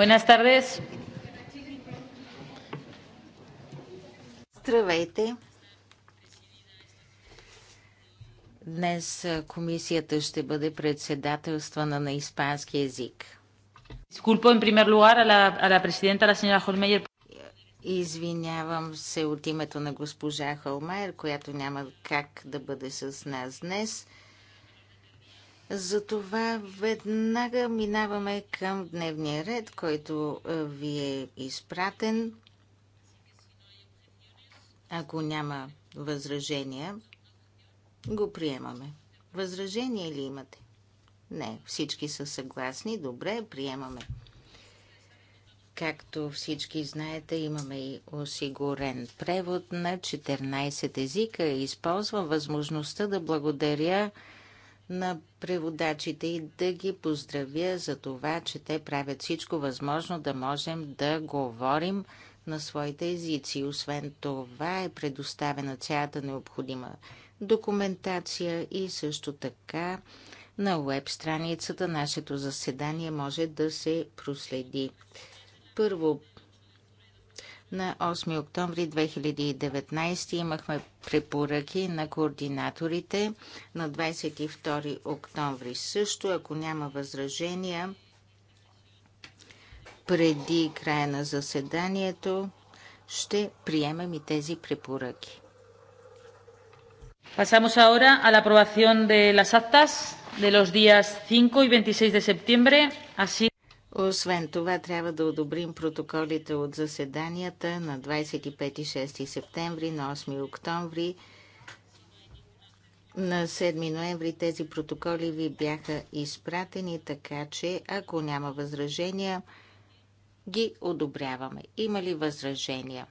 Buenas tardes. Здравейте. Днес комисията ще бъде председателствана на испански язик. Disculpo en primer lugar a la, a la presidenta, la señora Holmeyer. Извинявам се от името на госпожа Холмайер, която няма как да бъде с нас днес. Затова веднага минаваме към дневния ред, който е, ви е изпратен. Ако няма възражения, го приемаме. Възражения ли имате? Не, всички са съгласни. Добре, приемаме. Както всички знаете, имаме и осигурен превод на 14 езика. Използвам възможността да благодаря на преводачите и да ги поздравя за това, че те правят всичко възможно да можем да говорим на своите езици. Освен това е предоставена цялата необходима документация и също така на веб страницата нашето заседание може да се проследи. Първо на 8 октомври 2019 имахме препоръки на координаторите. На 22 октомври също, ако няма възражения, преди края на заседанието ще приемем и тези препоръки. Pasamos ahora a la aprobación de las actas de los días 5 y 26 de septiembre, así освен това, трябва да одобрим протоколите от заседанията на 25 6 септември, на 8 октомври, на 7 ноември тези протоколи ви бяха изпратени, така че ако няма възражения, ги одобряваме. Има ли възражения?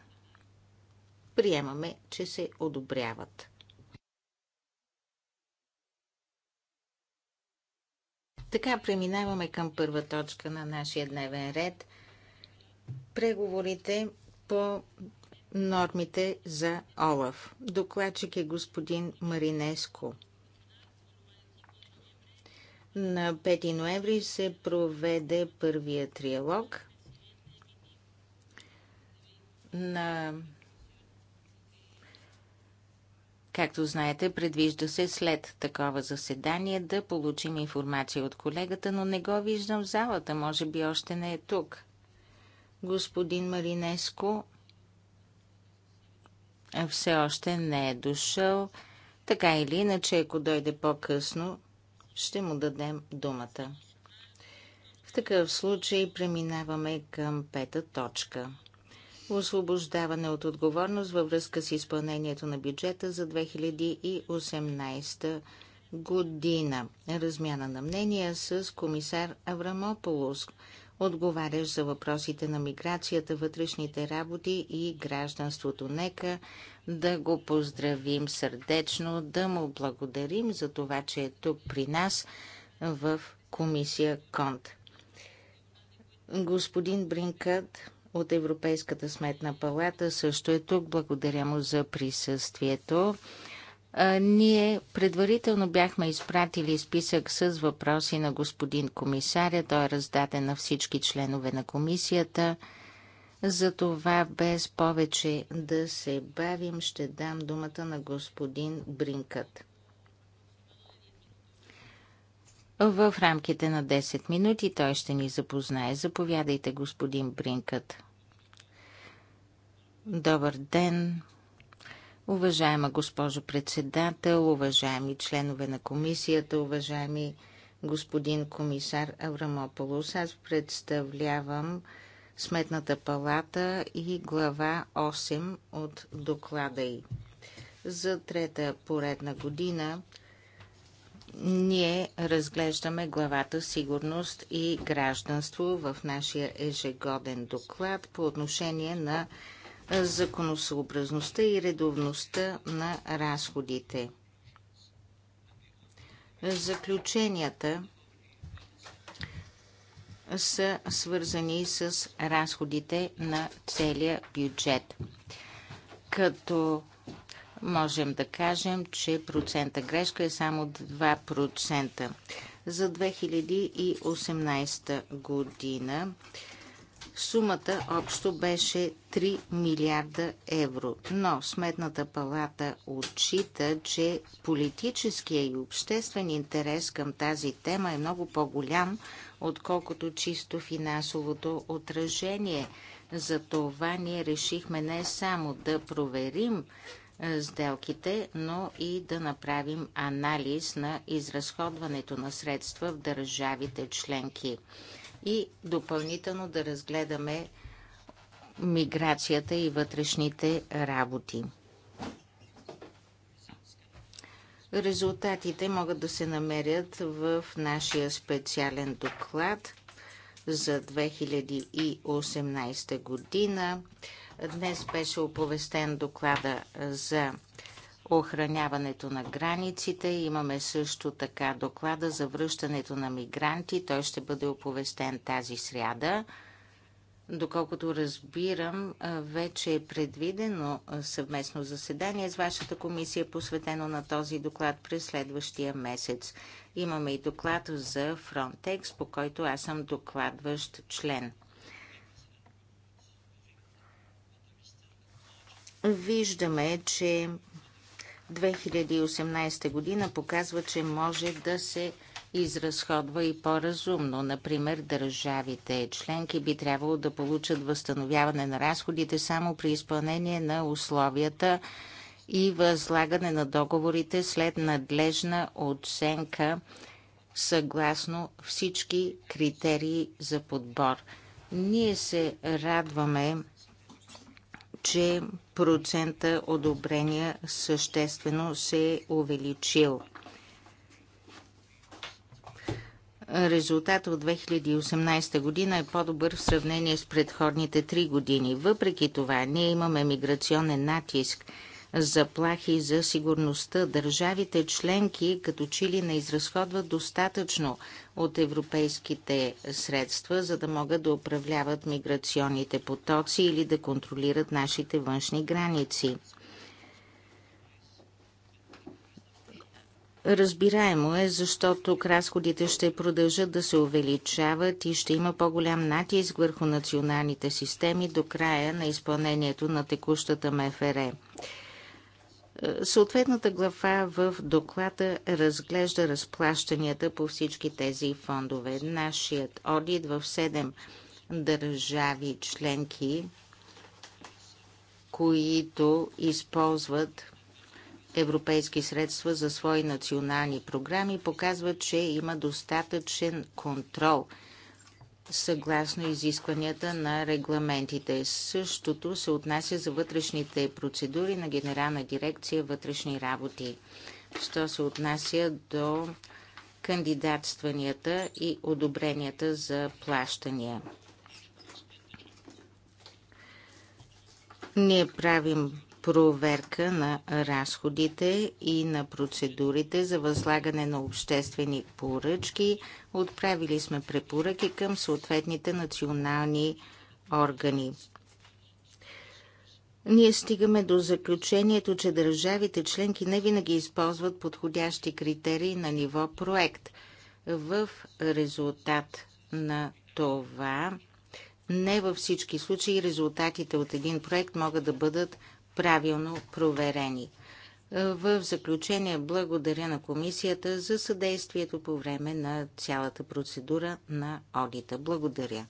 Приемаме, че се одобряват. Така преминаваме към първа точка на нашия дневен ред. Преговорите по нормите за ОЛАФ. Докладчик е господин Маринеско. На 5 ноември се проведе първия триалог. На Както знаете, предвижда се след такова заседание да получим информация от колегата, но не го виждам в залата. Може би още не е тук. Господин Маринеско все още не е дошъл. Така или иначе, ако дойде по-късно, ще му дадем думата. В такъв случай преминаваме към пета точка – освобождаване от отговорност във връзка с изпълнението на бюджета за 2018 година. Размяна на мнения с комисар Аврамополос, отговарящ за въпросите на миграцията, вътрешните работи и гражданството. Нека да го поздравим сърдечно, да му благодарим за това, че е тук при нас в комисия Конт. Господин Бринкът, от Европейската сметна палата също е тук. Благодаря му за присъствието. Ние предварително бяхме изпратили списък с въпроси на господин комисаря. Той е раздаден на всички членове на комисията. Затова без повече да се бавим, ще дам думата на господин Бринкът. В рамките на 10 минути той ще ни запознае. Заповядайте, господин Бринкът. Добър ден, уважаема госпожо председател, уважаеми членове на комисията, уважаеми господин комисар Аврамополос. Аз представлявам Сметната палата и глава 8 от доклада й. За трета поредна година – ние разглеждаме главата Сигурност и гражданство в нашия ежегоден доклад по отношение на законосъобразността и редовността на разходите. Заключенията са свързани с разходите на целия бюджет. Като можем да кажем, че процента грешка е само 2%. За 2018 година сумата общо беше 3 милиарда евро, но Сметната палата отчита, че политическия и обществен интерес към тази тема е много по-голям, отколкото чисто финансовото отражение. Затова ние решихме не само да проверим сделките, но и да направим анализ на изразходването на средства в държавите членки и допълнително да разгледаме миграцията и вътрешните работи. Резултатите могат да се намерят в нашия специален доклад за 2018 година. Днес беше оповестен доклада за охраняването на границите. Имаме също така доклада за връщането на мигранти. Той ще бъде оповестен тази сряда. Доколкото разбирам, вече е предвидено съвместно заседание с вашата комисия, посветено на този доклад през следващия месец. Имаме и доклад за Frontex, по който аз съм докладващ член. виждаме, че 2018 година показва, че може да се изразходва и по-разумно. Например, държавите членки би трябвало да получат възстановяване на разходите само при изпълнение на условията и възлагане на договорите след надлежна оценка съгласно всички критерии за подбор. Ние се радваме, че процента одобрения съществено се е увеличил. Резултатът от 2018 година е по-добър в сравнение с предходните три години. Въпреки това, ние имаме миграционен натиск – заплахи за сигурността. Държавите членки като Чили не изразходват достатъчно от европейските средства, за да могат да управляват миграционните потоци или да контролират нашите външни граници. Разбираемо е, защото тук разходите ще продължат да се увеличават и ще има по-голям натиск върху националните системи до края на изпълнението на текущата МФР. Съответната глава в доклада разглежда разплащанията по всички тези фондове. Нашият одит в 7 държави членки, които използват европейски средства за свои национални програми, показва, че има достатъчен контрол – съгласно изискванията на регламентите. Същото се отнася за вътрешните процедури на Генерална дирекция вътрешни работи. Що се отнася до кандидатстванията и одобренията за плащания. Ние правим проверка на разходите и на процедурите за възлагане на обществени поръчки. Отправили сме препоръки към съответните национални органи. Ние стигаме до заключението, че държавите членки не винаги използват подходящи критерии на ниво проект. В резултат на това не във всички случаи резултатите от един проект могат да бъдат правилно проверени. Е, в заключение благодаря на комисията за съдействието по време на цялата процедура на одита. Благодаря.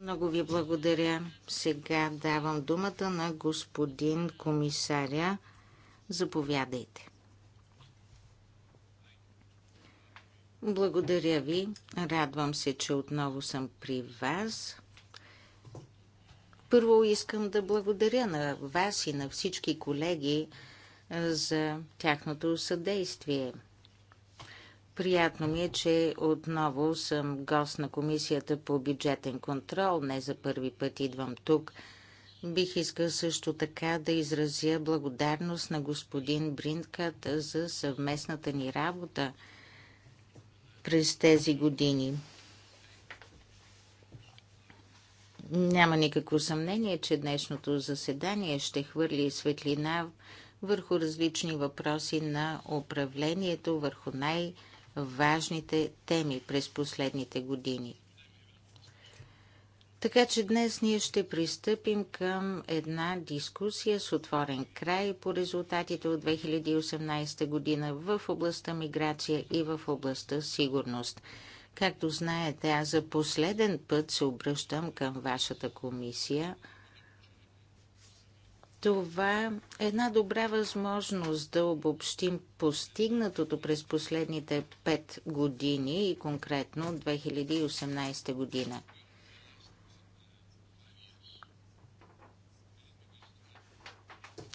Много ви благодаря. Сега давам думата на господин комисаря. Заповядайте. Благодаря ви. Радвам се, че отново съм при вас. Първо искам да благодаря на вас и на всички колеги за тяхното съдействие. Приятно ми е, че отново съм гост на Комисията по бюджетен контрол. Не за първи път идвам тук. Бих искал също така да изразя благодарност на господин Бринкът за съвместната ни работа през тези години. Няма никакво съмнение, че днешното заседание ще хвърли светлина върху различни въпроси на управлението, върху най-важните теми през последните години. Така че днес ние ще пристъпим към една дискусия с отворен край по резултатите от 2018 година в областта миграция и в областта сигурност. Както знаете, аз за последен път се обръщам към вашата комисия. Това е една добра възможност да обобщим постигнатото през последните 5 години и конкретно 2018 година.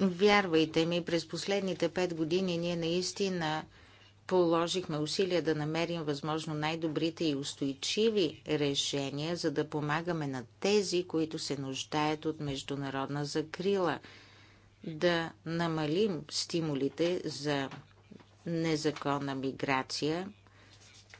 Вярвайте ми, през последните пет години ние наистина положихме усилия да намерим възможно най-добрите и устойчиви решения, за да помагаме на тези, които се нуждаят от международна закрила, да намалим стимулите за незаконна миграция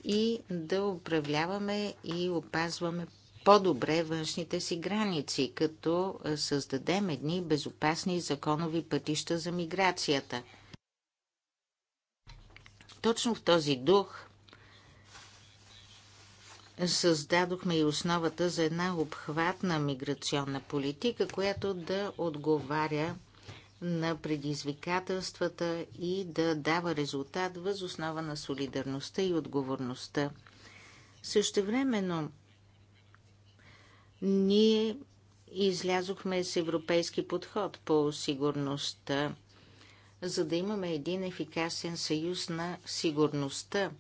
и да управляваме и опазваме по-добре външните си граници, като създадем едни безопасни законови пътища за миграцията – точно в този дух създадохме и основата за една обхватна миграционна политика, която да отговаря на предизвикателствата и да дава резултат въз основа на солидарността и отговорността. Същевременно ние излязохме с европейски подход по сигурността за да имаме един ефикасен съюз на сигурността.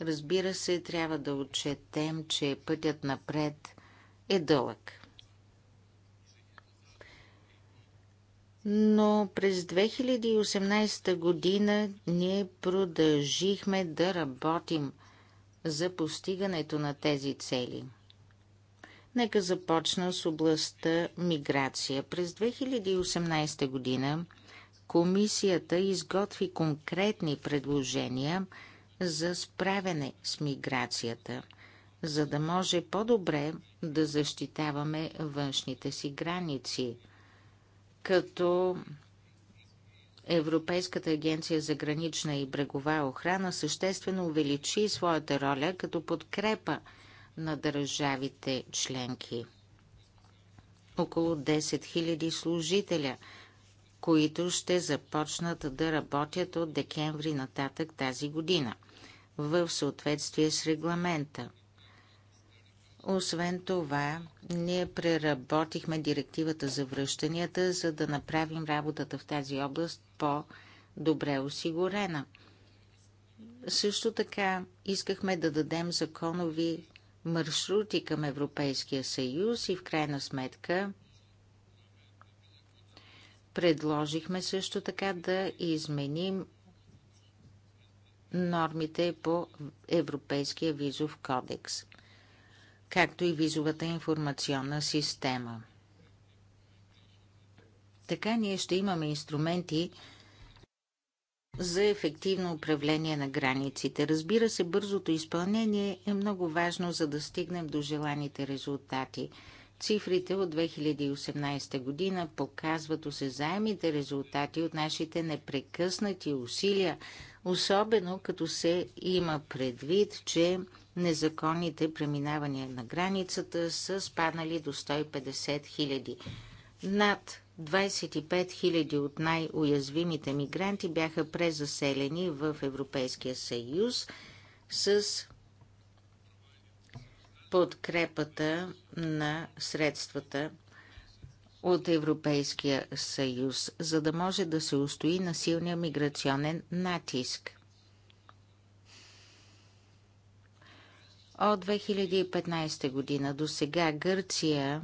Разбира се, трябва да отчетем, че пътят напред е дълъг. Но през 2018 година ние продължихме да работим за постигането на тези цели. Нека започна с областта миграция. През 2018 година Комисията изготви конкретни предложения за справяне с миграцията, за да може по-добре да защитаваме външните си граници, като Европейската агенция за гранична и брегова охрана съществено увеличи своята роля като подкрепа на държавите членки. Около 10 000 служителя – които ще започнат да работят от декември нататък тази година, в съответствие с регламента. Освен това, ние преработихме директивата за връщанията, за да направим работата в тази област по-добре осигурена. Също така искахме да дадем законови маршрути към Европейския съюз и в крайна сметка Предложихме също така да изменим нормите по Европейския визов кодекс, както и визовата информационна система. Така ние ще имаме инструменти за ефективно управление на границите. Разбира се, бързото изпълнение е много важно, за да стигнем до желаните резултати – Цифрите от 2018 година показват осезаемите резултати от нашите непрекъснати усилия, особено като се има предвид, че незаконните преминавания на границата са спаднали до 150 хиляди. Над 25 хиляди от най-уязвимите мигранти бяха презаселени в Европейския съюз с подкрепата на средствата от Европейския съюз, за да може да се устои на силния миграционен натиск. От 2015 година до сега Гърция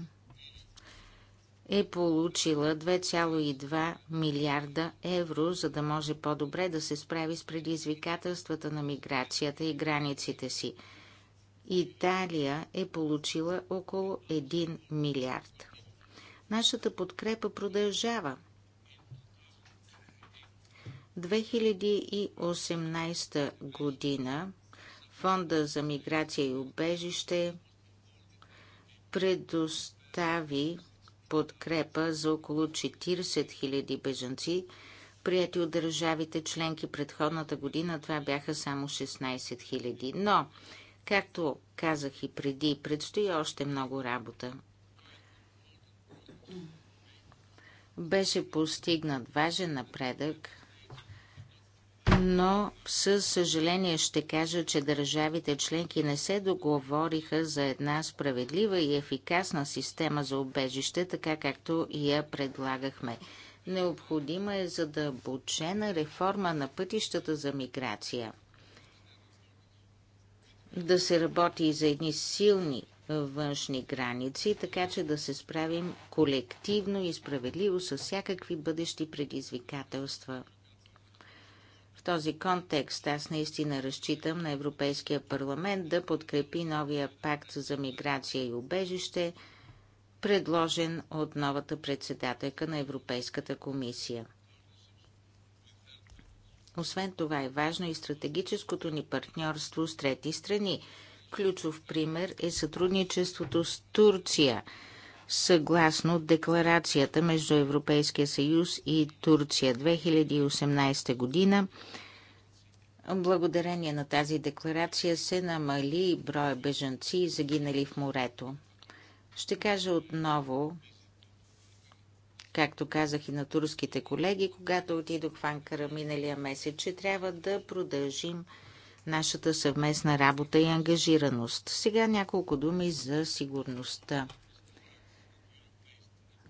е получила 2,2 милиарда евро, за да може по-добре да се справи с предизвикателствата на миграцията и границите си. Италия е получила около 1 милиард. Нашата подкрепа продължава. 2018 година Фонда за миграция и убежище предостави подкрепа за около 40 000 бежанци, прияти от държавите членки предходната година. Това бяха само 16 000. Но Както казах и преди, предстои още много работа. Беше постигнат важен напредък, но със съжаление ще кажа, че държавите членки не се договориха за една справедлива и ефикасна система за убежище, така както я предлагахме. Необходима е задълбочена реформа на пътищата за миграция – да се работи и за едни силни външни граници, така че да се справим колективно и справедливо с всякакви бъдещи предизвикателства. В този контекст аз наистина разчитам на Европейския парламент да подкрепи новия пакт за миграция и убежище, предложен от новата председателка на Европейската комисия. Освен това е важно и стратегическото ни партньорство с трети страни. Ключов пример е сътрудничеството с Турция, съгласно декларацията между Европейския съюз и Турция 2018 година. Благодарение на тази декларация се намали броя бежанци, загинали в морето. Ще кажа отново, както казах и на турските колеги, когато отидох в Анкара миналия месец, че трябва да продължим нашата съвместна работа и ангажираност. Сега няколко думи за сигурността.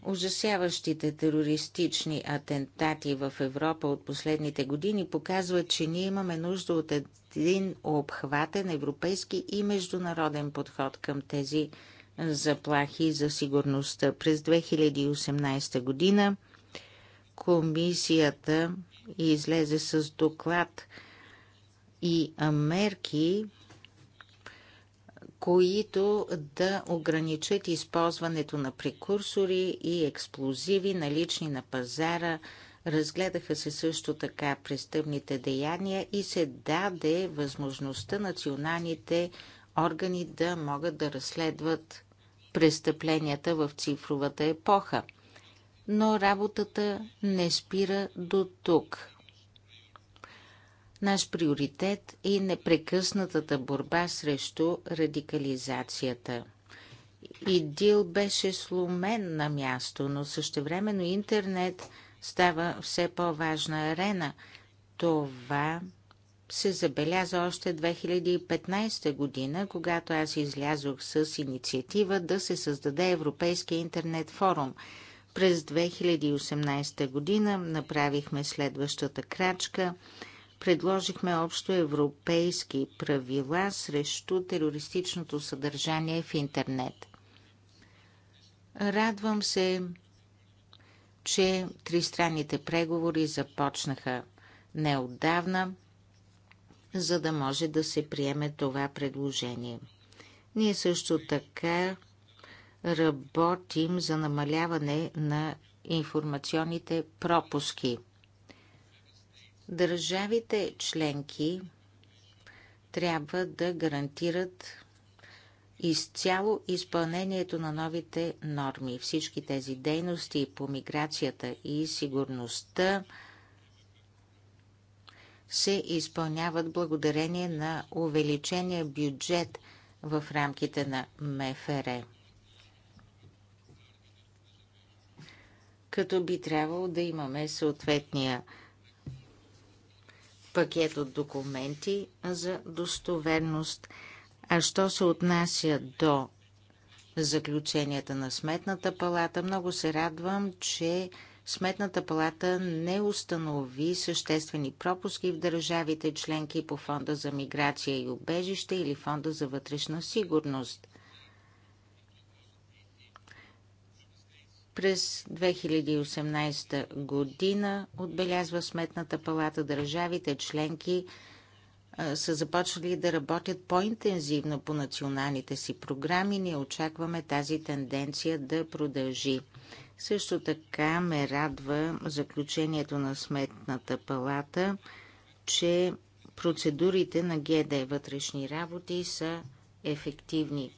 Ужасяващите терористични атентати в Европа от последните години показват, че ние имаме нужда от един обхватен европейски и международен подход към тези заплахи за сигурността. През 2018 година комисията излезе с доклад и мерки, които да ограничат използването на прекурсори и експлозиви, налични на пазара. Разгледаха се също така престъпните деяния и се даде възможността националните органи да могат да разследват престъпленията в цифровата епоха. Но работата не спира до тук. Наш приоритет е непрекъснатата борба срещу радикализацията. Идил беше сломен на място, но същевременно интернет става все по-важна арена. Това се забеляза още 2015 година, когато аз излязох с инициатива да се създаде Европейския интернет форум. През 2018 година направихме следващата крачка. Предложихме общо европейски правила срещу терористичното съдържание в интернет. Радвам се, че тристранните преговори започнаха неотдавна за да може да се приеме това предложение. Ние също така работим за намаляване на информационните пропуски. Държавите членки трябва да гарантират изцяло изпълнението на новите норми. Всички тези дейности по миграцията и сигурността се изпълняват благодарение на увеличения бюджет в рамките на МФР. Като би трябвало да имаме съответния пакет от документи за достоверност. А що се отнася до заключенията на Сметната палата, много се радвам, че Сметната палата не установи съществени пропуски в държавите членки по Фонда за миграция и убежище или Фонда за вътрешна сигурност. През 2018 година отбелязва Сметната палата държавите членки са започнали да работят по-интензивно по националните си програми. Ние очакваме тази тенденция да продължи. Също така ме радва заключението на Сметната палата, че процедурите на ГД вътрешни работи са ефективни.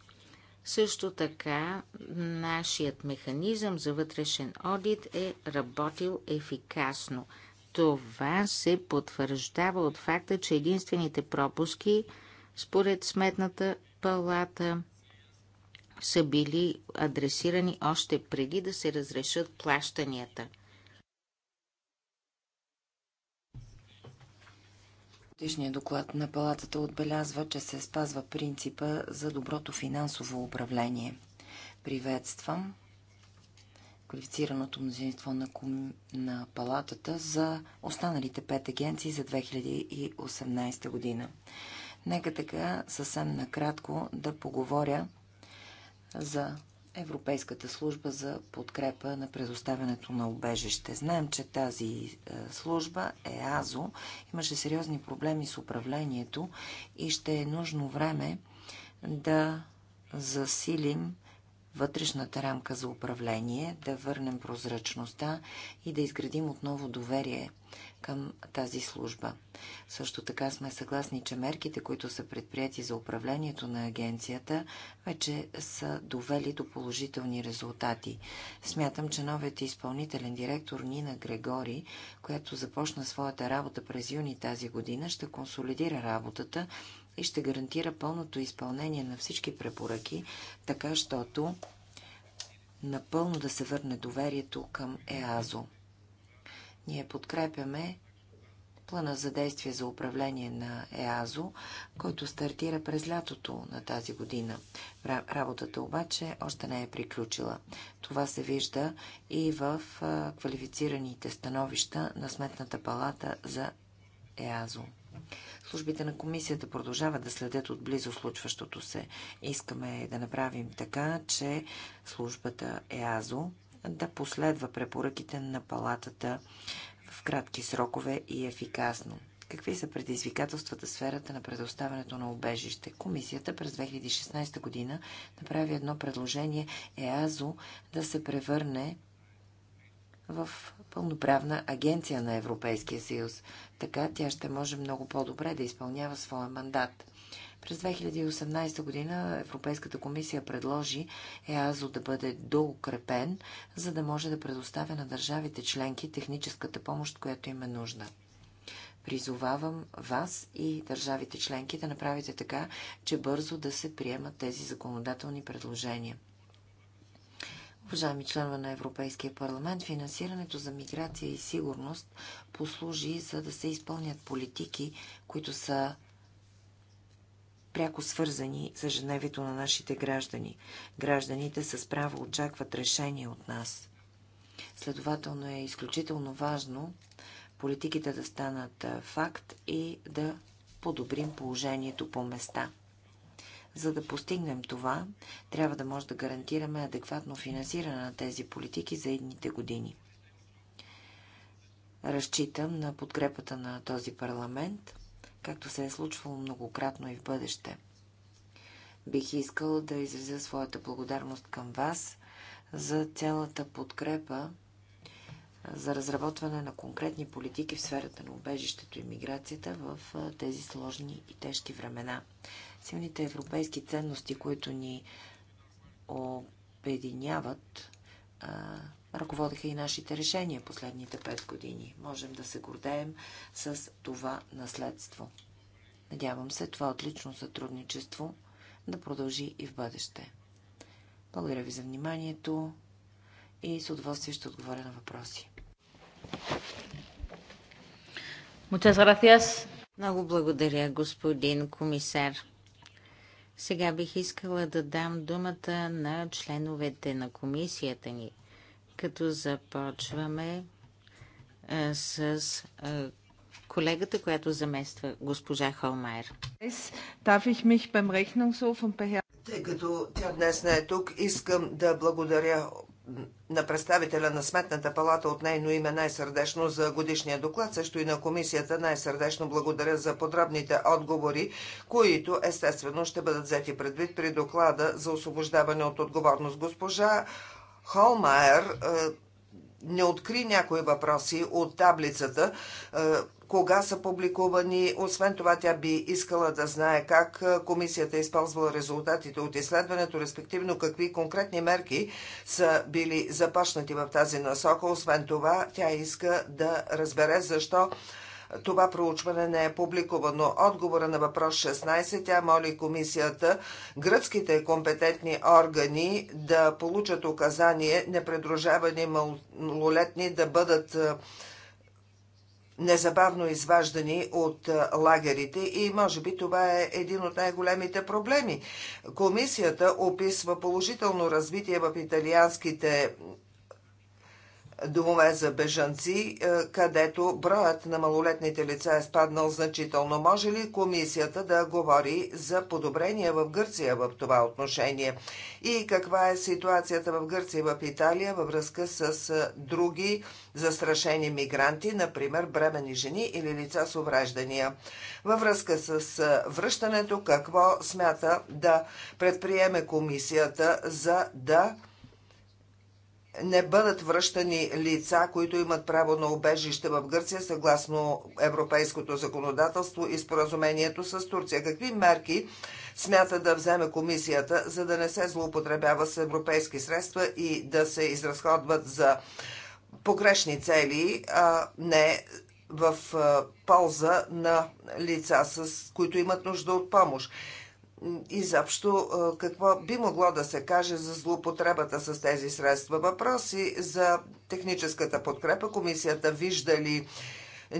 Също така нашият механизъм за вътрешен одит е работил ефикасно. Това се потвърждава от факта, че единствените пропуски според Сметната палата – са били адресирани още преди да се разрешат плащанията. Годишният доклад на палатата отбелязва, че се спазва принципа за доброто финансово управление. Приветствам квалифицираното мнозинство на, ком... на палатата за останалите пет агенции за 2018 година. Нека така съвсем накратко да поговоря за Европейската служба за подкрепа на предоставянето на убежище. Знаем, че тази е, служба е АЗО. имаше сериозни проблеми с управлението и ще е нужно време да засилим вътрешната рамка за управление, да върнем прозрачността и да изградим отново доверие към тази служба. Също така сме съгласни, че мерките, които са предприяти за управлението на агенцията, вече са довели до положителни резултати. Смятам, че новият изпълнителен директор Нина Грегори, която започна своята работа през юни тази година, ще консолидира работата и ще гарантира пълното изпълнение на всички препоръки, така щото напълно да се върне доверието към ЕАЗО. Ние подкрепяме плана за действие за управление на ЕАЗО, който стартира през лятото на тази година. Работата обаче още не е приключила. Това се вижда и в квалифицираните становища на Сметната палата за ЕАЗО. Службите на комисията продължават да следят отблизо случващото се. Искаме да направим така, че службата ЕАЗО да последва препоръките на палатата в кратки срокове и ефикасно. Какви са предизвикателствата сферата на предоставянето на убежище? Комисията през 2016 година направи едно предложение ЕАЗО да се превърне в пълноправна агенция на Европейския съюз. Така тя ще може много по-добре да изпълнява своя мандат. През 2018 година Европейската комисия предложи ЕАЗО да бъде доукрепен, за да може да предоставя на държавите членки техническата помощ, която им е нужна. Призовавам вас и държавите членки да направите така, че бързо да се приемат тези законодателни предложения. Уважаеми членове на Европейския парламент, финансирането за миграция и сигурност послужи за да се изпълнят политики, които са пряко свързани с ежедневието на нашите граждани. Гражданите с право очакват решение от нас. Следователно е изключително важно политиките да станат факт и да подобрим положението по места. За да постигнем това, трябва да може да гарантираме адекватно финансиране на тези политики за едните години. Разчитам на подкрепата на този парламент – както се е случвало многократно и в бъдеще. Бих искал да изразя своята благодарност към вас за цялата подкрепа за разработване на конкретни политики в сферата на убежището и миграцията в тези сложни и тежки времена. Силните европейски ценности, които ни обединяват, ръководиха и нашите решения последните пет години. Можем да се гордеем с това наследство. Надявам се това отлично сътрудничество да продължи и в бъдеще. Благодаря ви за вниманието и с удоволствие ще отговоря на въпроси. Много благодаря, господин комисар. Сега бих искала да дам думата на членовете на комисията ни като започваме е, с е, колегата, която замества госпожа Холмайер. Тъй като тя днес не е тук, искам да благодаря на представителя на Сметната палата от нейно име най-сърдечно за годишния доклад, също и на комисията най-сърдечно благодаря за подробните отговори, които естествено ще бъдат взети предвид при доклада за освобождаване от отговорност. Госпожа Холмайер е, не откри някои въпроси от таблицата, е, кога са публикувани. Освен това, тя би искала да знае как е, комисията е използвала резултатите от изследването, респективно какви конкретни мерки са били започнати в тази насока. Освен това, тя иска да разбере защо това проучване не е публикувано. Отговора на въпрос 16 тя моли комисията гръцките компетентни органи да получат указание непредружавани малолетни да бъдат е, незабавно изваждани от е, лагерите и може би това е един от най-големите проблеми. Комисията описва положително развитие в италианските домове за бежанци, е, където броят на малолетните лица е спаднал значително. Може ли комисията да говори за подобрение в Гърция в това отношение? И каква е ситуацията в Гърция и в Италия във връзка с е, други застрашени мигранти, например бремени жени или лица с увреждания? Във връзка с е, връщането, какво смята да предприеме комисията за да не бъдат връщани лица, които имат право на убежище в Гърция, съгласно европейското законодателство и споразумението с Турция. Какви мерки смята да вземе комисията, за да не се злоупотребява с европейски средства и да се изразходват за погрешни цели, а не в полза на лица, с които имат нужда от помощ изобщо какво би могло да се каже за злоупотребата с тези средства. Въпроси за техническата подкрепа. Комисията вижда ли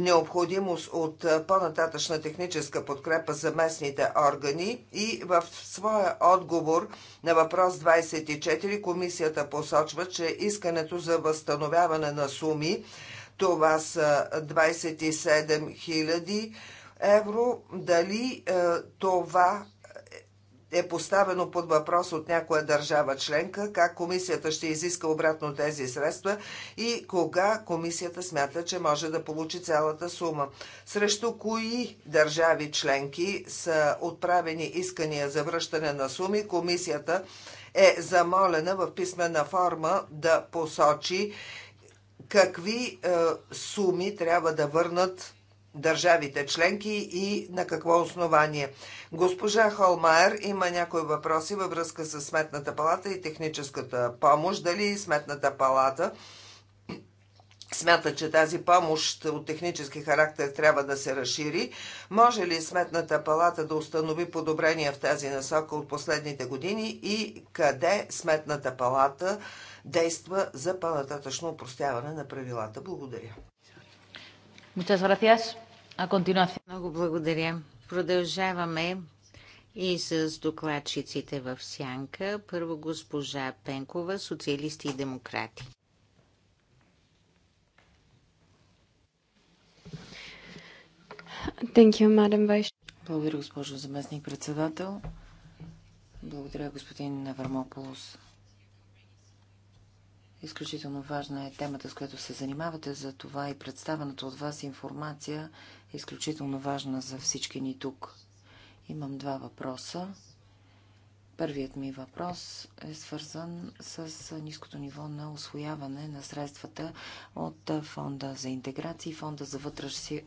необходимост от по-нататъчна техническа подкрепа за местните органи и в своя отговор на въпрос 24 комисията посочва, че искането за възстановяване на суми, това са 27 000 евро, дали това е поставено под въпрос от някоя държава членка, как комисията ще изиска обратно тези средства и кога комисията смята, че може да получи цялата сума. Срещу кои държави членки са отправени искания за връщане на суми, комисията е замолена в писмена форма да посочи какви е, суми трябва да върнат държавите членки и на какво основание. Госпожа Холмайер има някои въпроси във връзка с Сметната палата и техническата помощ. Дали Сметната палата смята, че тази помощ от технически характер трябва да се разшири, може ли Сметната палата да установи подобрения в тази насока от последните години и къде Сметната палата действа за по-нататъчно упростяване на правилата? Благодаря. Muchas gracias. А континуация. Много благодаря. Продължаваме и с докладчиците в сянка. Първо госпожа Пенкова, социалисти и демократи. Thank you, madam Благодаря, госпожо заместник председател. Благодаря, господин Навармополос. Изключително важна е темата, с която се занимавате, за това и представената от вас информация изключително важна за всички ни тук. Имам два въпроса. Първият ми въпрос е свързан с ниското ниво на освояване на средствата от Фонда за интеграция и Фонда за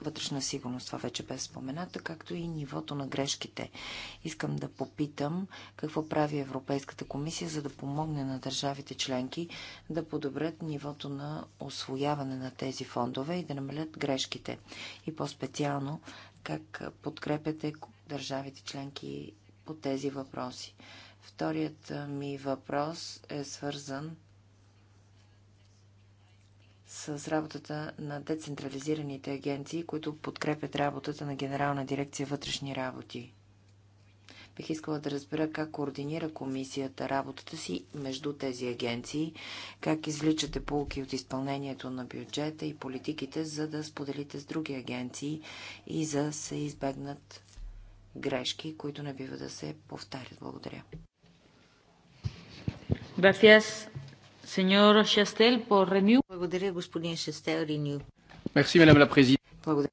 вътрешна сигурност. Това вече бе спомената, както и нивото на грешките. Искам да попитам какво прави Европейската комисия, за да помогне на държавите членки да подобрят нивото на освояване на тези фондове и да намалят грешките. И по-специално как подкрепяте държавите членки по тези въпроси. Вторият ми въпрос е свързан с работата на децентрализираните агенции, които подкрепят работата на Генерална дирекция вътрешни работи. Бих искала да разбера как координира комисията работата си между тези агенции, как извличате полки от изпълнението на бюджета и политиките, за да споделите с други агенции и за да се избегнат грешки, които не бива да се повтарят. Благодаря. Gracias, señor por Renew. Благодаря, господин Шестел Renew. Merci, madame la Благодаря,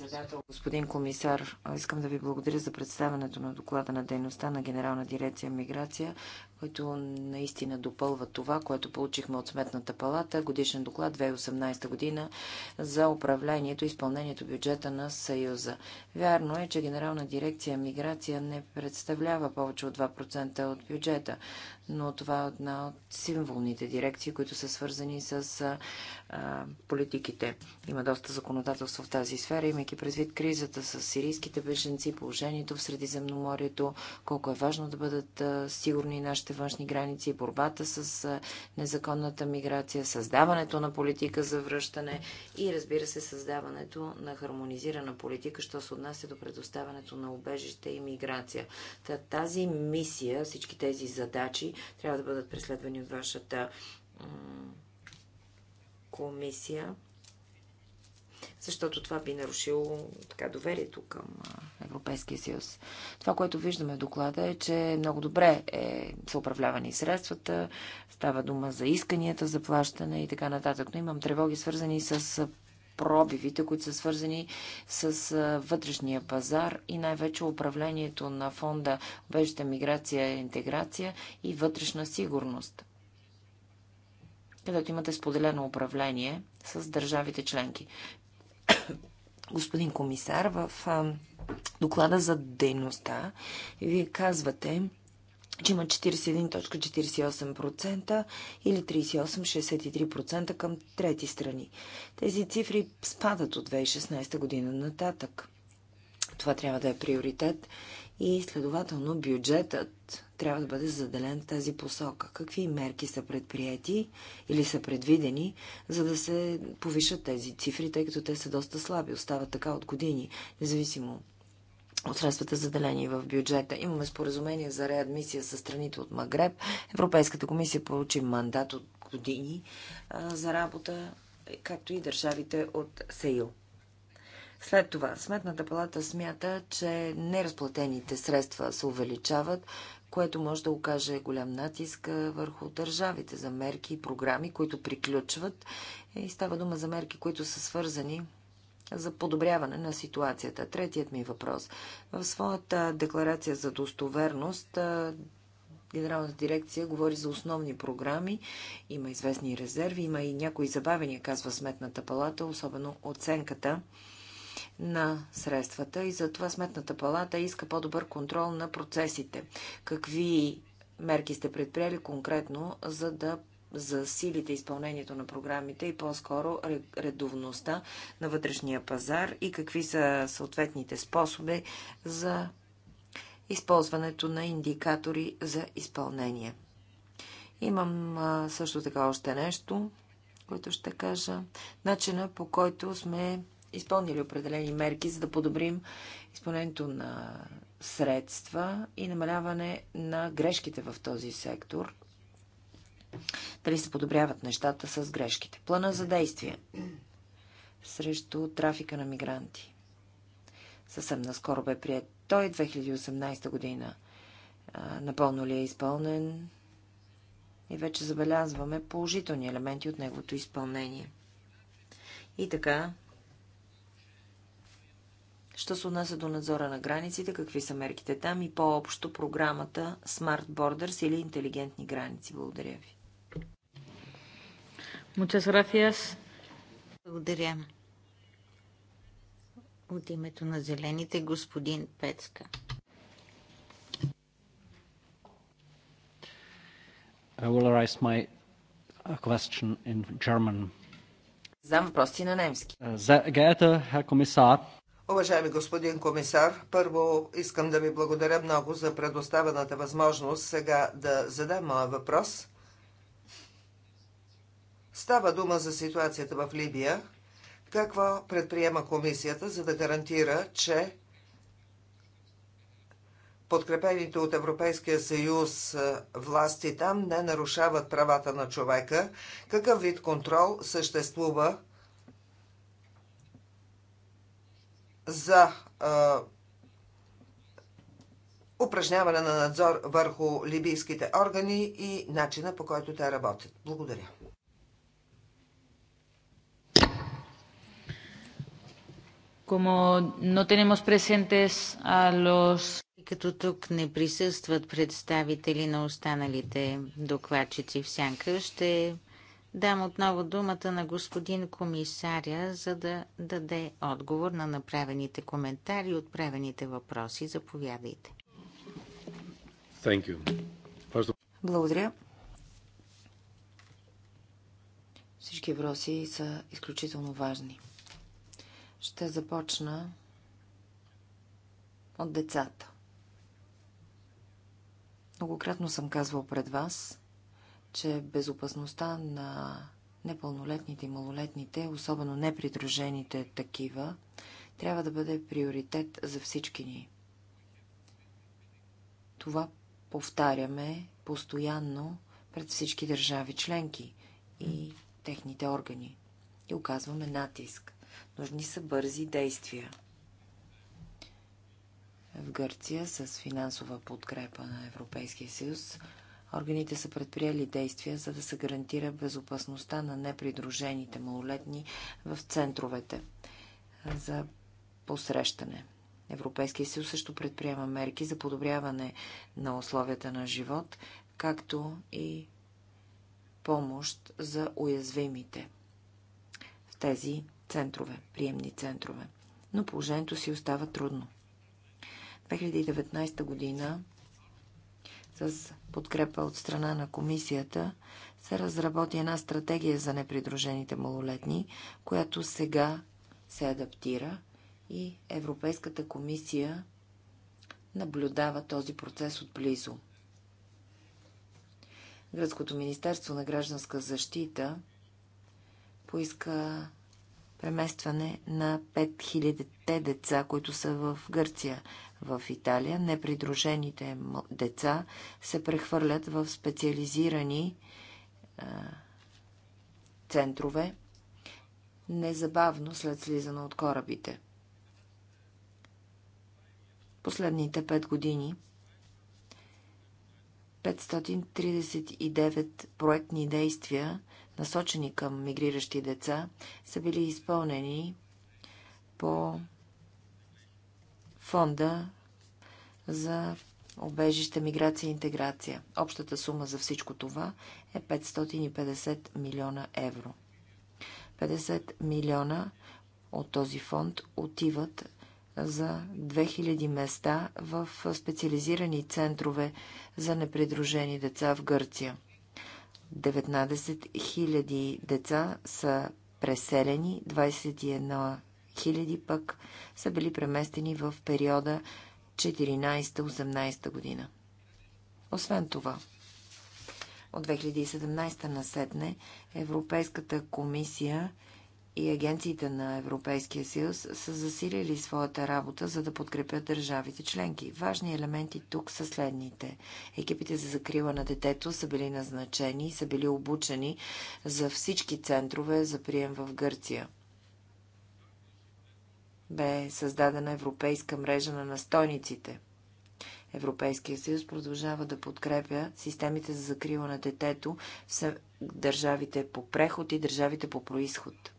председател, господин комисар, искам да ви благодаря за представянето на доклада на дейността на Генерална дирекция Миграция, който наистина допълва това, което получихме от Сметната палата, годишен доклад 2018 година за управлението и изпълнението бюджета на Съюза. Вярно е, че Генерална дирекция Миграция не представлява повече от 2% от бюджета, но това е една от символните дирекции, които са свързани с а, политиките. Има доста законодателство в тази сфера, имайки предвид кризата с сирийските беженци, положението в Средиземноморието, колко е важно да бъдат сигурни нашите външни граници, борбата с незаконната миграция, създаването на политика за връщане и разбира се създаването на хармонизирана политика, що се отнася до предоставянето на убежище и миграция. тази мисия, всички тези задачи трябва да бъдат преследвани от вашата комисия, защото това би нарушило така, доверието към Европейския съюз. Това, което виждаме в доклада е, че много добре е, са управлявани средствата, става дума за исканията за плащане и така нататък. Но имам тревоги свързани с пробивите, които са свързани с вътрешния пазар и най-вече управлението на фонда Обежда миграция и интеграция и вътрешна сигурност, където имате споделено управление с държавите членки. Господин комисар, в доклада за дейността вие казвате, че има 41.48% или 38,63% към трети страни. Тези цифри спадат от 2016 година нататък. Това трябва да е приоритет и следователно бюджетът трябва да бъде заделен в тази посока. Какви мерки са предприяти или са предвидени, за да се повишат тези цифри, тъй като те са доста слаби, остават така от години, независимо от средствата заделени в бюджета. Имаме споразумение за реадмисия с страните от Магреб. Европейската комисия получи мандат от години а, за работа, както и държавите от СЕИЛ. След това Сметната палата смята, че неразплатените средства се увеличават, което може да окаже голям натиск върху държавите за мерки и програми, които приключват. И става дума за мерки, които са свързани за подобряване на ситуацията. Третият ми въпрос. В своята декларация за достоверност Генералната дирекция говори за основни програми, има известни резерви, има и някои забавения, казва Сметната палата, особено оценката на средствата и затова Сметната палата иска по-добър контрол на процесите. Какви мерки сте предприели конкретно, за да за силите изпълнението на програмите и по-скоро редовността на вътрешния пазар и какви са съответните способи за използването на индикатори за изпълнение. Имам също така още нещо, което ще кажа. Начина по който сме изпълнили определени мерки, за да подобрим изпълнението на средства и намаляване на грешките в този сектор. Дали се подобряват нещата с грешките? Плана за действие срещу трафика на мигранти. Съвсем наскоро бе прият той 2018 година. Напълно ли е изпълнен? И вече забелязваме положителни елементи от неговото изпълнение. И така, Що се отнася до надзора на границите, какви са мерките там и по-общо програмата Smart Borders или интелигентни граници? Благодаря ви. Muchas gracias. Благодаря. От името на зелените господин Пецка. I will arise my uh, question in German. Задам въпроси на немски. Заета, uh, Herr Kommissar. Уважаеми господин комисар, първо искам да ви благодаря много за предоставената възможност сега да задам моя въпрос – Става дума за ситуацията в Либия. Какво предприема комисията, за да гарантира, че подкрепените от Европейския съюз власти там не нарушават правата на човека? Какъв вид контрол съществува за а, упражняване на надзор върху либийските органи и начина по който те работят? Благодаря. Como no tenemos presentes a los... Като тук не присъстват представители на останалите докладчици в сянка, ще дам отново думата на господин комисаря, за да даде отговор на направените коментари и отправените въпроси. Заповядайте. Благодаря. Всички въпроси са изключително важни. Ще започна от децата. Многократно съм казвал пред вас, че безопасността на непълнолетните и малолетните, особено непридружените такива, трябва да бъде приоритет за всички ни. Това повтаряме постоянно пред всички държави членки и техните органи и оказваме натиск. Нужни са бързи действия. В Гърция с финансова подкрепа на Европейския съюз органите са предприели действия, за да се гарантира безопасността на непридружените малолетни в центровете за посрещане. Европейския съюз също предприема мерки за подобряване на условията на живот, както и помощ за уязвимите в тези центрове, приемни центрове. Но положението си остава трудно. 2019 година с подкрепа от страна на комисията се разработи една стратегия за непридружените малолетни, която сега се адаптира и Европейската комисия наблюдава този процес отблизо. Гръцкото Министерство на гражданска защита поиска преместване на 5000-те деца, които са в Гърция. В Италия непридружените деца се прехвърлят в специализирани а, центрове незабавно след слизане от корабите. Последните 5 години 539 проектни действия насочени към мигриращи деца, са били изпълнени по фонда за обежище, миграция и интеграция. Общата сума за всичко това е 550 милиона евро. 50 милиона от този фонд отиват за 2000 места в специализирани центрове за непридружени деца в Гърция – 19 000 деца са преселени, 21 000 пък са били преместени в периода 14-18 година. Освен това, от 2017 насетне Европейската комисия и агенциите на Европейския съюз са засилили своята работа, за да подкрепят държавите членки. Важни елементи тук са следните. Екипите за закрила на детето са били назначени, и са били обучени за всички центрове за прием в Гърция. Бе създадена европейска мрежа на настойниците. Европейския съюз продължава да подкрепя системите за закрила на детето в държавите по преход и държавите по происход.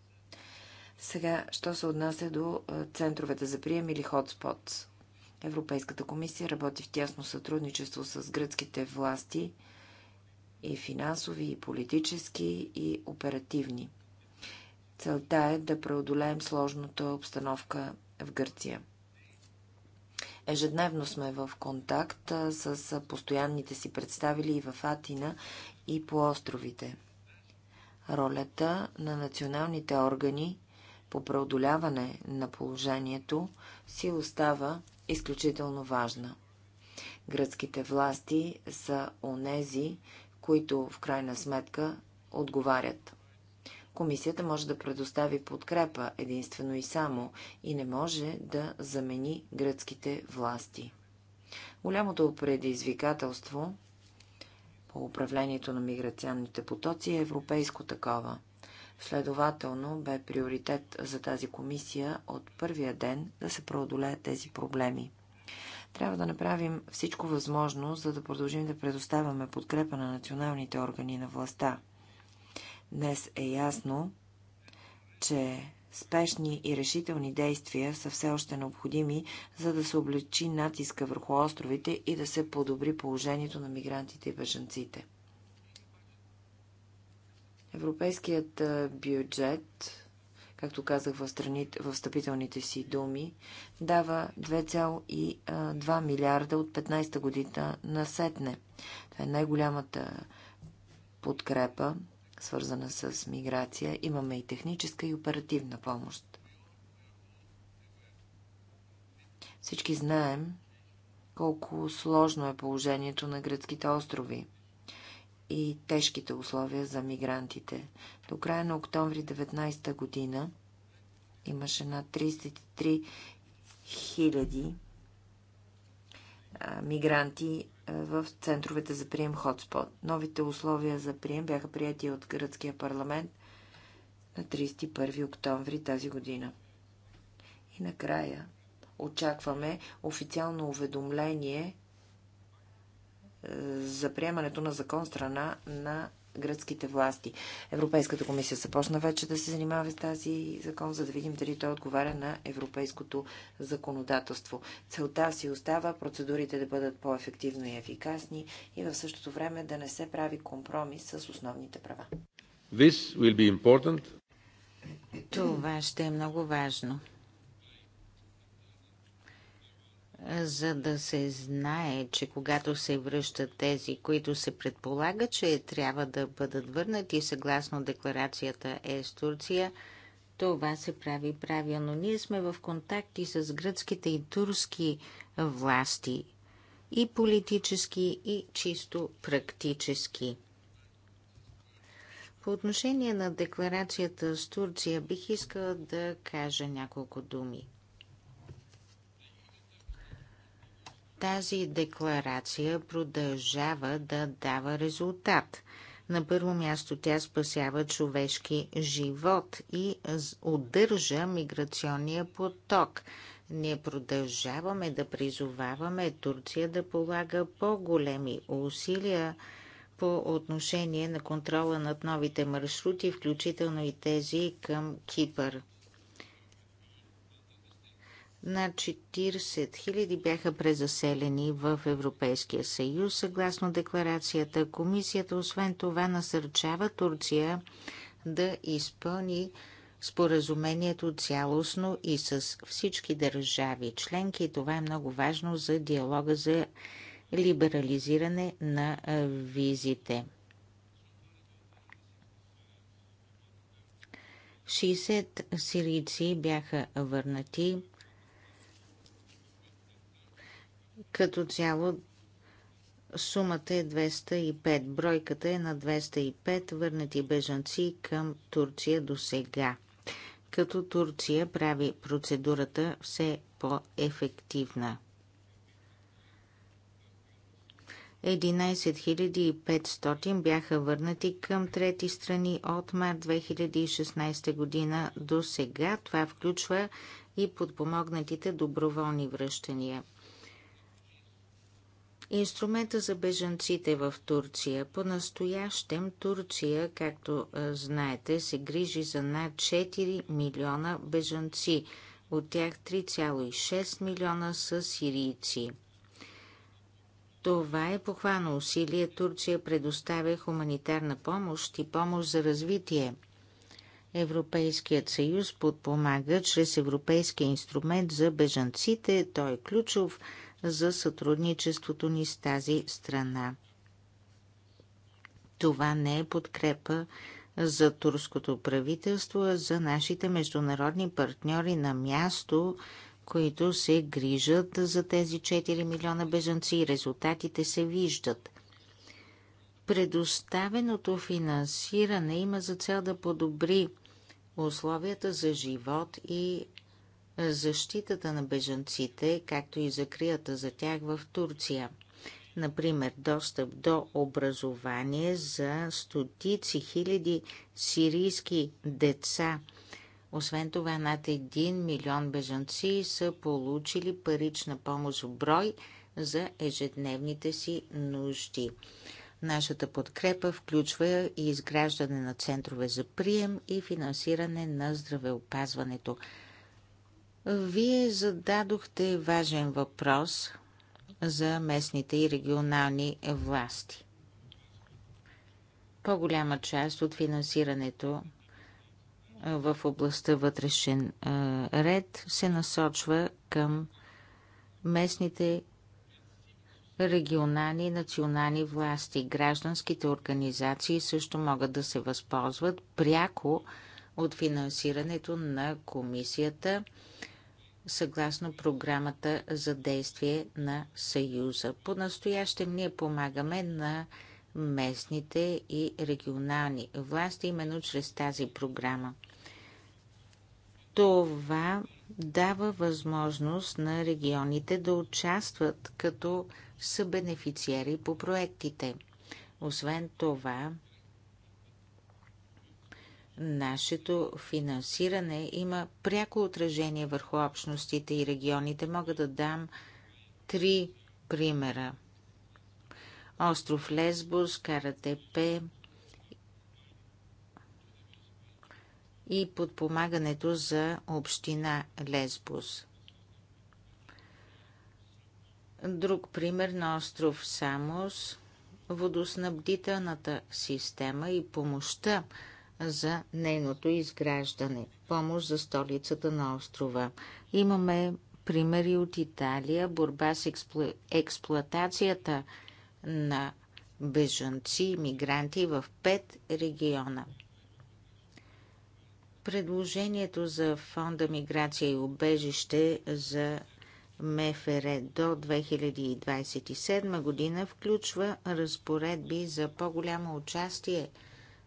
Сега, що се отнася до центровете за прием или хотспот? Европейската комисия работи в тясно сътрудничество с гръцките власти и финансови, и политически, и оперативни. Целта е да преодолеем сложната обстановка в Гърция. Ежедневно сме в контакт с постоянните си представили и в Атина, и по островите. Ролята на националните органи по преодоляване на положението си остава изключително важна. Гръцките власти са онези, които в крайна сметка отговарят. Комисията може да предостави подкрепа единствено и само и не може да замени гръцките власти. Голямото предизвикателство по управлението на миграционните потоци е европейско такова – Следователно бе приоритет за тази комисия от първия ден да се преодолеят тези проблеми. Трябва да направим всичко възможно, за да продължим да предоставяме подкрепа на националните органи на властта. Днес е ясно, че спешни и решителни действия са все още необходими, за да се облегчи натиска върху островите и да се подобри положението на мигрантите и бежанците. Европейският бюджет, както казах в, страните, в встъпителните си думи, дава 2,2 милиарда от 15-та година на сетне. Това е най-голямата подкрепа, свързана с миграция. Имаме и техническа и оперативна помощ. Всички знаем колко сложно е положението на гръцките острови – и тежките условия за мигрантите. До края на октомври 19 та година имаше над 33 хиляди мигранти в центровете за прием Хотспот. Новите условия за прием бяха прияти от гръцкия парламент на 31 октомври тази година. И накрая очакваме официално уведомление за приемането на закон страна на гръцките власти. Европейската комисия започна вече да се занимава с тази закон, за да видим дали той отговаря на европейското законодателство. Целта си остава процедурите да бъдат по-ефективно и ефикасни и в същото време да не се прави компромис с основните права. This will be important. Това ще е много важно. за да се знае, че когато се връщат тези, които се предполага, че трябва да бъдат върнати съгласно декларацията ЕС Турция, това се прави правилно. Ние сме в контакти с гръцките и турски власти и политически, и чисто практически. По отношение на декларацията с Турция бих искала да кажа няколко думи. тази декларация продължава да дава резултат. На първо място тя спасява човешки живот и удържа миграционния поток. Ние продължаваме да призоваваме Турция да полага по-големи усилия по отношение на контрола над новите маршрути, включително и тези към Кипър. Над 40 хиляди бяха презаселени в Европейския съюз, съгласно декларацията. Комисията освен това насърчава Турция да изпълни споразумението цялостно и с всички държави членки. Това е много важно за диалога за либерализиране на визите. 60 сирийци бяха върнати Като цяло сумата е 205. Бройката е на 205 върнати бежанци към Турция до сега. Като Турция прави процедурата все по-ефективна. 11500 бяха върнати към трети страни от март 2016 година до сега. Това включва и подпомогнатите доброволни връщания. Инструмента за бежанците в Турция. По-настоящем Турция, както знаете, се грижи за над 4 милиона бежанци. От тях 3,6 милиона са сирийци. Това е похвано усилие. Турция предоставя хуманитарна помощ и помощ за развитие. Европейският съюз подпомага чрез Европейския инструмент за бежанците. Той е ключов за сътрудничеството ни с тази страна. Това не е подкрепа за турското правителство, а за нашите международни партньори на място, които се грижат за тези 4 милиона бежанци и резултатите се виждат. Предоставеното финансиране има за цел да подобри условията за живот и защитата на бежанците, както и закрията за тях в Турция. Например, достъп до образование за стотици хиляди сирийски деца. Освен това, над 1 милион бежанци са получили парична помощ в брой за ежедневните си нужди. Нашата подкрепа включва и изграждане на центрове за прием и финансиране на здравеопазването. Вие зададохте важен въпрос за местните и регионални власти. По-голяма част от финансирането в областта вътрешен ред се насочва към местните регионални и национални власти. Гражданските организации също могат да се възползват пряко от финансирането на комисията съгласно програмата за действие на Съюза. По-настоящем ние помагаме на местните и регионални власти, именно чрез тази програма. Това дава възможност на регионите да участват като събенефициери по проектите. Освен това, нашето финансиране има пряко отражение върху общностите и регионите. Мога да дам три примера. Остров Лесбус, Каратепе и подпомагането за община Лесбус. Друг пример на остров Самос – водоснабдителната система и помощта – за нейното изграждане, помощ за столицата на острова. Имаме примери от Италия, борба с експло... експлоатацията на бежанци и мигранти в пет региона. Предложението за фонда Миграция и убежище за МФР до 2027 година включва разпоредби за по-голямо участие –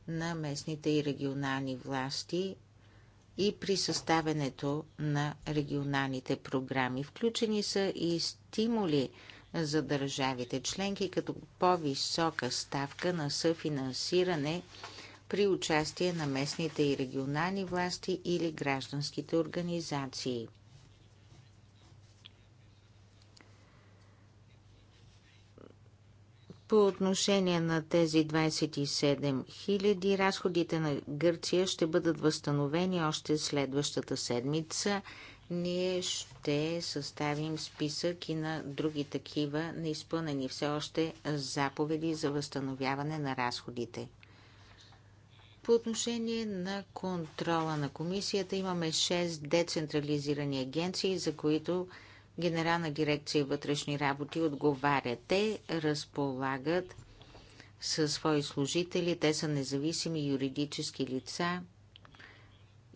на местните и регионални власти и при съставянето на регионалните програми. Включени са и стимули за държавите членки, като по-висока ставка на съфинансиране при участие на местните и регионални власти или гражданските организации. По отношение на тези 27 000, разходите на Гърция ще бъдат възстановени още следващата седмица. Ние ще съставим списък и на други такива неизпълнени все още заповеди за възстановяване на разходите. По отношение на контрола на комисията имаме 6 децентрализирани агенции, за които Генерална дирекция вътрешни работи отговаря. Те разполагат със свои служители, те са независими юридически лица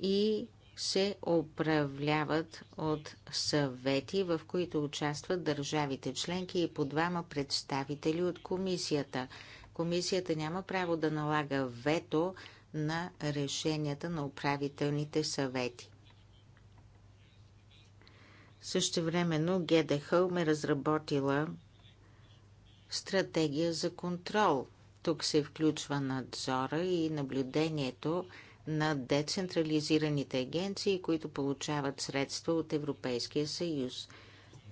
и се управляват от съвети, в които участват държавите членки и по двама представители от комисията. Комисията няма право да налага вето на решенията на управителните съвети. Същевременно ГДХ Хълм е разработила стратегия за контрол. Тук се включва надзора и наблюдението на децентрализираните агенции, които получават средства от Европейския съюз.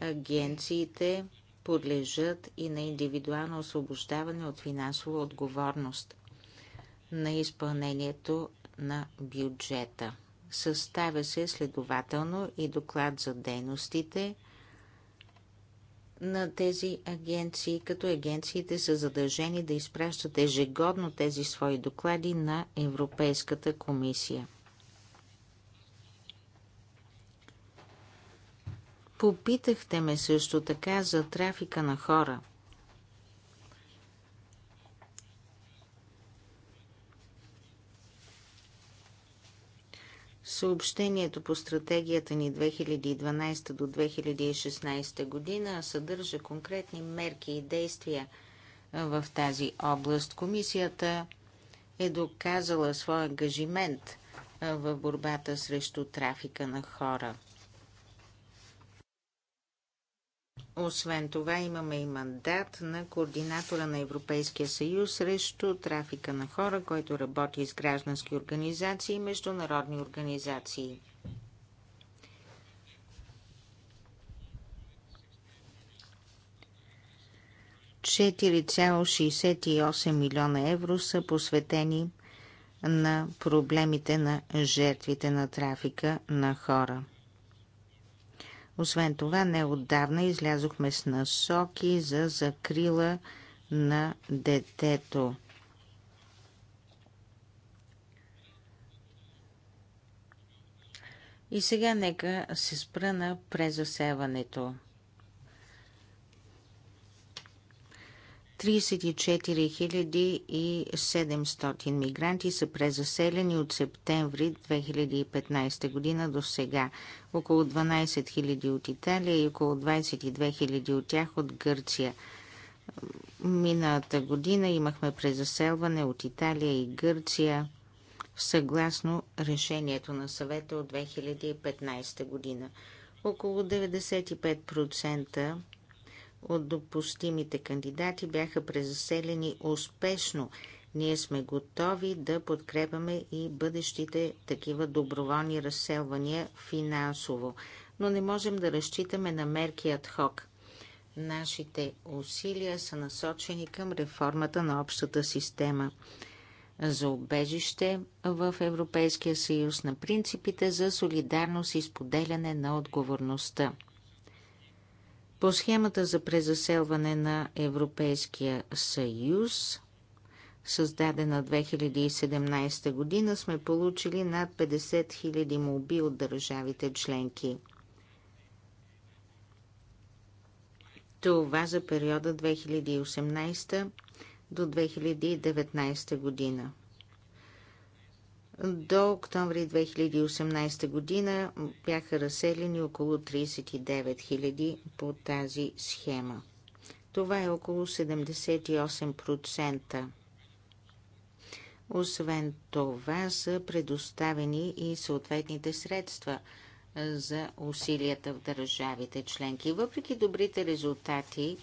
Агенциите подлежат и на индивидуално освобождаване от финансова отговорност на изпълнението на бюджета. Съставя се следователно и доклад за дейностите на тези агенции, като агенциите са задължени да изпращат ежегодно тези свои доклади на Европейската комисия. Попитахте ме също така за трафика на хора – Съобщението по стратегията ни 2012 до 2016 година съдържа конкретни мерки и действия в тази област. Комисията е доказала своя ангажимент в борбата срещу трафика на хора. Освен това имаме и мандат на координатора на Европейския съюз срещу трафика на хора, който работи с граждански организации и международни организации. ,68 милиона евро са посветени на проблемите на жертвите на трафика на хора. Освен това, неотдавна излязохме с насоки за закрила на детето. И сега нека се спра на презасеването. 34 700 мигранти са презаселени от септември 2015 година до сега. Около 12 000 от Италия и около 22 000 от тях от Гърция. Миналата година имахме презаселване от Италия и Гърция съгласно решението на съвета от 2015 година. Около 95% от допустимите кандидати бяха презаселени успешно. Ние сме готови да подкрепяме и бъдещите такива доброволни разселвания финансово, но не можем да разчитаме на мерки ад хок. Нашите усилия са насочени към реформата на общата система за обежище в Европейския съюз на принципите за солидарност и споделяне на отговорността. По схемата за презаселване на Европейския съюз, създадена 2017 година, сме получили над 50 000 моби от държавите членки. Това за периода 2018 до 2019 година. До октомври 2018 година бяха разселени около 39 000 по тази схема. Това е около 78%. Освен това са предоставени и съответните средства за усилията в държавите членки. Въпреки добрите резултати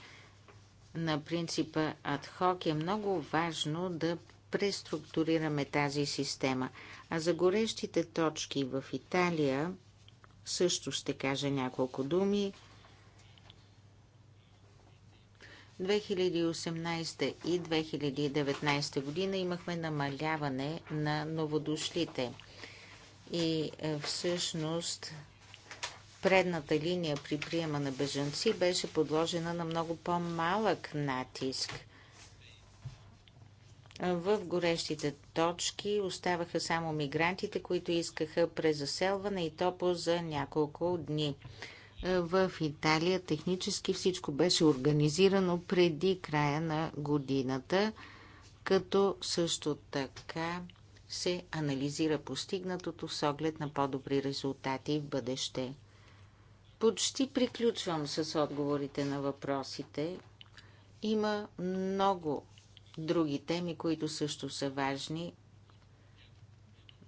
на принципа адхок е много важно да преструктурираме тази система. А за горещите точки в Италия също ще кажа няколко думи. 2018 и 2019 година имахме намаляване на новодошлите. И е, всъщност предната линия при приема на бежанци беше подложена на много по-малък натиск – в горещите точки оставаха само мигрантите, които искаха презаселване и топо за няколко дни. В Италия технически всичко беше организирано преди края на годината, като също така се анализира постигнатото с оглед на по-добри резултати в бъдеще. Почти приключвам с отговорите на въпросите. Има много други теми, които също са важни.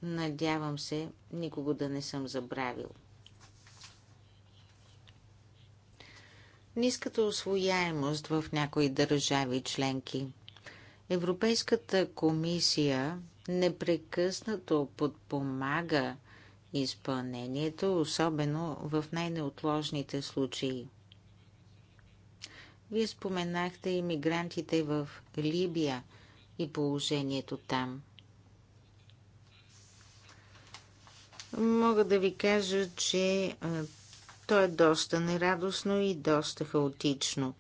Надявам се, никого да не съм забравил. Ниската освояемост в някои държави членки. Европейската комисия непрекъснато подпомага изпълнението, особено в най-неотложните случаи – вие споменахте и мигрантите в Либия и положението там. Мога да ви кажа, че то е доста нерадостно и доста хаотично.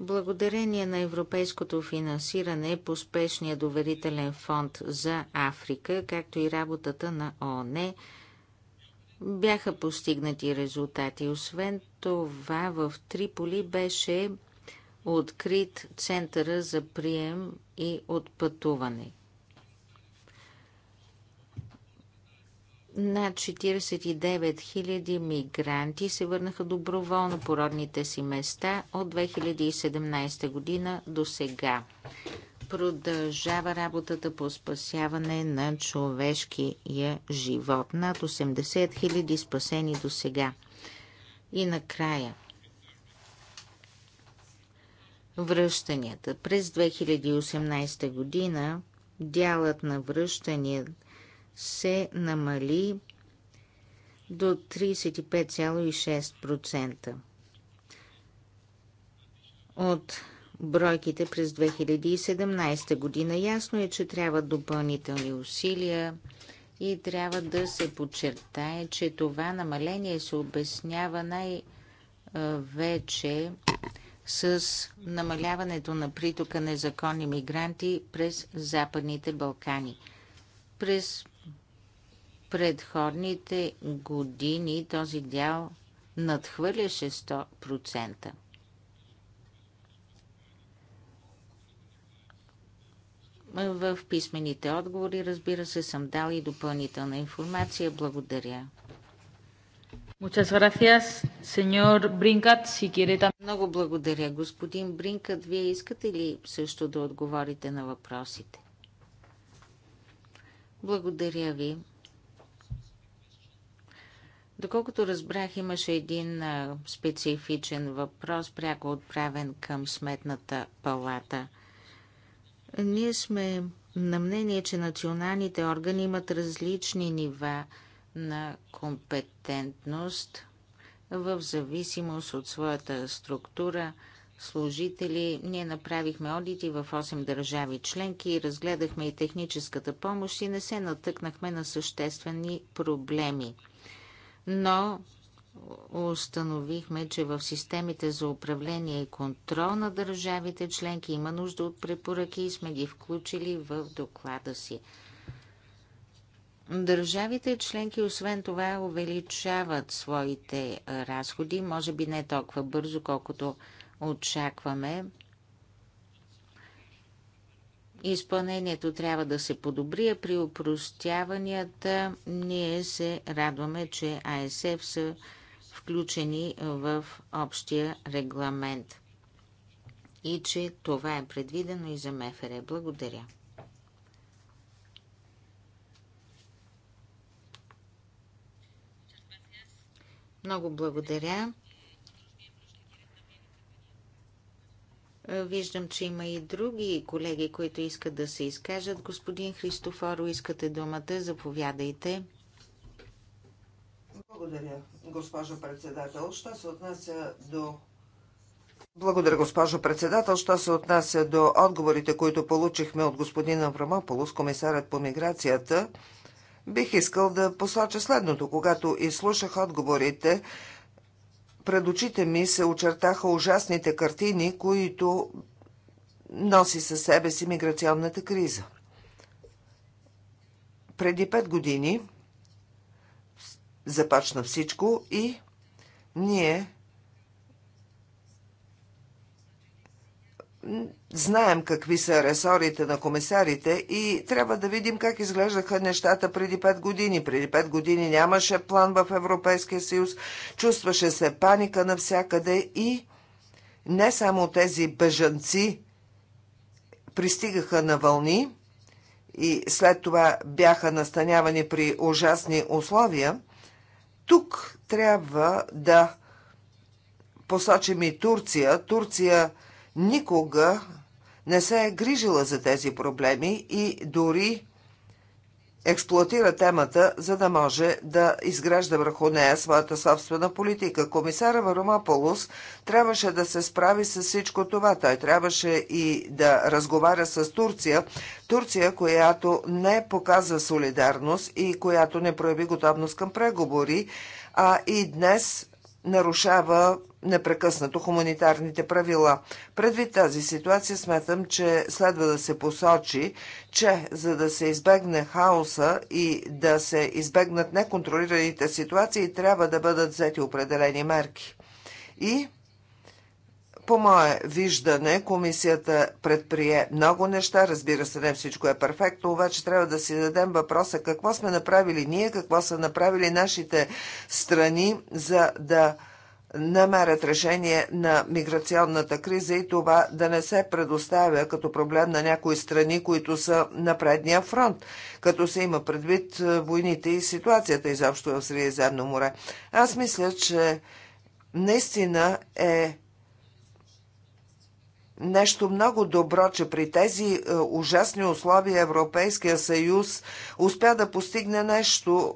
Благодарение на европейското финансиране по спешния доверителен фонд за Африка, както и работата на ООН, бяха постигнати резултати. Освен това, в Триполи беше открит центъра за прием и отпътуване. Над 49 000 мигранти се върнаха доброволно по родните си места от 2017 година до сега. Продължава работата по спасяване на човешкия живот. Над 80 000 спасени до сега. И накрая връщанията. През 2018 година дялът на връщания се намали до 35,6%. От бройките през 2017 година. Ясно е, че трябва допълнителни усилия и трябва да се подчертае, че това намаление се обяснява най-вече с намаляването на притока незаконни мигранти през Западните Балкани. През предходните години този дял надхвърляше 100%. В писмените отговори, разбира се, съм дал и допълнителна информация. Благодаря. Много благодаря, господин Бринкът. Вие искате ли също да отговорите на въпросите? Благодаря ви. Доколкото разбрах, имаше един специфичен въпрос, пряко отправен към Сметната палата – ние сме на мнение, че националните органи имат различни нива на компетентност в зависимост от своята структура, служители. Ние направихме одити в 8 държави членки, разгледахме и техническата помощ и не се натъкнахме на съществени проблеми. Но установихме, че в системите за управление и контрол на държавите членки има нужда от препоръки и сме ги включили в доклада си. Държавите членки освен това увеличават своите разходи, може би не толкова бързо, колкото очакваме. Изпълнението трябва да се подобри, а при упростяванията ние се радваме, че АСФ са включени в общия регламент и че това е предвидено и за МФР. Благодаря. Много благодаря. Виждам, че има и други колеги, които искат да се изкажат. Господин Христофоро, искате думата, заповядайте. Благодаря, госпожо председател. Що се отнася до благодаря, госпожо председател. Що се отнася до отговорите, които получихме от господин Аврамополос, комисарят по миграцията, бих искал да посоча следното. Когато изслушах отговорите, пред очите ми се очертаха ужасните картини, които носи със себе си миграционната криза. Преди пет години започна всичко и ние знаем какви са ресорите на комисарите и трябва да видим как изглеждаха нещата преди 5 години. Преди 5 години нямаше план в Европейския съюз, чувстваше се паника навсякъде и не само тези бежанци пристигаха на вълни и след това бяха настанявани при ужасни условия, тук трябва да посочим и Турция. Турция никога не се е грижила за тези проблеми и дори експлуатира темата, за да може да изгражда върху нея своята собствена политика. Комисара Варомаполус трябваше да се справи с всичко това. Той трябваше и да разговаря с Турция. Турция, която не показа солидарност и която не прояви готовност към преговори, а и днес нарушава непрекъснато хуманитарните правила. Предвид тази ситуация смятам, че следва да се посочи, че за да се избегне хаоса и да се избегнат неконтролираните ситуации, трябва да бъдат взети определени мерки. И по мое виждане, комисията предприе много неща. Разбира се, не всичко е перфектно, обаче трябва да си дадем въпроса какво сме направили ние, какво са направили нашите страни, за да намерят решение на миграционната криза и това да не се предоставя като проблем на някои страни, които са на предния фронт, като се има предвид е, войните и ситуацията изобщо в Средиземно море. Аз мисля, че наистина е нещо много добро, че при тези е, ужасни условия Европейския съюз успя да постигне нещо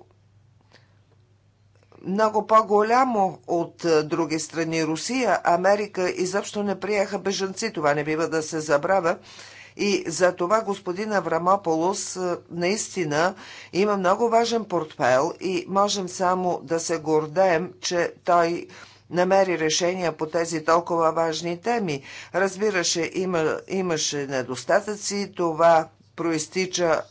много по-голямо от е, други страни. Русия, Америка изобщо не приеха бежанци, това не бива да се забравя. И за това господин Аврамополос е, наистина има много важен портфел и можем само да се гордеем, че той намери решения по тези толкова важни теми. Разбираше, има, имаше недостатъци, това проистича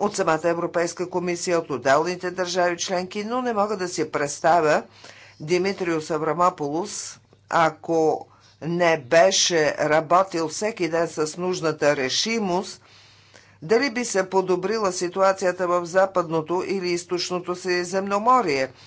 от самата Европейска комисия, от отделните държави членки, но не мога да си представя Димитриус Саврамополус, ако не беше работил всеки ден с нужната решимост, дали би се подобрила ситуацията в западното или източното си земноморие –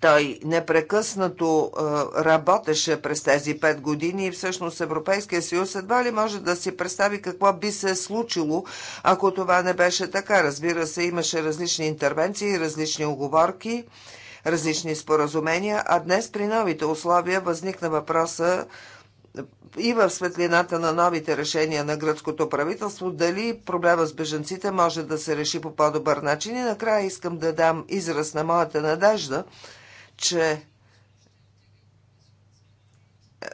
той непрекъснато работеше през тези пет години и всъщност Европейския съюз едва ли може да си представи какво би се случило, ако това не беше така. Разбира се, имаше различни интервенции, различни оговорки, различни споразумения, а днес при новите условия възникна въпроса и в светлината на новите решения на гръцкото правителство, дали проблема с беженците може да се реши по по-добър начин. И накрая искам да дам израз на моята надежда – че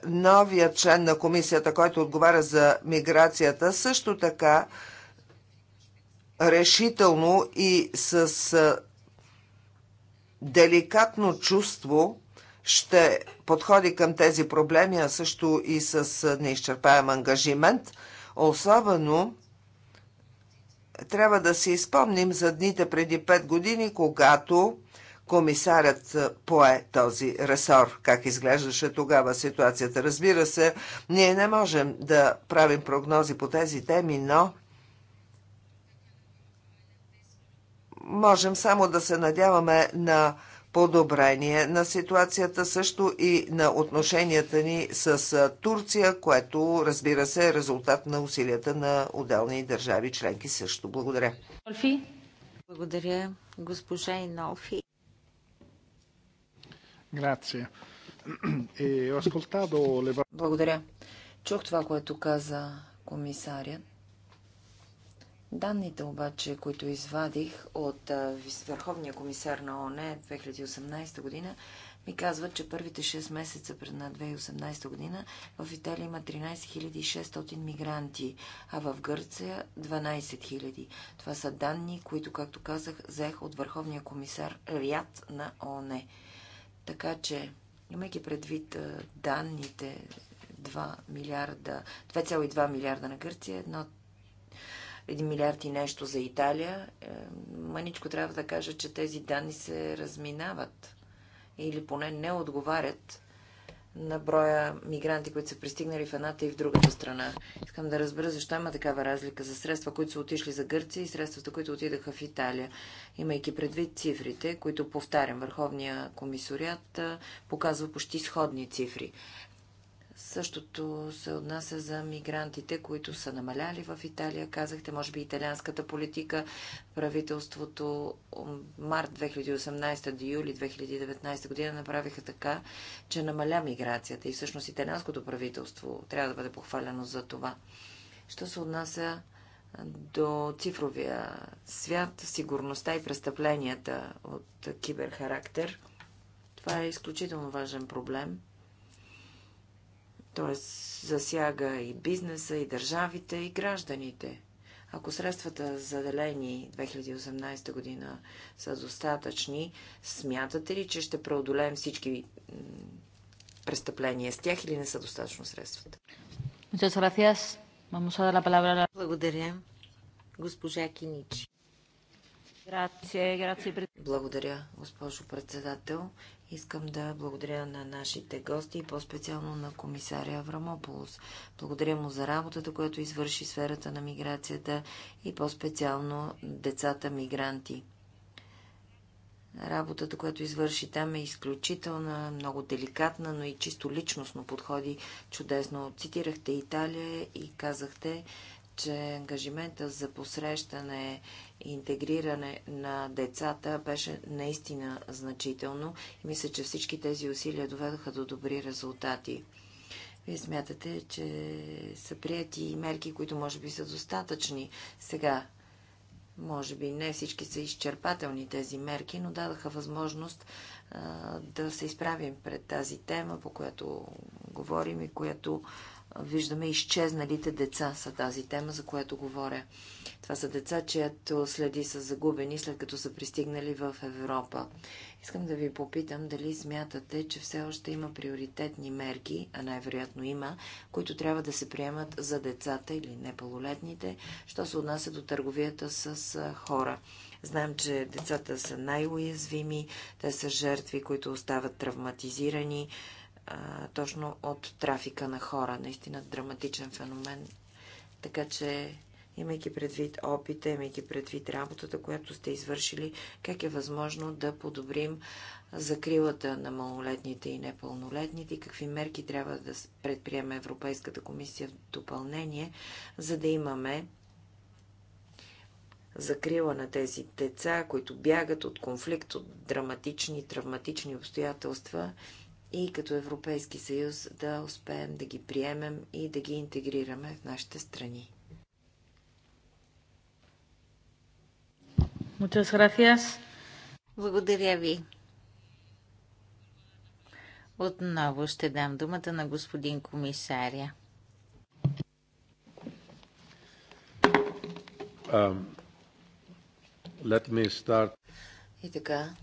новия член на комисията, който отговаря за миграцията, също така решително и с деликатно чувство ще подходи към тези проблеми, а също и с неизчерпаем ангажимент. Особено трябва да си изпомним за дните преди 5 години, когато комисарят пое този ресор, как изглеждаше тогава ситуацията. Разбира се, ние не можем да правим прогнози по тези теми, но можем само да се надяваме на подобрение на ситуацията, също и на отношенията ни с Турция, което разбира се е резултат на усилията на отделни държави членки също. Благодаря. Благодаря, госпожа Инофи. E Благодаря. Чух това, което каза комисаря. Данните обаче, които извадих от Върховния комисар на ООН 2018 година, ми казват, че първите 6 месеца пред на 2018 година в Италия има 13 600 мигранти, а в Гърция 12 000. Това са данни, които, както казах, взех от Върховния комисар Рият на ООН. Така че, имайки предвид данните 2 милиарда, 2,2 милиарда на Гърция, едно 1 милиард и нещо за Италия, е, мъничко трябва да кажа, че тези данни се разминават или поне не отговарят на броя мигранти, които са пристигнали в едната и в другата страна. Искам да разбера защо има такава разлика за средства, които са отишли за Гърция и средствата, които отидаха в Италия, имайки предвид цифрите, които, повтарям, Върховния комисориат показва почти сходни цифри. Същото се отнася за мигрантите, които са намаляли в Италия. Казахте, може би, италианската политика, правителството март 2018 до юли 2019 година направиха така, че намаля миграцията. И всъщност италианското правителство трябва да бъде похвалено за това. Що се отнася до цифровия свят, сигурността и престъпленията от киберхарактер, това е изключително важен проблем – т.е. засяга и бизнеса, и държавите, и гражданите. Ако средствата заделени 2018 година са достатъчни, смятате ли, че ще преодолеем всички престъпления с тях или не са достатъчно средствата? Благодаря. Госпожа Киничи. Благодаря, госпожо председател. Искам да благодаря на нашите гости и по-специално на комисаря Аврамополос. Благодаря му за работата, която извърши сферата на миграцията и по-специално децата мигранти. Работата, която извърши там е изключителна, много деликатна, но и чисто личностно подходи чудесно. Цитирахте Италия и казахте, че ангажимента за посрещане интегриране на децата беше наистина значително и мисля, че всички тези усилия доведоха до добри резултати. Вие смятате, че са прияти мерки, които може би са достатъчни сега. Може би не всички са изчерпателни тези мерки, но дадаха възможност а, да се изправим пред тази тема, по която говорим и която виждаме изчезналите деца са тази тема, за която говоря. Това са деца, чието следи са загубени, след като са пристигнали в Европа. Искам да ви попитам дали смятате, че все още има приоритетни мерки, а най-вероятно има, които трябва да се приемат за децата или непалолетните, що се отнася до търговията с хора. Знаем, че децата са най-уязвими, те са жертви, които остават травматизирани а, точно от трафика на хора. Наистина драматичен феномен. Така че, имайки предвид опита, имайки предвид работата, която сте извършили, как е възможно да подобрим закрилата на малолетните и непълнолетните и какви мерки трябва да предприеме Европейската комисия в допълнение, за да имаме закрила на тези деца, които бягат от конфликт, от драматични, травматични обстоятелства и като Европейски съюз да успеем да ги приемем и да ги интегрираме в нашите страни. Благодаря ви. Отново ще дам думата на господин комисаря. Um, let me start. И така,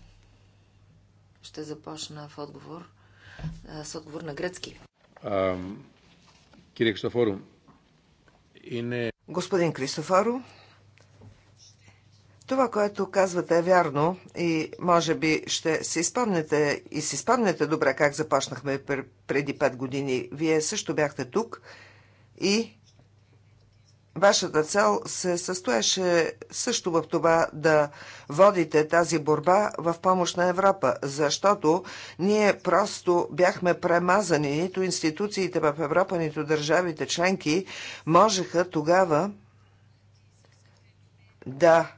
ще започна в отговор с отговор на гръцки. Кирие Кристофоро, Господин Кристофоро, това, което казвате е вярно и може би ще си спомнете и си спомнете добре как започнахме преди 5 години. Вие също бяхте тук и Вашата цел се състоеше също в това да водите тази борба в помощ на Европа, защото ние просто бяхме премазани, нито институциите в Европа, нито държавите членки можеха тогава да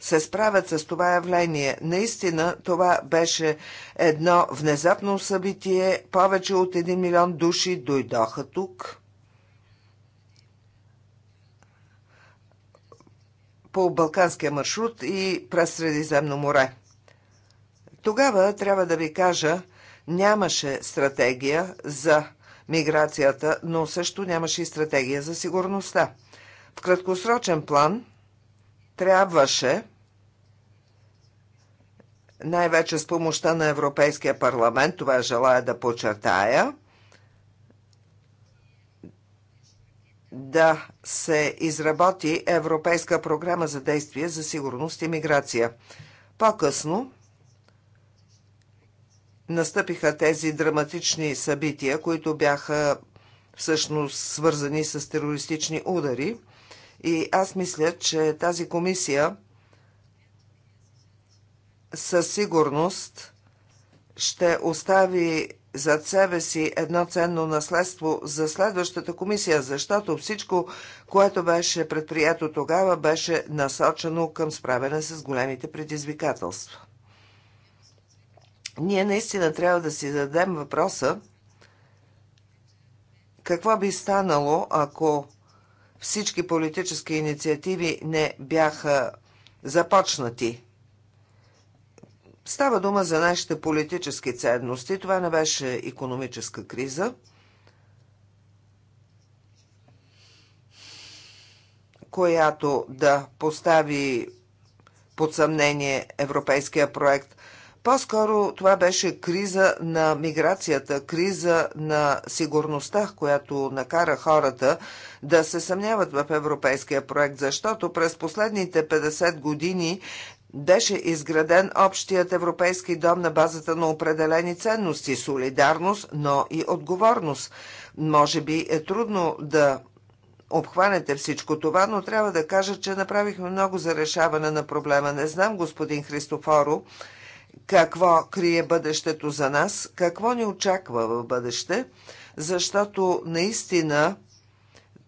се справят с това явление. Наистина това беше едно внезапно събитие. Повече от 1 милион души дойдоха тук. по Балканския маршрут и през Средиземно море. Тогава, трябва да ви кажа, нямаше стратегия за миграцията, но също нямаше и стратегия за сигурността. В краткосрочен план трябваше най-вече с помощта на Европейския парламент, това желая да подчертая, да се изработи Европейска програма за действие за сигурност и миграция. По-късно настъпиха тези драматични събития, които бяха всъщност свързани с терористични удари. И аз мисля, че тази комисия със сигурност ще остави зад себе си едно ценно наследство за следващата комисия, защото всичко, което беше предприето тогава, беше насочено към справяне с големите предизвикателства. Ние наистина трябва да си дадем въпроса какво би станало, ако всички политически инициативи не бяха започнати. Става дума за нашите политически ценности. Това не беше економическа криза. която да постави под съмнение европейския проект. По-скоро това беше криза на миграцията, криза на сигурността, която накара хората да се съмняват в европейския проект, защото през последните 50 години беше изграден общият европейски дом на базата на определени ценности, солидарност, но и отговорност. Може би е трудно да обхванете всичко това, но трябва да кажа, че направихме много за решаване на проблема. Не знам, господин Христофоро, какво крие бъдещето за нас, какво ни очаква в бъдеще, защото наистина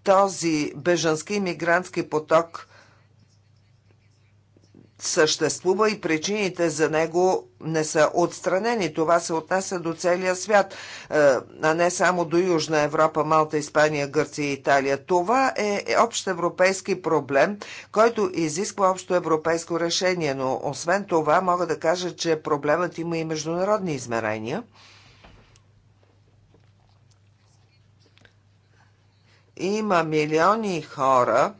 този бежански мигрантски поток – съществува и причините за него не са отстранени. Това се отнася до целия свят, е, а не само до Южна Европа, Малта, Испания, Гърция и Италия. Това е, е общ европейски проблем, който изисква общо европейско решение, но освен това мога да кажа, че проблемът има и международни измерения. Има милиони хора,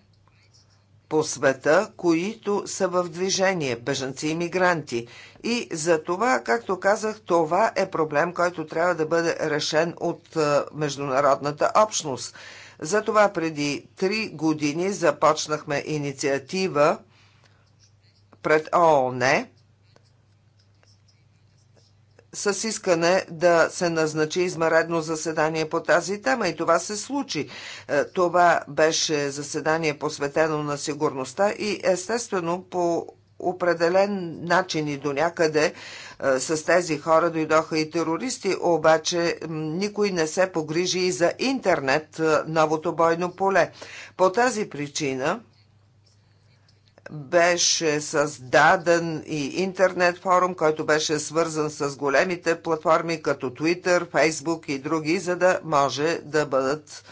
по света, които са в движение, бежанци и мигранти. И за това, както казах, това е проблем, който трябва да бъде решен от е, международната общност. Затова преди три години започнахме инициатива пред ООН, с искане да се назначи измаредно заседание по тази тема и това се случи. Е, това беше заседание посветено на сигурността и естествено по определен начин и до някъде е, с тези хора дойдоха и терористи, обаче никой не се погрижи и за интернет, е, новото бойно поле. По тази причина беше създаден и интернет форум, който беше свързан с големите платформи като Twitter, Facebook и други, за да може да бъдат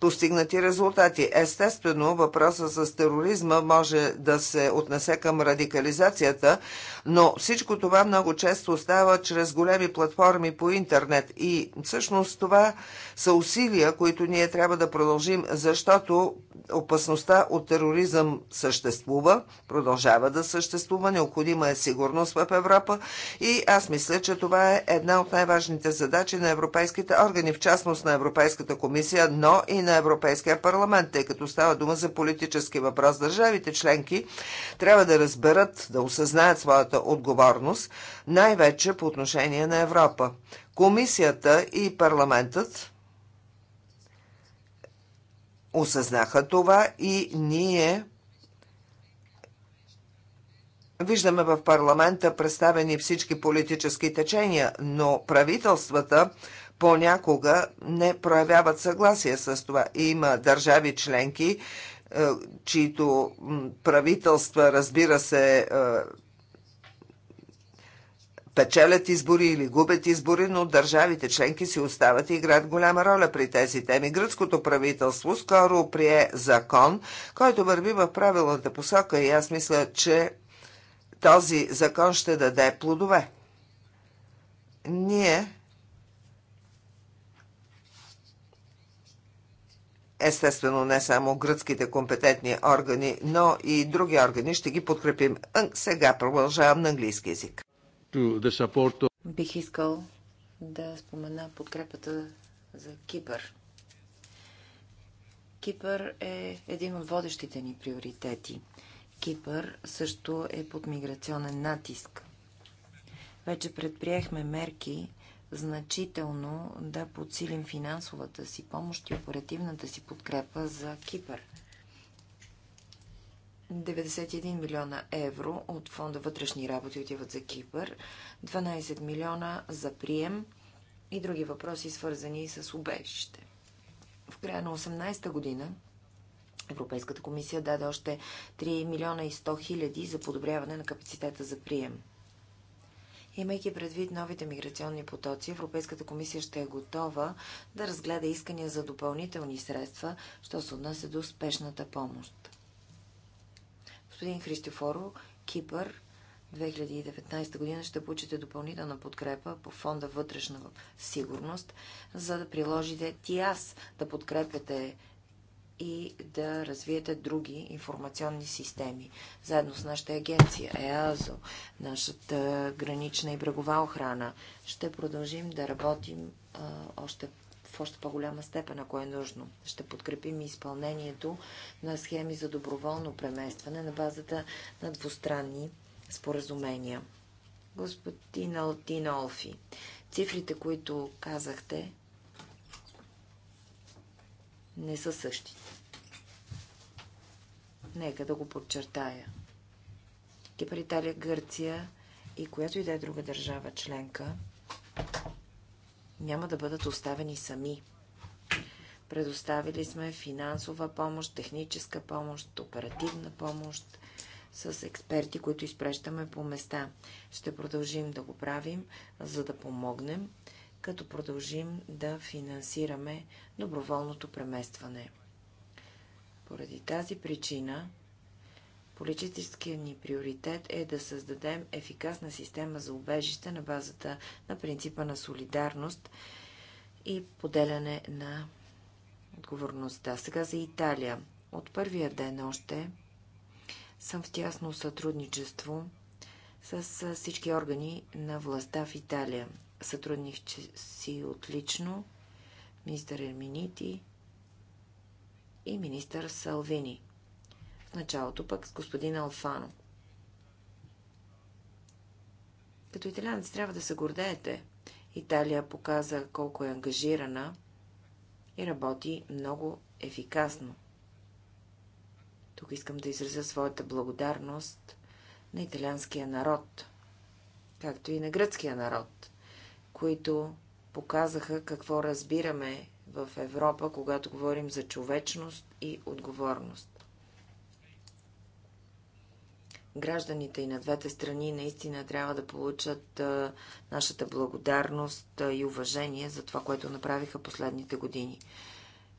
постигнати резултати. Естествено, въпросът с тероризма може да се отнесе към радикализацията, но всичко това много често става чрез големи платформи по интернет и всъщност това са усилия, които ние трябва да продължим, защото опасността от тероризъм съществува, продължава да съществува, необходима е сигурност в Европа и аз мисля, че това е една от най-важните задачи на европейските органи, в частност на Европейската комисия, но и на Европейския парламент, тъй като става дума за политически въпрос. Държавите членки трябва да разберат, да осъзнаят своята държавната отговорност, най-вече по отношение на Европа. Комисията и парламентът осъзнаха това и ние Виждаме в парламента представени всички политически течения, но правителствата понякога не проявяват съгласие с това. Има държави членки, е, чието правителства, разбира се, е, печелят избори или губят избори, но държавите членки си остават и играят голяма роля при тези теми. Гръцкото правителство скоро прие закон, който върви в правилната посока и аз мисля, че този закон ще даде плодове. Ние естествено не само гръцките компетентни органи, но и други органи ще ги подкрепим. Сега продължавам на английски язик. Бих искал да спомена подкрепата за Кипър. Кипър е един от водещите ни приоритети. Кипър също е под миграционен натиск. Вече предприехме мерки значително да подсилим финансовата си помощ и оперативната си подкрепа за Кипър. 91 милиона евро от фонда вътрешни работи отиват за Кипър, 12 милиона за прием и други въпроси, свързани с убежище. В края на 18-та година Европейската комисия даде още 3 милиона и 100 хиляди за подобряване на капацитета за прием. Имайки предвид новите миграционни потоци, Европейската комисия ще е готова да разгледа искания за допълнителни средства, що се отнася до спешната помощ. Господин Христофоро, Кипър 2019 година ще получите допълнителна подкрепа по фонда вътрешна сигурност, за да приложите ТИАС, да подкрепяте и да развиете други информационни системи. Заедно с нашата агенция ЕАЗО, нашата гранична и брегова охрана, ще продължим да работим а, още още по-голяма степен, ако е нужно. Ще подкрепим изпълнението на схеми за доброволно преместване на базата на двустранни споразумения. Господин Алтин Олфи, цифрите, които казахте, не са същите. Нека да го подчертая. Кипър, Италия, Гърция и която и да е друга държава членка няма да бъдат оставени сами. Предоставили сме финансова помощ, техническа помощ, оперативна помощ с експерти, които изпрещаме по места. Ще продължим да го правим, за да помогнем, като продължим да финансираме доброволното преместване. Поради тази причина Политическият ни приоритет е да създадем ефикасна система за убежище на базата на принципа на солидарност и поделяне на отговорността. Сега за Италия. От първия ден още съм в тясно сътрудничество с всички органи на властта в Италия. Сътрудних си отлично министър Ерминити и министър Салвини началото, пък с господин Алфано. Като италянец трябва да се гордеете. Италия показа колко е ангажирана и работи много ефикасно. Тук искам да изразя своята благодарност на италианския народ, както и на гръцкия народ, които показаха какво разбираме в Европа, когато говорим за човечност и отговорност гражданите и на двете страни наистина трябва да получат нашата благодарност и уважение за това, което направиха последните години.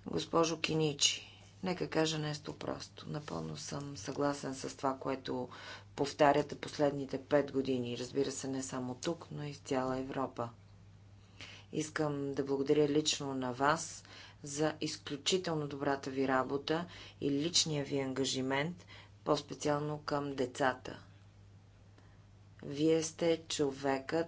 Госпожо Киничи, нека кажа нещо просто. Напълно съм съгласен с това, което повтаряте последните пет години. Разбира се, не само тук, но и в цяла Европа. Искам да благодаря лично на вас за изключително добрата ви работа и личния ви ангажимент – по-специално към децата. Вие сте човекът,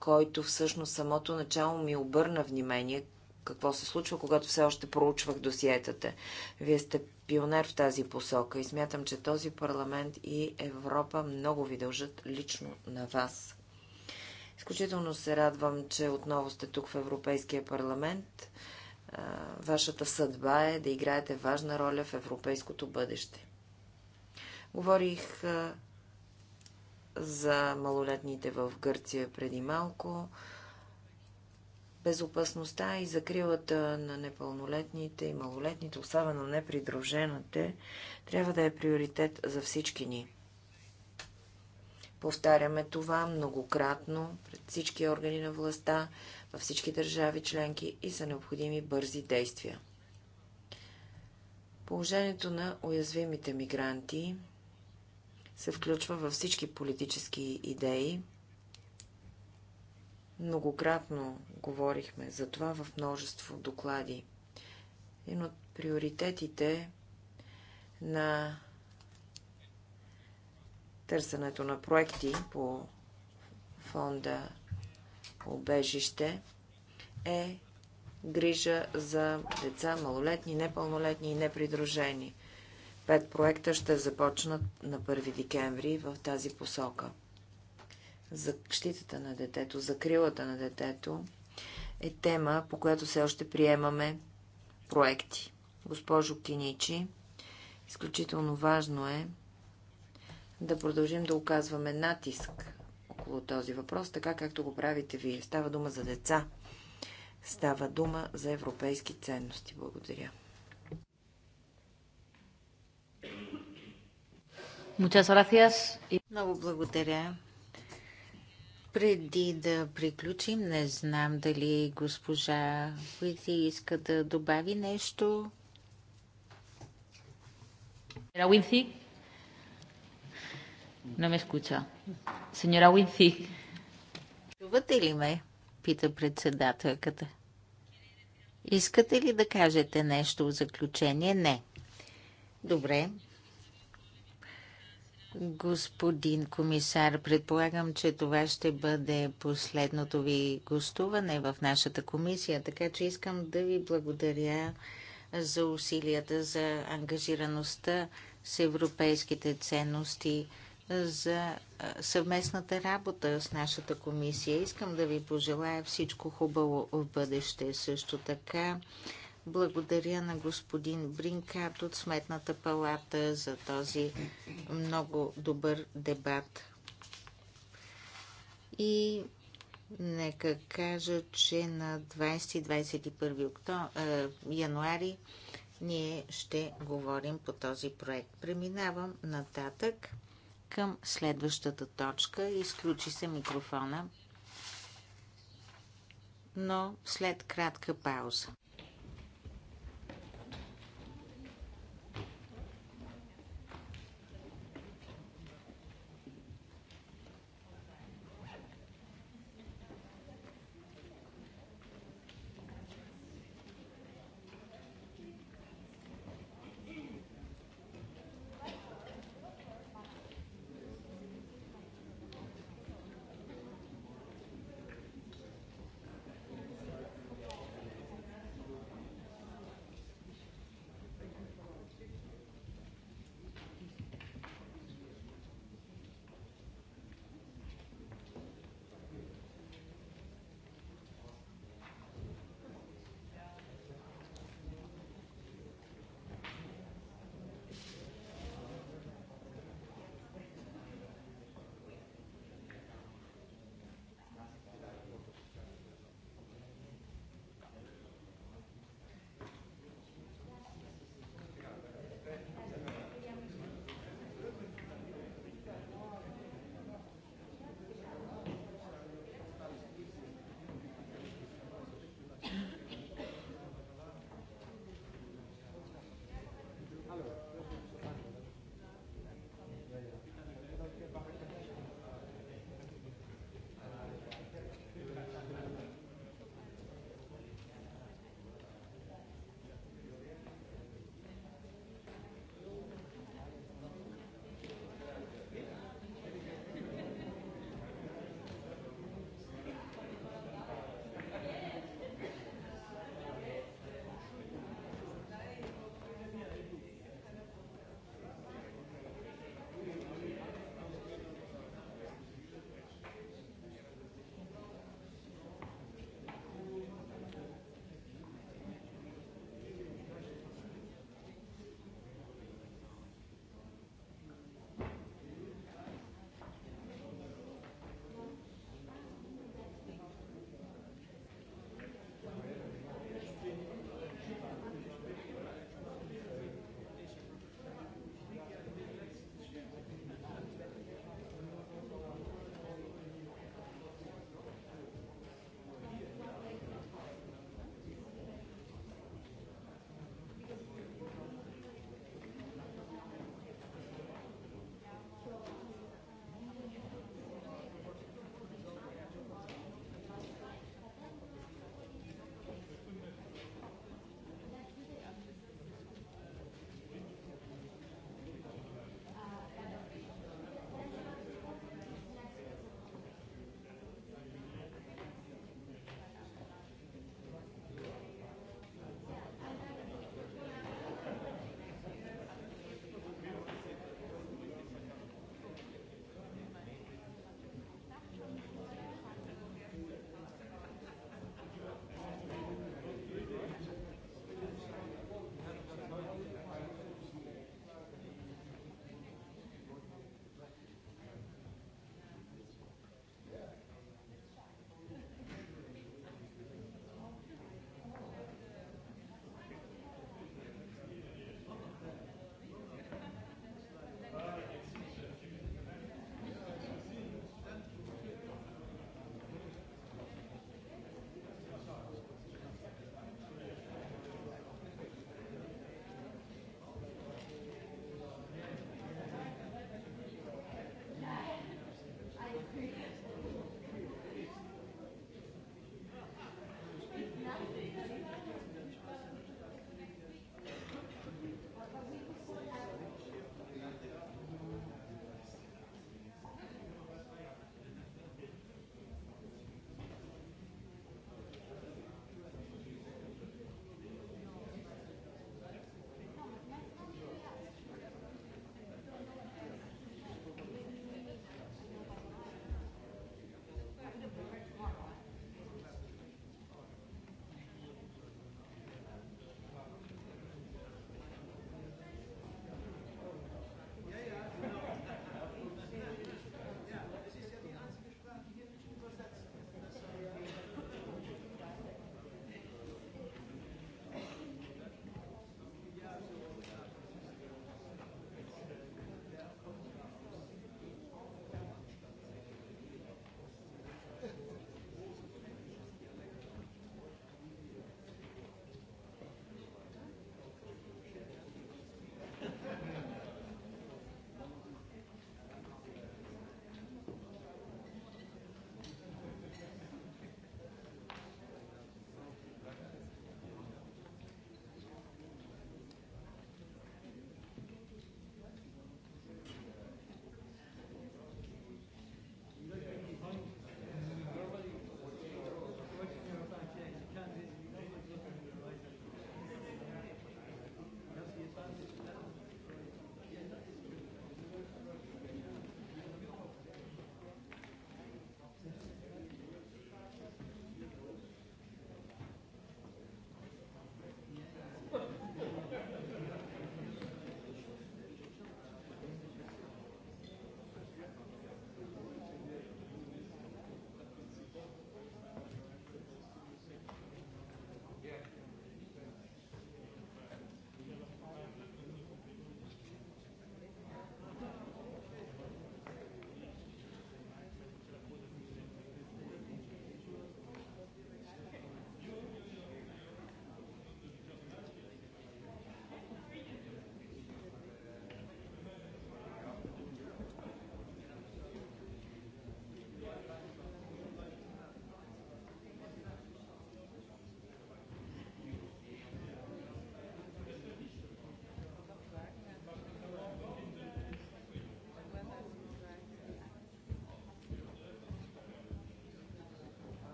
който всъщност самото начало ми обърна внимание какво се случва, когато все още проучвах досиетата. Вие сте пионер в тази посока и смятам, че този парламент и Европа много ви дължат лично на вас. Изключително се радвам, че отново сте тук в Европейския парламент. Вашата съдба е да играете важна роля в европейското бъдеще. Говорих за малолетните в Гърция преди малко. Безопасността и закрилата на непълнолетните и малолетните, особено непридружените, трябва да е приоритет за всички ни. Повтаряме това многократно пред всички органи на властта, във всички държави членки и са необходими бързи действия. Положението на уязвимите мигранти се включва във всички политически идеи. Многократно говорихме за това в множество доклади. Един от приоритетите на търсенето на проекти по фонда обежище е грижа за деца, малолетни, непълнолетни и непридружени. Пет проекта ще започнат на 1 декември в тази посока. Защитата на детето, закрилата на детето е тема, по която все още приемаме проекти. Госпожо Киничи, изключително важно е да продължим да оказваме натиск около този въпрос, така както го правите вие. Става дума за деца. Става дума за европейски ценности. Благодаря. Много благодаря. Преди да приключим, не знам дали госпожа Уити иска да добави нещо. Сеньора Wincy, Не ме скуча. Сеньора Wincy. Чувате ли ме? Пита председателката. Искате ли да кажете нещо в заключение? Не. Добре. Господин комисар, предполагам, че това ще бъде последното ви гостуване в нашата комисия, така че искам да ви благодаря за усилията, за ангажираността с европейските ценности, за съвместната работа с нашата комисия. Искам да ви пожелая всичко хубаво в бъдеще също така. Благодаря на господин Бринкат от Сметната палата за този много добър дебат. И нека кажа, че на 20-21 януари ние ще говорим по този проект. Преминавам нататък към следващата точка. Изключи се микрофона, но след кратка пауза.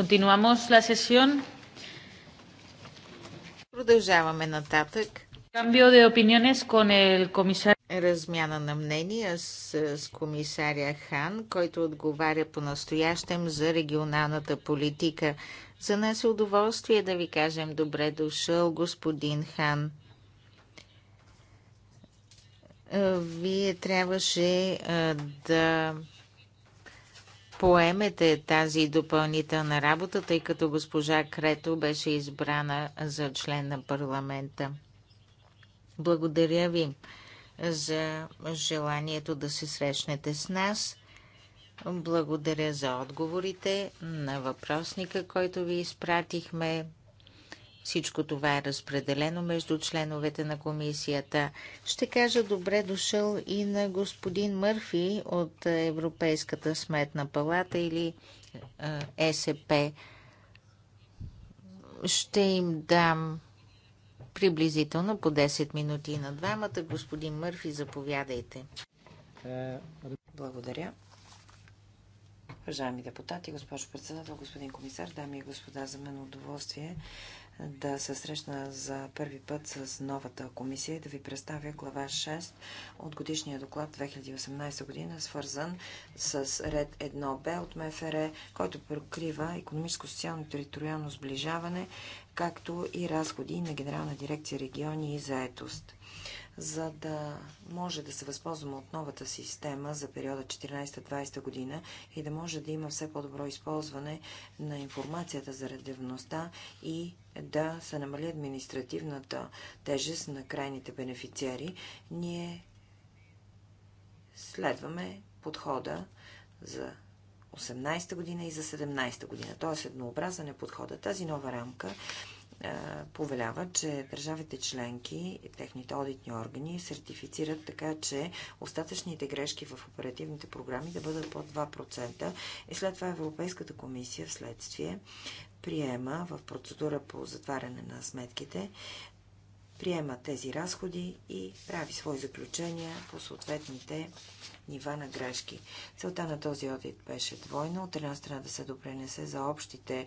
Continuamos la sesión. Продължаваме нататък. Cambio de opiniones con el comisario. Размяна на мнения с, с комисаря Хан, който отговаря по настоящем за регионалната политика. За нас е удоволствие да ви кажем добре дошъл, господин Хан. Е, вие трябваше е, да поемете тази допълнителна работа, тъй като госпожа Крето беше избрана за член на парламента. Благодаря ви за желанието да се срещнете с нас. Благодаря за отговорите на въпросника, който ви изпратихме. Всичко това е разпределено между членовете на комисията. Ще кажа добре дошъл и на господин Мърфи от Европейската сметна палата или е, СП. Ще им дам приблизително по 10 минути на двамата. Господин Мърфи, заповядайте. Благодаря. Уважаеми депутати, госпожо председател, господин комисар, дами и господа, за мен удоволствие да се срещна за първи път с новата комисия и да ви представя глава 6 от годишния доклад 2018 година, свързан с ред 1Б от МФР, който прокрива економическо-социално териториално сближаване, както и разходи на Генерална дирекция региони и заетост. За да може да се възползваме от новата система за периода 14-20 година и да може да има все по-добро използване на информацията за редевността и да се намали административната тежест на крайните бенефициари, ние следваме подхода за 18-та година и за 17-та година. т.е. еднообразен е подхода. Тази нова рамка повелява, че държавите членки и техните одитни органи сертифицират така, че остатъчните грешки в оперативните програми да бъдат под 2% и след това Европейската комисия вследствие приема в процедура по затваряне на сметките, приема тези разходи и прави свои заключения по съответните нива на грешки. Целта на този одит беше двойна. От една страна да се допренесе за общите е,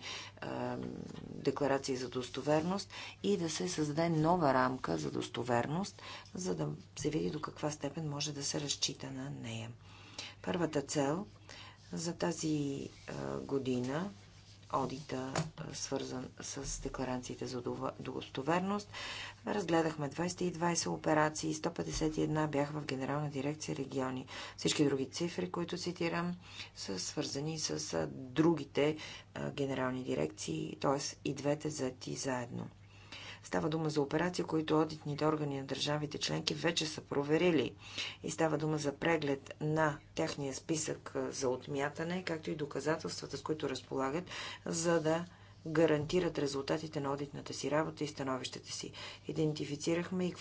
декларации за достоверност и да се създаде нова рамка за достоверност, за да се види до каква степен може да се разчита на нея. Първата цел за тази е, година одита, свързан с декларациите за достоверност. Разгледахме 220 операции, 151 бяха в Генерална дирекция региони. Всички други цифри, които цитирам, са свързани с другите генерални дирекции, т.е. и двете зати заедно. Става дума за операции, които одитните органи на държавите членки вече са проверили. И става дума за преглед на техния списък за отмятане, както и доказателствата, с които разполагат, за да гарантират резултатите на одитната си работа и становищата си. Идентифицирахме и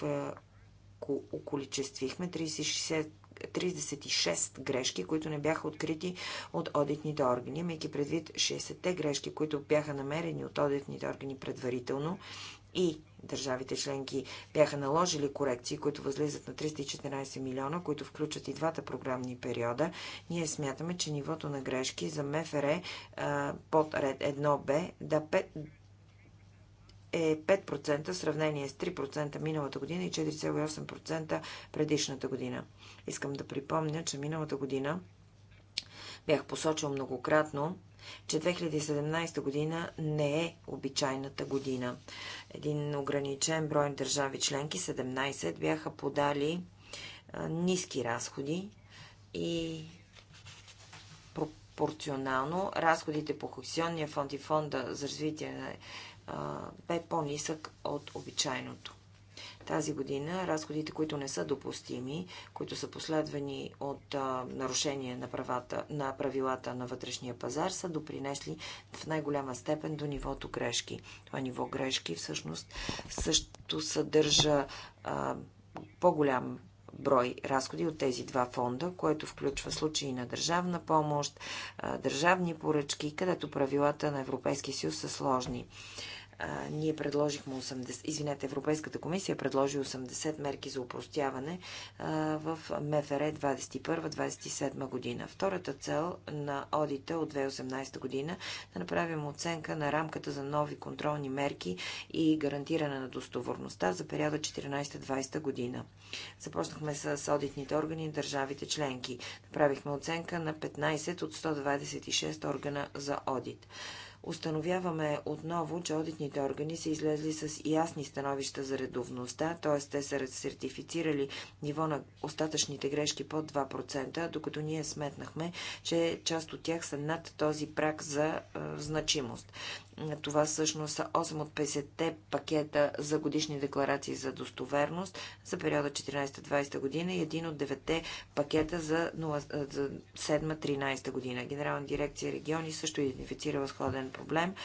околичествихме 36 36 грешки, които не бяха открити от одитните органи, имайки предвид 60-те грешки, които бяха намерени от одитните органи предварително и държавите членки бяха наложили корекции, които възлизат на 314 милиона, които включат и двата програмни периода, ние смятаме, че нивото на грешки за МФР под ред 1Б да 5 е 5% в сравнение с 3% миналата година и 4,8% предишната година. Искам да припомня, че миналата година бях посочил многократно, че 2017 година не е обичайната година. Един ограничен брой държави членки, 17, бяха подали ниски разходи и пропорционално разходите по хоксионния фонд и фонда за развитие бе по-нисък от обичайното. Тази година разходите, които не са допустими, които са последвани от а, нарушение на, правата, на правилата на вътрешния пазар, са допринесли в най-голяма степен до нивото грешки. Това ниво грешки всъщност също съдържа по-голям брой разходи от тези два фонда, което включва случаи на държавна помощ, държавни поръчки, където правилата на Европейския съюз са сложни ние предложихме 80, извинете, Европейската комисия предложи 80 мерки за упростяване в МФР 21-27 година. Втората цел на одита от 2018 година е да направим оценка на рамката за нови контролни мерки и гарантиране на достоверността за периода 14-20 година. Започнахме с одитните органи и държавите членки. Направихме оценка на 15 от 126 органа за одит установяваме отново, че одитните органи са излезли с ясни становища за редовността, т.е. те са сертифицирали ниво на остатъчните грешки под 2%, докато ние сметнахме, че част от тях са над този прак за значимост. Това всъщност са 8 от 50-те пакета за годишни декларации за достоверност за периода 14-20 година и един от 9-те пакета за, 7-13 година. Генерална дирекция региони също идентифицира възходен проблем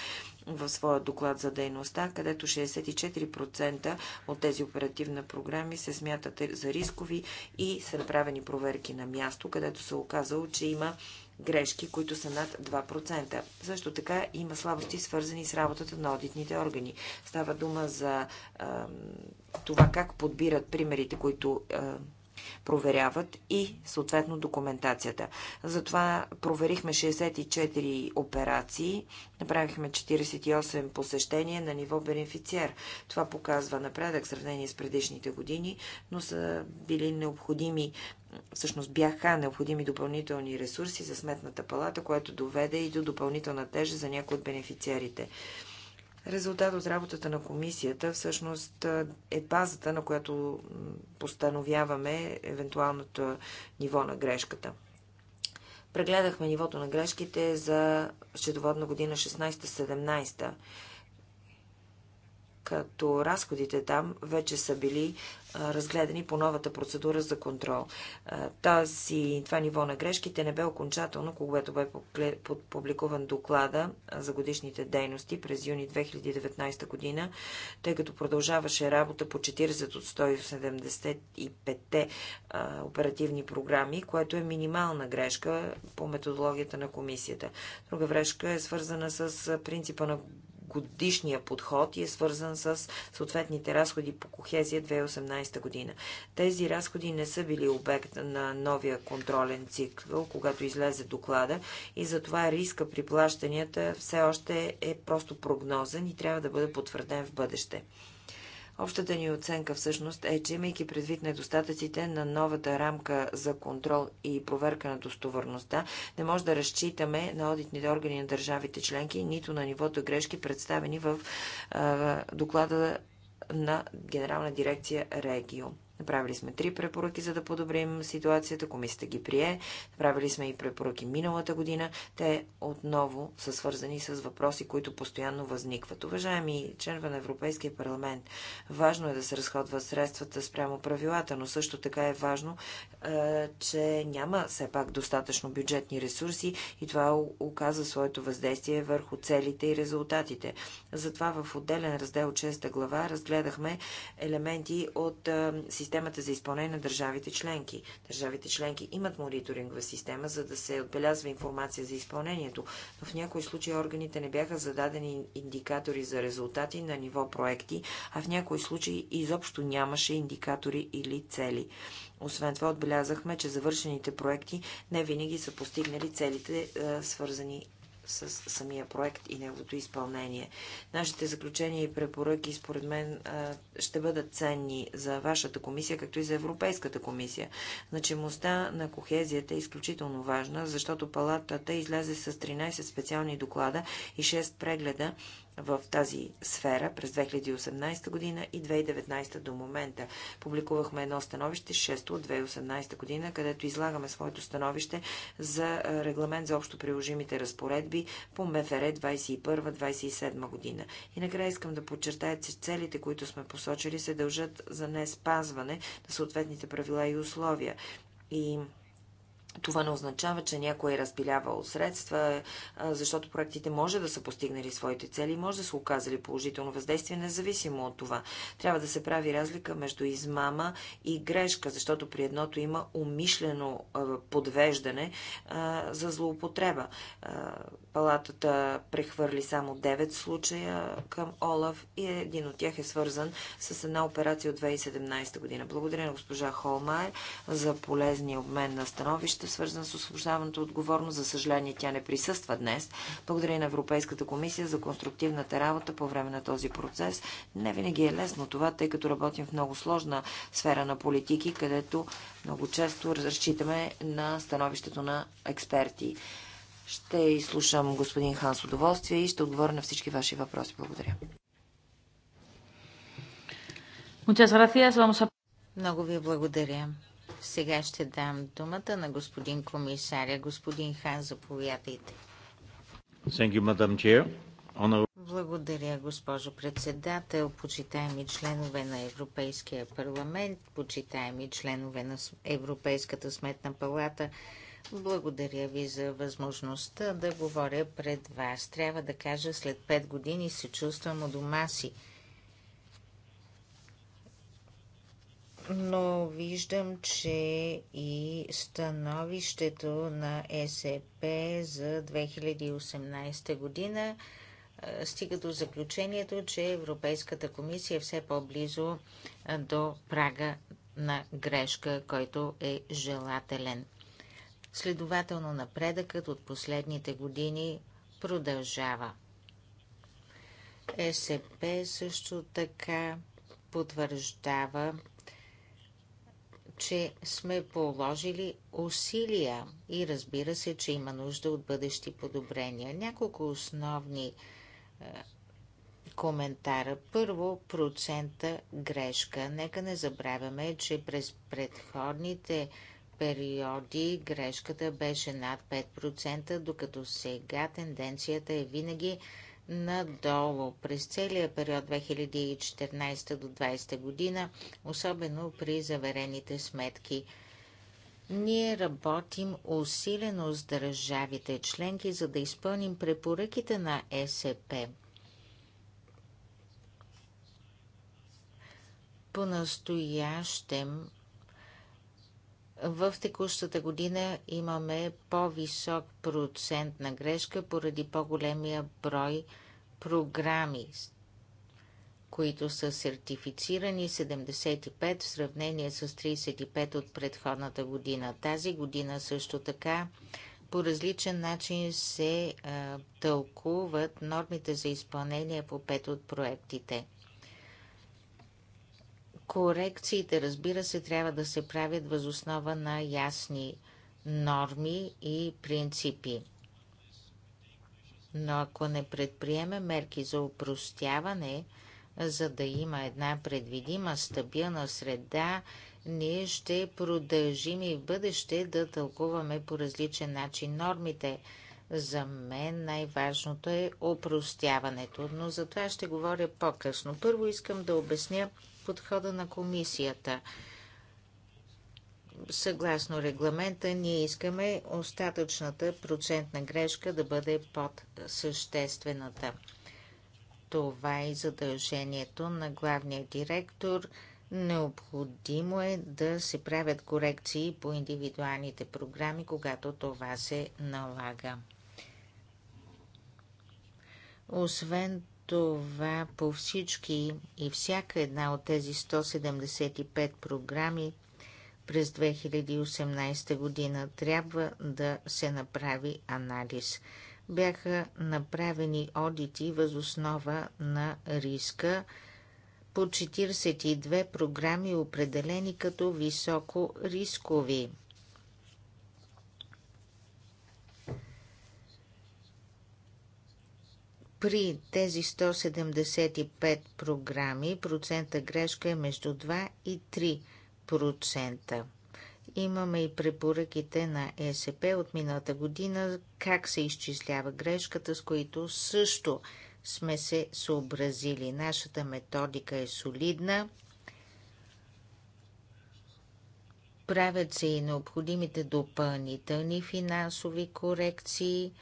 в своя доклад за дейността, където 64% от тези оперативни програми се смятат за рискови и са направени проверки на място, където се е оказало, че има грешки, които са над 2%. Също така има слабости, свързани с работата на одитните органи. Става дума за а, това как подбират примерите, които а, проверяват и съответно документацията. Затова проверихме 64 операции, направихме 48 посещения на ниво бенефициер. Това показва напредък в сравнение с предишните години, но са били необходими всъщност бяха необходими допълнителни ресурси за сметната палата, което доведе и до допълнителна тежа за някои от бенефициарите. Резултат от работата на комисията всъщност е базата, на която постановяваме евентуалното ниво на грешката. Прегледахме нивото на грешките за счетоводна година 16-17 като разходите там вече са били разгледани по новата процедура за контрол. Тази, това ниво на грешките не бе окончателно, когато бе публикуван доклада за годишните дейности през юни 2019 година, тъй като продължаваше работа по 40 от 175 оперативни програми, което е минимална грешка по методологията на комисията. Друга грешка е свързана с принципа на годишния подход и е свързан с съответните разходи по кохезия 2018 година. Тези разходи не са били обект на новия контролен цикъл, когато излезе доклада и затова риска при плащанията все още е просто прогнозен и трябва да бъде потвърден в бъдеще. Общата ни оценка всъщност е, че имайки предвид недостатъците на новата рамка за контрол и проверка на достоверността, не може да разчитаме на одитните органи на държавите членки, нито на нивото грешки, представени в доклада на Генерална дирекция Регио. Направили сме три препоръки, за да подобрим ситуацията. Комисията ги прие. Направили сме и препоръки миналата година. Те отново са свързани с въпроси, които постоянно възникват. Уважаеми членове на Европейския парламент, важно е да се разходват средствата спрямо правилата, но също така е важно, е, че няма все пак достатъчно бюджетни ресурси и това оказа своето въздействие върху целите и резултатите. Затова в отделен раздел 6 глава разгледахме елементи от е, системата системата за изпълнение на държавите членки. Държавите членки имат мониторингова система, за да се отбелязва информация за изпълнението, но в някои случаи органите не бяха зададени индикатори за резултати на ниво проекти, а в някои случаи изобщо нямаше индикатори или цели. Освен това отбелязахме, че завършените проекти не винаги са постигнали целите, е, свързани с самия проект и неговото изпълнение. Нашите заключения и препоръки, според мен, ще бъдат ценни за вашата комисия, както и за Европейската комисия. Значимостта на кохезията е изключително важна, защото палатата излезе с 13 специални доклада и 6 прегледа в тази сфера през 2018 година и 2019 до момента. Публикувахме едно становище, 6 от 2018 година, където излагаме своето становище за регламент за общо приложимите разпоредби по МФР 21-27 година. И накрая искам да подчертая, че целите, които сме посочили, се дължат за не спазване на съответните правила и условия. И това не означава, че някой е разпилявал средства, защото проектите може да са постигнали своите цели и може да са оказали положително въздействие, независимо от това. Трябва да се прави разлика между измама и грешка, защото при едното има умишлено подвеждане за злоупотреба. Палатата прехвърли само 9 случая към Олаф и един от тях е свързан с една операция от 2017 година. Благодаря на госпожа Холмайер за полезния обмен на становища Свързан с освобождаването отговорност. За съжаление, тя не присъства днес. Благодаря и на Европейската комисия за конструктивната работа по време на този процес. Не винаги е лесно това, тъй като работим в много сложна сфера на политики, където много често разчитаме на становището на експерти. Ще изслушам господин Хан с удоволствие и ще отговоря на всички ваши въпроси. Благодаря. Много ви благодаря. Сега ще дам думата на господин комисаря. Господин Хан, заповядайте. You, Благодаря, госпожо председател, почитаеми членове на Европейския парламент, почитаеми членове на Европейската сметна палата. Благодаря ви за възможността да говоря пред вас. Трябва да кажа, след пет години се чувствам у дома си – но виждам, че и становището на СЕП за 2018 година е, стига до заключението, че Европейската комисия е все по-близо е, до прага на грешка, който е желателен. Следователно напредъкът от последните години продължава. СП също така потвърждава че сме положили усилия и разбира се, че има нужда от бъдещи подобрения. Няколко основни е, коментара. Първо, процента грешка. Нека не забравяме, че през предходните периоди грешката беше над 5%, докато сега тенденцията е винаги надолу през целия период 2014 до 2020 година, особено при заверените сметки. Ние работим усилено с държавите членки, за да изпълним препоръките на СП. По-настоящем в текущата година имаме по-висок процент на грешка поради по-големия брой програми, които са сертифицирани 75 в сравнение с 35 от предходната година. Тази година също така по различен начин се а, тълкуват нормите за изпълнение по 5 от проектите – Корекциите, разбира се, трябва да се правят възоснова на ясни норми и принципи. Но ако не предприеме мерки за упростяване, за да има една предвидима, стабилна среда, ние ще продължим и в бъдеще да тълкуваме по различен начин нормите. За мен най-важното е упростяването, но за това ще говоря по-късно. Първо искам да обясня подхода на комисията. Съгласно регламента, ние искаме остатъчната процентна грешка да бъде под съществената. Това е задължението на главния директор. Необходимо е да се правят корекции по индивидуалните програми, когато това се налага. Освен това по всички и всяка една от тези 175 програми през 2018 година трябва да се направи анализ. Бяха направени одити възоснова на риска по 42 програми, определени като високо рискови. При тези 175 програми процента грешка е между 2 и 3%. Имаме и препоръките на ЕСП от миналата година, как се изчислява грешката, с които също сме се съобразили. Нашата методика е солидна. Правят се и необходимите допълнителни финансови корекции –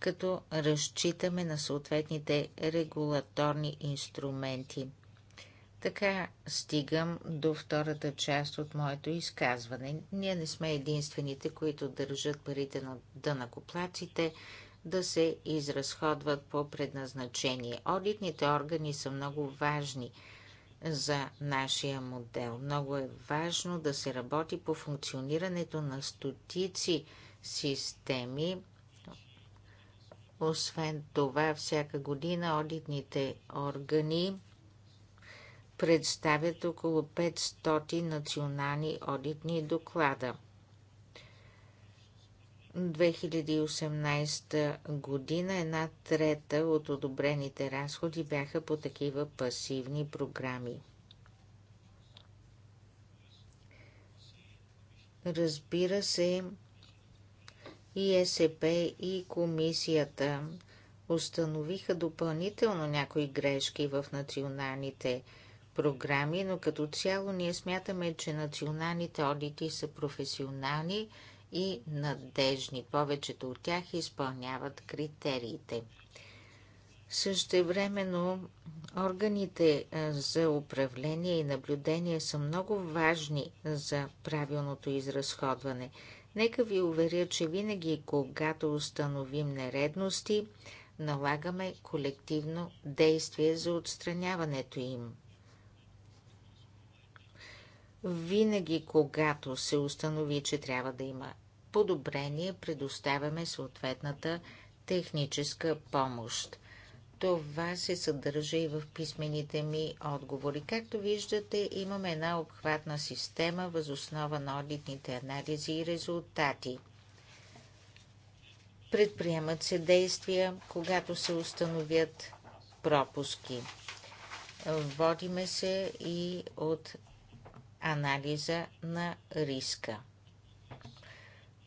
като разчитаме на съответните регулаторни инструменти. Така стигам до втората част от моето изказване. Ние не сме единствените, които държат парите на дънакоплаците да се изразходват по предназначение. Одитните органи са много важни за нашия модел. Много е важно да се работи по функционирането на стотици системи освен това, всяка година одитните органи представят около 500 национални одитни доклада. 2018 година една трета от одобрените разходи бяха по такива пасивни програми. Разбира се, и е СП и комисията установиха допълнително някои грешки в националните програми, но като цяло ние смятаме, че националните одити са професионални и надежни. Повечето от тях изпълняват критериите. Същевременно органите за управление и наблюдение са много важни за правилното изразходване – Нека ви уверя, че винаги, когато установим нередности, налагаме колективно действие за отстраняването им. Винаги, когато се установи, че трябва да има подобрение, предоставяме съответната техническа помощ. Това се съдържа и в писмените ми отговори. Както виждате, имаме една обхватна система възоснова на одитните анализи и резултати. Предприемат се действия, когато се установят пропуски. Водиме се и от анализа на риска.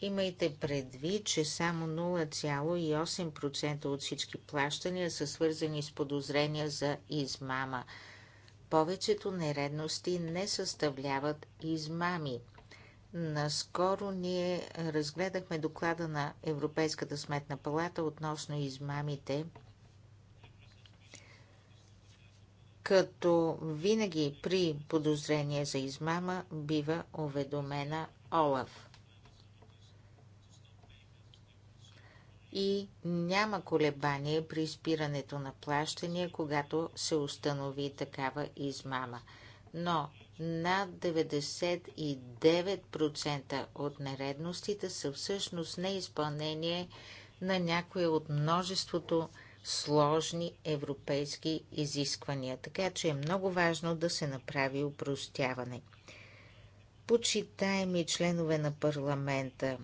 Имайте предвид, че само 0,8% от всички плащания са свързани с подозрения за измама. Повечето нередности не съставляват измами. Наскоро ние разгледахме доклада на Европейската сметна палата относно измамите, като винаги при подозрение за измама бива уведомена Олаф. и няма колебание при спирането на плащания, когато се установи такава измама. Но над 99% от нередностите са всъщност неизпълнение на някои от множеството сложни европейски изисквания, така че е много важно да се направи упростяване. Почитаеми членове на парламента,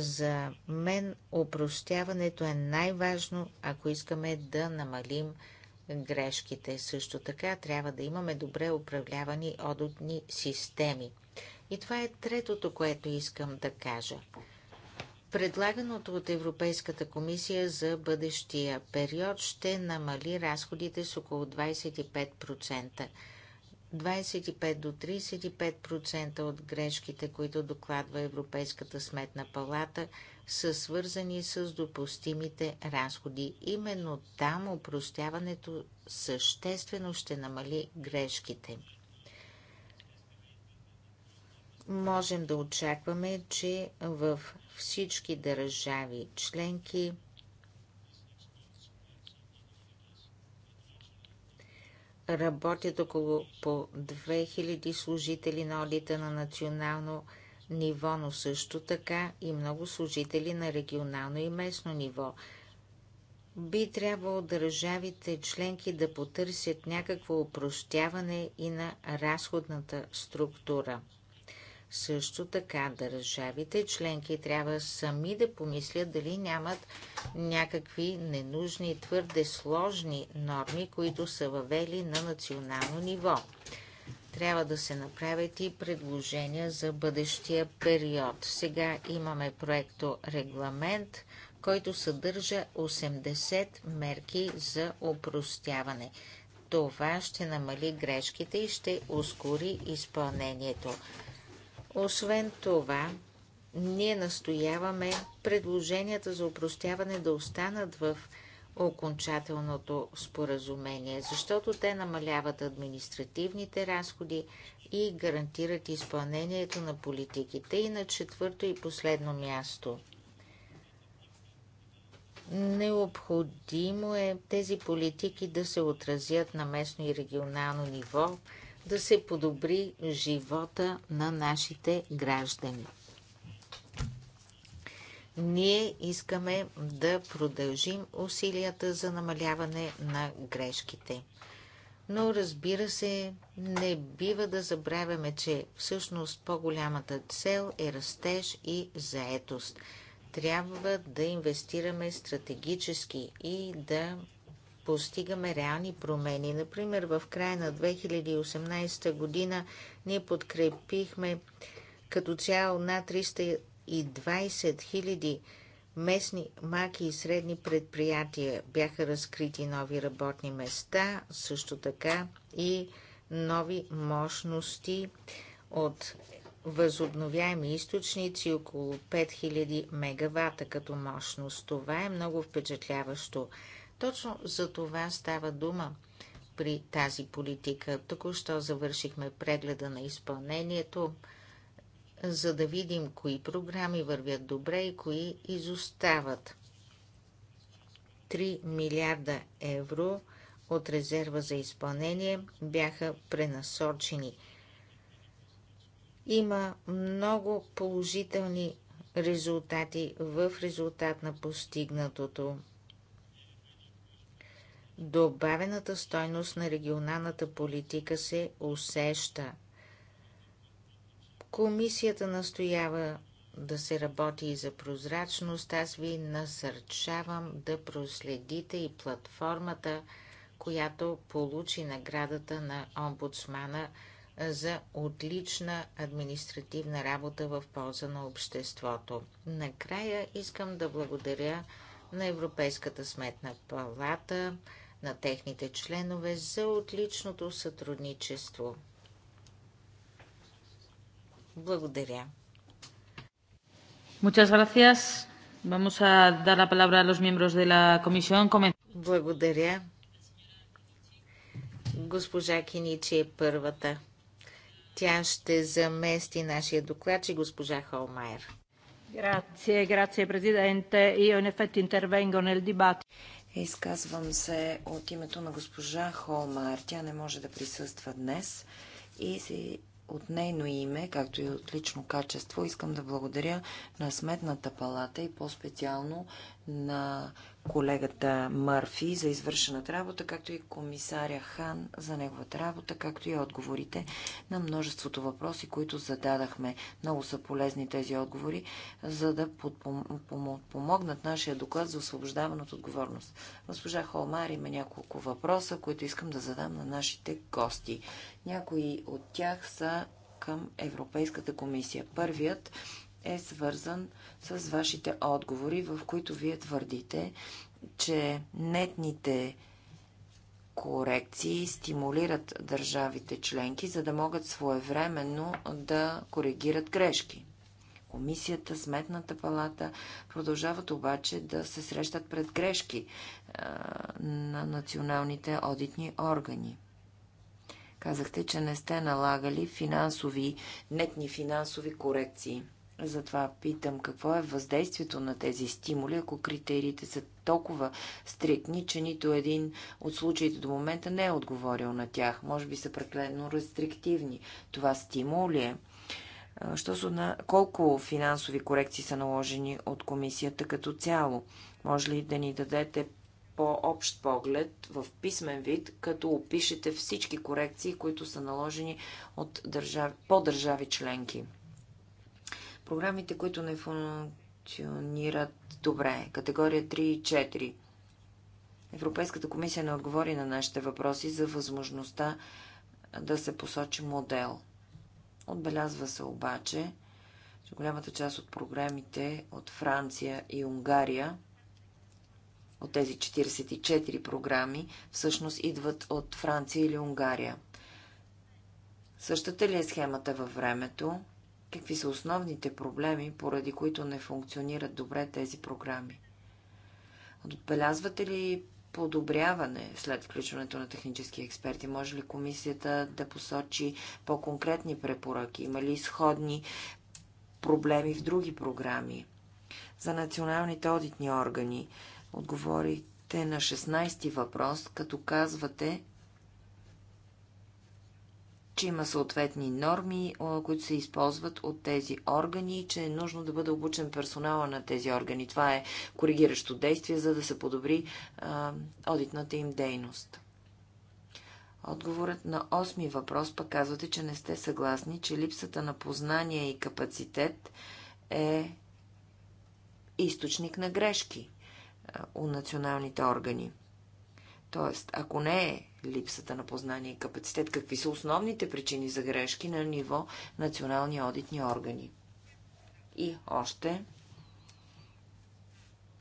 за мен упростяването е най-важно, ако искаме да намалим грешките. Също така трябва да имаме добре управлявани одотни системи. И това е третото, което искам да кажа. Предлаганото от Европейската комисия за бъдещия период ще намали разходите с около 25%. 25 до 35% от грешките, които докладва Европейската сметна палата, са свързани с допустимите разходи. Именно там упростяването съществено ще намали грешките. Можем да очакваме, че в всички държави членки – работят около по 2000 служители на одита на национално ниво, но също така и много служители на регионално и местно ниво. Би трябвало държавите членки да потърсят някакво упростяване и на разходната структура – също така държавите членки трябва сами да помислят дали нямат някакви ненужни и твърде сложни норми, които са въвели на национално ниво. Трябва да се направят и предложения за бъдещия период. Сега имаме проекто регламент, който съдържа 80 мерки за упростяване. Това ще намали грешките и ще ускори изпълнението. Освен това, ние настояваме предложенията за упростяване да останат в окончателното споразумение, защото те намаляват административните разходи и гарантират изпълнението на политиките. И на четвърто и последно място. Необходимо е тези политики да се отразят на местно и регионално ниво – да се подобри живота на нашите граждани. Ние искаме да продължим усилията за намаляване на грешките. Но разбира се, не бива да забравяме, че всъщност по-голямата цел е растеж и заетост. Трябва да инвестираме стратегически и да постигаме реални промени. Например, в края на 2018 година ние подкрепихме като цяло на 320 000 местни маки и средни предприятия. Бяха разкрити нови работни места, също така и нови мощности от възобновяеми източници около 5000 мегавата като мощност. Това е много впечатляващо. Точно за това става дума при тази политика. Току-що завършихме прегледа на изпълнението, за да видим кои програми вървят добре и кои изостават. 3 милиарда евро от резерва за изпълнение бяха пренасочени. Има много положителни резултати в резултат на постигнатото добавената стойност на регионалната политика се усеща. Комисията настоява да се работи и за прозрачност. Аз ви насърчавам да проследите и платформата, която получи наградата на омбудсмана за отлична административна работа в полза на обществото. Накрая искам да благодаря на Европейската сметна палата, на техните членове за отличното сътрудничество. Благодаря. Muchas gracias. Vamos a dar la palabra a los miembros de la comisión. Благодаря. Госпожа Киничи е първата. Тя ще замести нашия докладчик госпожа Холмайер. Grazie, grazie Presidente. Io in effetti intervengo nel dibattito. Изказвам се от името на госпожа Холмар. Тя не може да присъства днес и си от нейно име, както и от лично качество, искам да благодаря на Сметната палата и по-специално на колегата Мърфи за извършената работа, както и комисаря Хан за неговата работа, както и отговорите на множеството въпроси, които зададахме. Много са полезни тези отговори, за да помогнат нашия доклад за освобождаване от отговорност. Госпожа Холмар има няколко въпроса, които искам да задам на нашите гости. Някои от тях са към Европейската комисия. Първият е свързан с вашите отговори, в които вие твърдите, че нетните корекции стимулират държавите членки, за да могат своевременно да коригират грешки. Комисията, Сметната палата продължават обаче да се срещат пред грешки а, на националните одитни органи. Казахте, че не сте налагали финансови, нетни финансови корекции. Затова питам какво е въздействието на тези стимули, ако критериите са толкова стриктни, че нито един от случаите до момента не е отговорил на тях. Може би са преклено рестриктивни. Това стимул ли е? Що са на... Колко финансови корекции са наложени от комисията като цяло? Може ли да ни дадете по-общ поглед в писмен вид, като опишете всички корекции, които са наложени от държав... по държави членки? Програмите, които не функционират добре. Категория 3 и 4. Европейската комисия не отговори на нашите въпроси за възможността да се посочи модел. Отбелязва се обаче, че голямата част от програмите от Франция и Унгария, от тези 44 програми, всъщност идват от Франция или Унгария. Същата ли е схемата във времето? Какви са основните проблеми, поради които не функционират добре тези програми? Отбелязвате ли подобряване след включването на технически експерти? Може ли комисията да посочи по-конкретни препоръки? Има ли изходни проблеми в други програми? За националните одитни органи отговорите на 16-ти въпрос, като казвате, че има съответни норми, които се използват от тези органи и че е нужно да бъде обучен персонала на тези органи. Това е коригиращо действие, за да се подобри а, одитната им дейност. Отговорът на осми въпрос пък казвате, че не сте съгласни, че липсата на познание и капацитет е източник на грешки у националните органи. Тоест, ако не е липсата на познание и капацитет, какви са основните причини за грешки на ниво национални одитни органи? И още,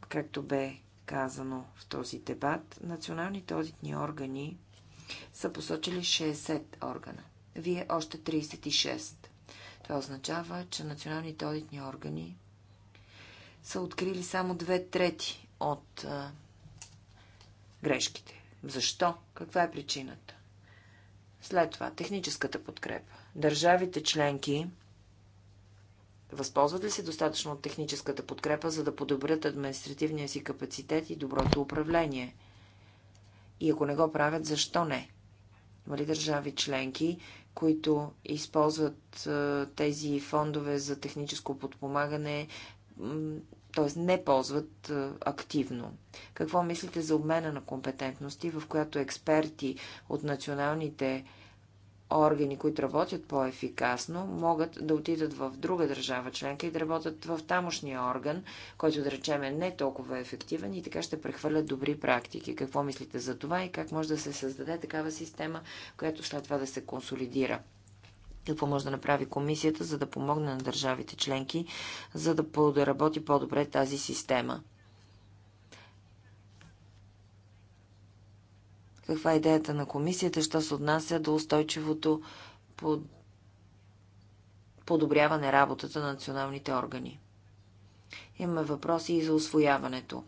както бе казано в този дебат, националните одитни органи са посочили 60 органа. Вие още 36. Това означава, че националните одитни органи са открили само две трети от а, грешките. Защо? Каква е причината? След това, техническата подкрепа. Държавите членки възползват ли се достатъчно от техническата подкрепа, за да подобрят административния си капацитет и доброто управление? И ако не го правят, защо не? Има ли държави членки, които използват тези фондове за техническо подпомагане т.е. не ползват активно. Какво мислите за обмена на компетентности, в която експерти от националните органи, които работят по-ефикасно, могат да отидат в друга държава членка и да работят в тамошния орган, който да речем е не толкова ефективен и така ще прехвърлят добри практики. Какво мислите за това и как може да се създаде такава система, която след това да се консолидира? какво може да направи комисията, за да помогне на държавите членки, за да, подработи работи по-добре тази система. Каква е идеята на комисията, що се отнася до устойчивото под... подобряване работата на националните органи? Имаме въпроси и за освояването.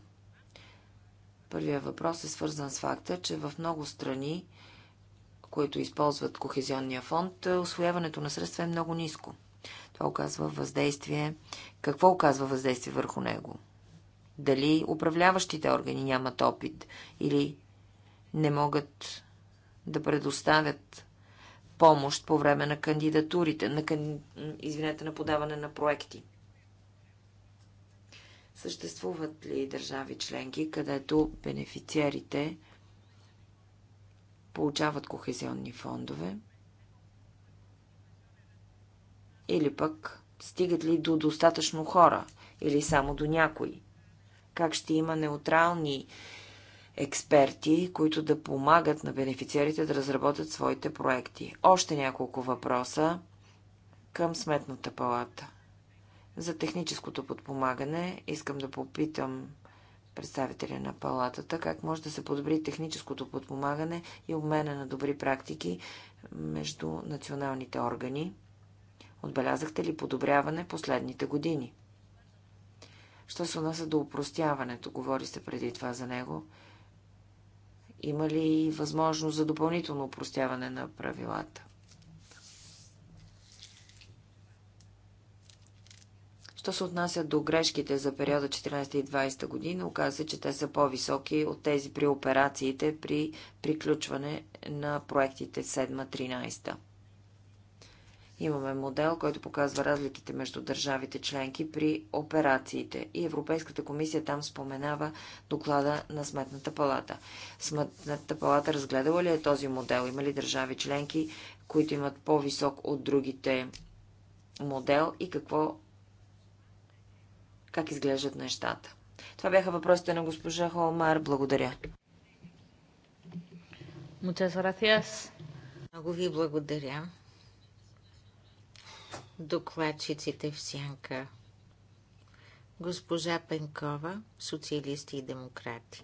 Първият въпрос е свързан с факта, че в много страни които използват Кохезионния фонд, е, освояването на средства е много ниско. Това оказва въздействие. Какво оказва въздействие върху него? Дали управляващите органи нямат опит или не могат да предоставят помощ по време на кандидатурите, на, кан... извинете, на подаване на проекти. Съществуват ли държави членки, където бенефициарите получават кохезионни фондове? Или пък стигат ли до достатъчно хора? Или само до някои? Как ще има неутрални експерти, които да помагат на бенефициарите да разработят своите проекти? Още няколко въпроса към Сметната палата. За техническото подпомагане искам да попитам представителя на палатата, как може да се подобри техническото подпомагане и обмена на добри практики между националните органи. Отбелязахте ли подобряване последните години? Що се отнася до упростяването, говори се преди това за него, има ли възможност за допълнително упростяване на правилата? Що се отнася до грешките за периода 14 и 20 година, оказа се, че те са по-високи от тези при операциите при приключване на проектите 7-13. Имаме модел, който показва разликите между държавите членки при операциите и Европейската комисия там споменава доклада на Сметната палата. Сметната палата разгледала ли е този модел? Има ли държави членки, които имат по-висок от другите модел и какво как изглеждат нещата. Това бяха въпросите на госпожа Холмар. Благодаря. Muchas gracias. Много ви благодаря. Докладчиците в сянка. Госпожа Пенкова, социалисти и демократи.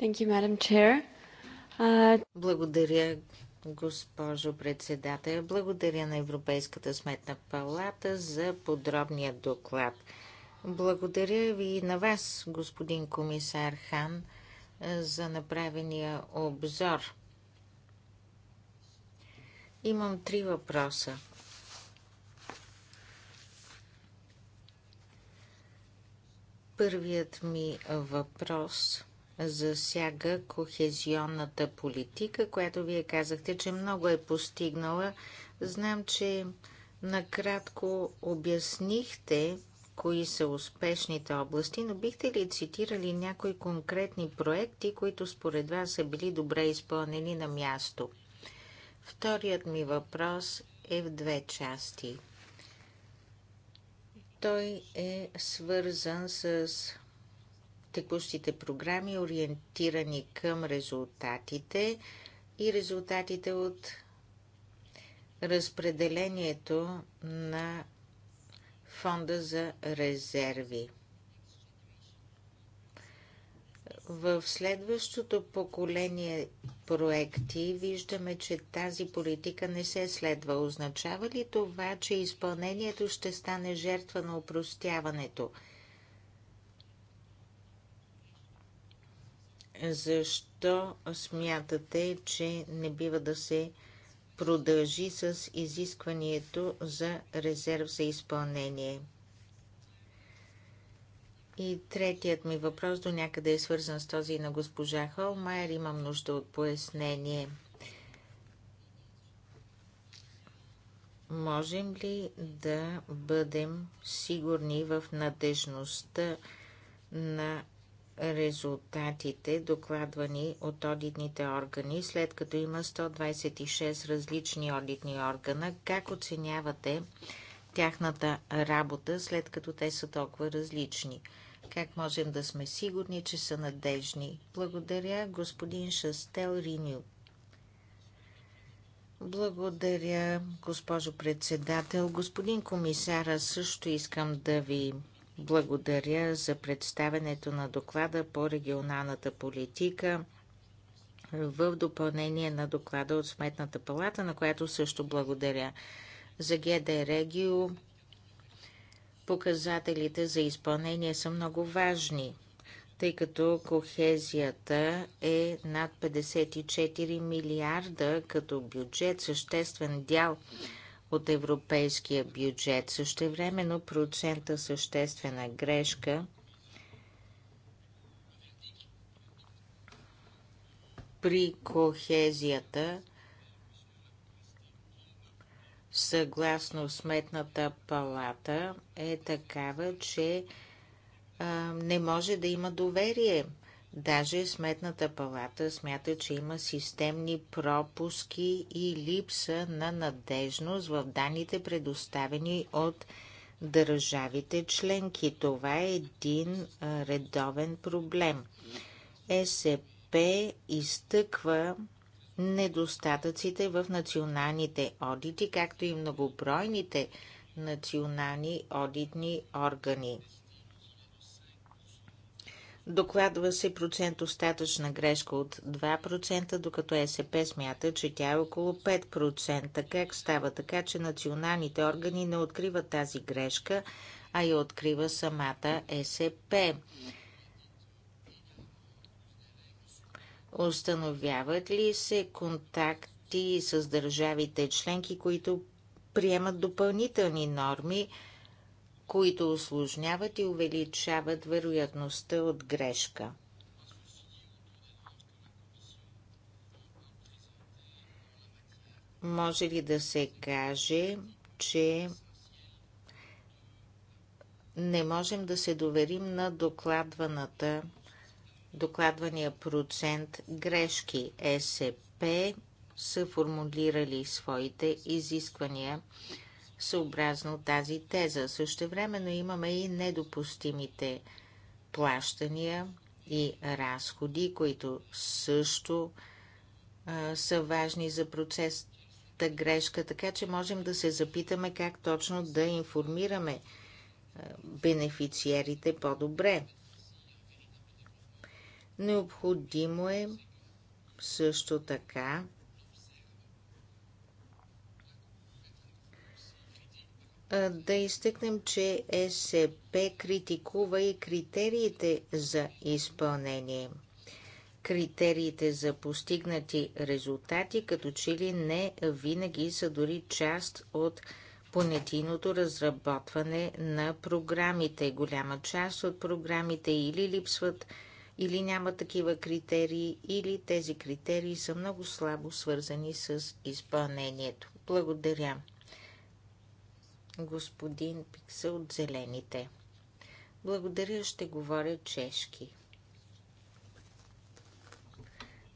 Thank you, Madam Chair. Uh... Благодаря, госпожо председател. Благодаря на Европейската сметна палата за подробния доклад. Благодаря ви и на вас, господин комисар Хан, за направения обзор. Имам три въпроса. Първият ми въпрос е засяга кохезионната политика, която вие казахте, че много е постигнала. Знам, че накратко обяснихте кои са успешните области, но бихте ли цитирали някои конкретни проекти, които според вас са били добре изпълнени на място? Вторият ми въпрос е в две части. Той е свързан с текущите програми, ориентирани към резултатите и резултатите от разпределението на фонда за резерви. В следващото поколение проекти виждаме, че тази политика не се следва. Означава ли това, че изпълнението ще стане жертва на упростяването – защо смятате, че не бива да се продължи с изискването за резерв за изпълнение? И третият ми въпрос до някъде е свързан с този на госпожа Холмайер. Имам нужда от пояснение. Можем ли да бъдем сигурни в надежността на резултатите, докладвани от одитните органи, след като има 126 различни одитни органа, как оценявате тяхната работа, след като те са толкова различни? Как можем да сме сигурни, че са надежни? Благодаря, господин Шастел Риню. Благодаря, госпожо председател. Господин комисара, също искам да ви благодаря за представенето на доклада по регионалната политика в допълнение на доклада от Сметната палата, на която също благодаря. За ГД Регио показателите за изпълнение са много важни, тъй като кохезията е над 54 милиарда като бюджет, съществен дял – от европейския бюджет. Същевременно процента съществена грешка при кохезията съгласно сметната палата е такава, че а, не може да има доверие Даже Сметната палата смята, че има системни пропуски и липса на надежност в данните, предоставени от държавите членки. Това е един редовен проблем. Е СП изтъква недостатъците в националните одити, както и многобройните национални одитни органи. Докладва се процент остатъчна грешка от 2%, докато е СП смята, че тя е около 5%. Как става така, че националните органи не откриват тази грешка, а я открива самата е СП? Установяват ли се контакти с държавите членки, които приемат допълнителни норми – които осложняват и увеличават вероятността от грешка. Може ли да се каже, че не можем да се доверим на докладваната, докладвания процент грешки. Е СП са формулирали своите изисквания съобразно тази теза. Същевременно имаме и недопустимите плащания и разходи, които също а, са важни за процесната грешка, така че можем да се запитаме как точно да информираме бенефициерите по-добре. Необходимо е също така да изтъкнем, че СП критикува и критериите за изпълнение. Критериите за постигнати резултати като че ли не винаги са дори част от понятийното разработване на програмите. Голяма част от програмите или липсват, или няма такива критерии, или тези критерии са много слабо свързани с изпълнението. Благодаря господин Пикса от Зелените. Благодаря, ще говоря чешки.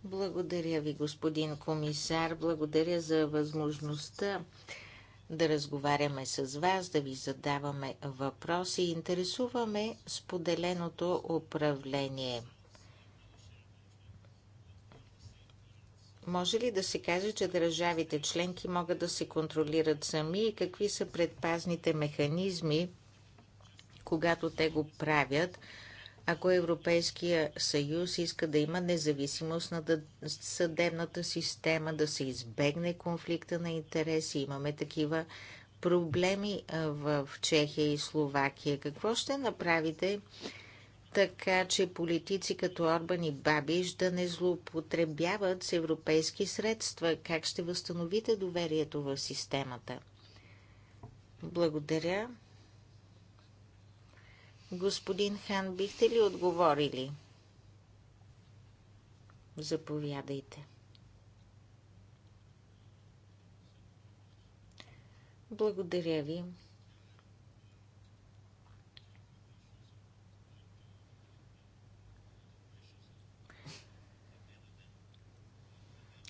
Благодаря ви, господин комисар. Благодаря за възможността да разговаряме с вас, да ви задаваме въпроси. Интересуваме споделеното управление – Може ли да се каже, че държавите членки могат да се контролират сами и какви са предпазните механизми, когато те го правят, ако Европейския съюз иска да има независимост на съдебната система, да се избегне конфликта на интереси? Имаме такива проблеми в Чехия и Словакия. Какво ще направите? така че политици като Орбан и Бабиш да не злоупотребяват с европейски средства? Как ще възстановите доверието в системата? Благодаря. Господин Хан, бихте ли отговорили? Заповядайте. Благодаря ви.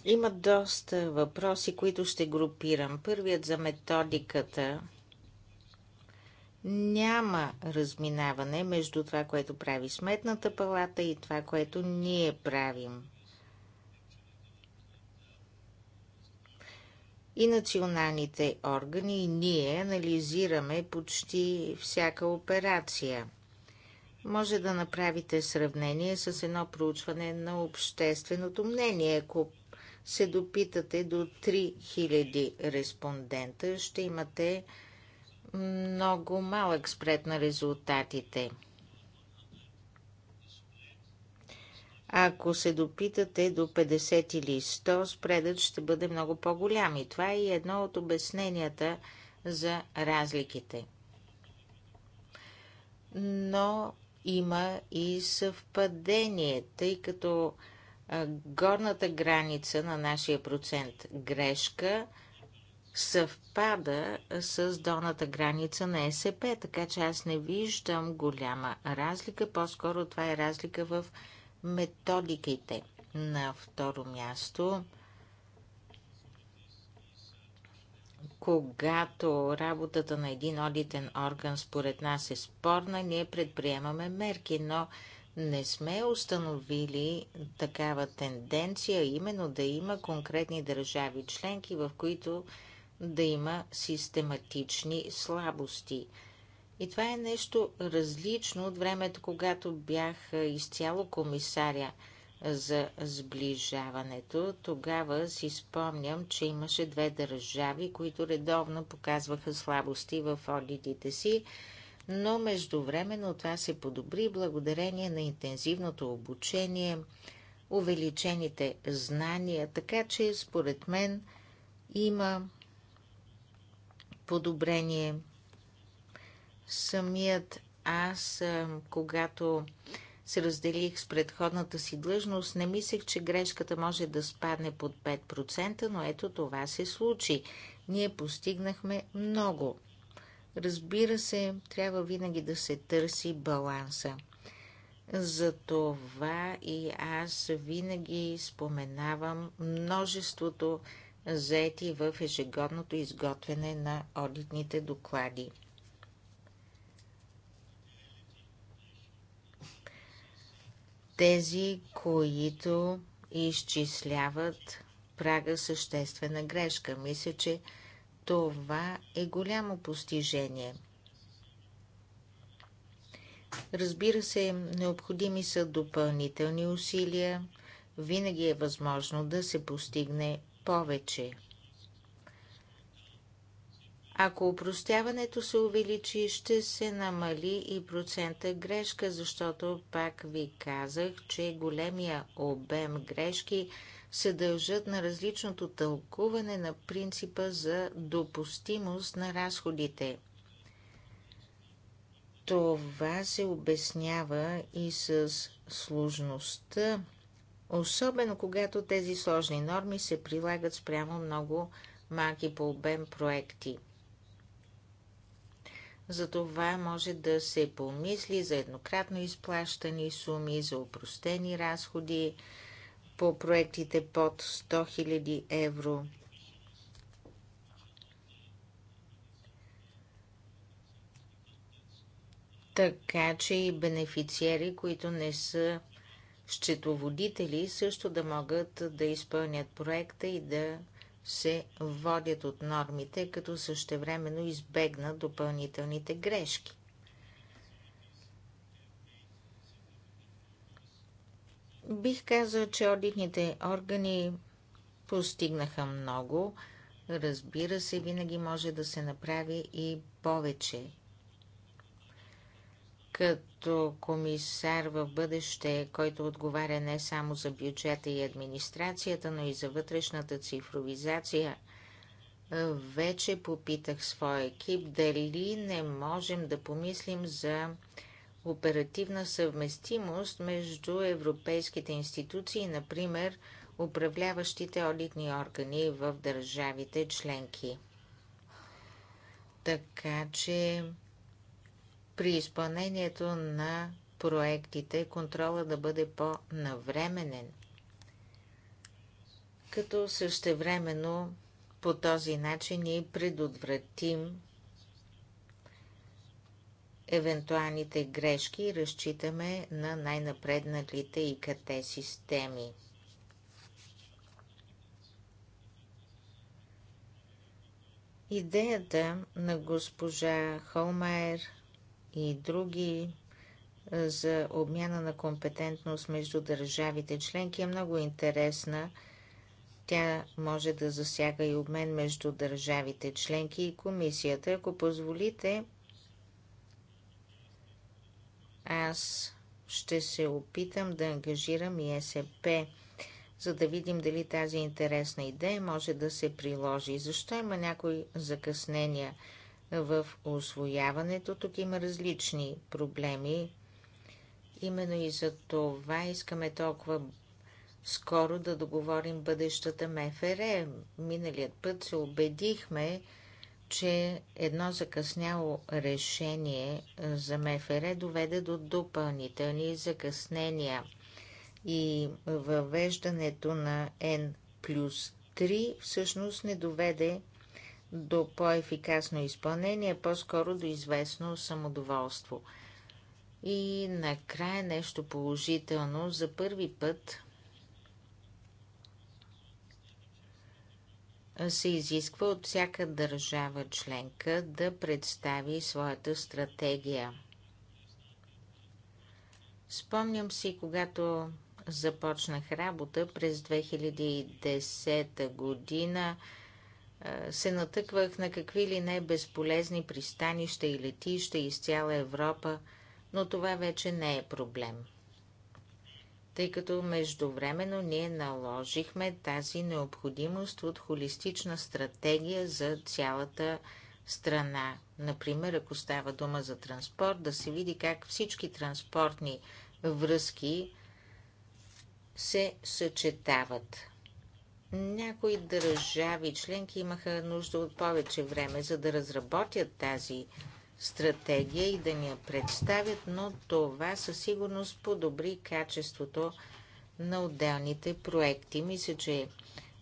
Има доста въпроси, които ще групирам. Първият за методиката. Няма разминаване между това, което прави Сметната палата и това, което ние правим. И националните органи, и ние анализираме почти всяка операция – може да направите сравнение с едно проучване на общественото мнение. Ако се допитате до 3000 респондента, ще имате много малък спред на резултатите. Ако се допитате до 50 или 100, спредът ще бъде много по-голям. И това е едно от обясненията за разликите. Но има и съвпадение, тъй като горната граница на нашия процент грешка съвпада с долната граница на СП, така че аз не виждам голяма разлика. По-скоро това е разлика в методиките. На второ място, когато работата на един одитен орган според нас е спорна, ние предприемаме мерки, но не сме установили такава тенденция, именно да има конкретни държави членки, в които да има систематични слабости. И това е нещо различно от времето, когато бях изцяло комисаря за сближаването. Тогава си спомням, че имаше две държави, които редовно показваха слабости в одитите си но междувременно това се подобри благодарение на интензивното обучение, увеличените знания, така че според мен има подобрение. Самият аз, когато се разделих с предходната си длъжност, не мислех, че грешката може да спадне под 5%, но ето това се случи. Ние постигнахме много. Разбира се, трябва винаги да се търси баланса. Затова и аз винаги споменавам множеството заети в ежегодното изготвяне на одитните доклади. Тези, които изчисляват прага съществена грешка. Мисля, че това е голямо постижение. Разбира се, необходими са допълнителни усилия. Винаги е възможно да се постигне повече. Ако упростяването се увеличи, ще се намали и процента грешка, защото пак ви казах, че големия обем грешки – се дължат на различното тълкуване на принципа за допустимост на разходите. Това се обяснява и с сложността, особено когато тези сложни норми се прилагат спрямо много малки по обем проекти. Затова може да се помисли за еднократно изплащани суми, за упростени разходи, по проектите под 100 000 евро. Така че и бенефициери, които не са счетоводители, също да могат да изпълнят проекта и да се водят от нормите, като същевременно избегнат допълнителните грешки. Бих казал, че одитните органи постигнаха много. Разбира се, винаги може да се направи и повече. Като комисар в бъдеще, който отговаря не само за бюджета и администрацията, но и за вътрешната цифровизация, вече попитах своя екип дали не можем да помислим за оперативна съвместимост между европейските институции, например управляващите одитни органи в държавите членки. Така че при изпълнението на проектите контрола да бъде по-навременен, като същевременно по този начин и предотвратим евентуалните грешки и разчитаме на най-напредналите ИКТ системи. Идеята на госпожа Холмайер и други за обмяна на компетентност между държавите членки е много интересна. Тя може да засяга и обмен между държавите членки и комисията. Ако позволите, аз ще се опитам да ангажирам и СП, за да видим дали тази интересна идея може да се приложи. Защо има някои закъснения в освояването? Тук има различни проблеми. Именно и за това искаме толкова скоро да договорим бъдещата МФР. Миналият път се убедихме, че едно закъсняло решение за МФР е доведе до допълнителни закъснения и въвеждането на N плюс 3 всъщност не доведе до по-ефикасно изпълнение, по-скоро до известно самодоволство. И накрая нещо положително. За първи път се изисква от всяка държава членка да представи своята стратегия. Спомням си, когато започнах работа през 2010 година, се натъквах на какви ли не безполезни пристанища и летища из цяла Европа, но това вече не е проблем тъй като междувременно ние наложихме тази необходимост от холистична стратегия за цялата страна. Например, ако става дума за транспорт, да се види как всички транспортни връзки се съчетават. Някои държави членки имаха нужда от повече време, за да разработят тази стратегия и да ни я представят, но това със сигурност подобри качеството на отделните проекти. Мисля, че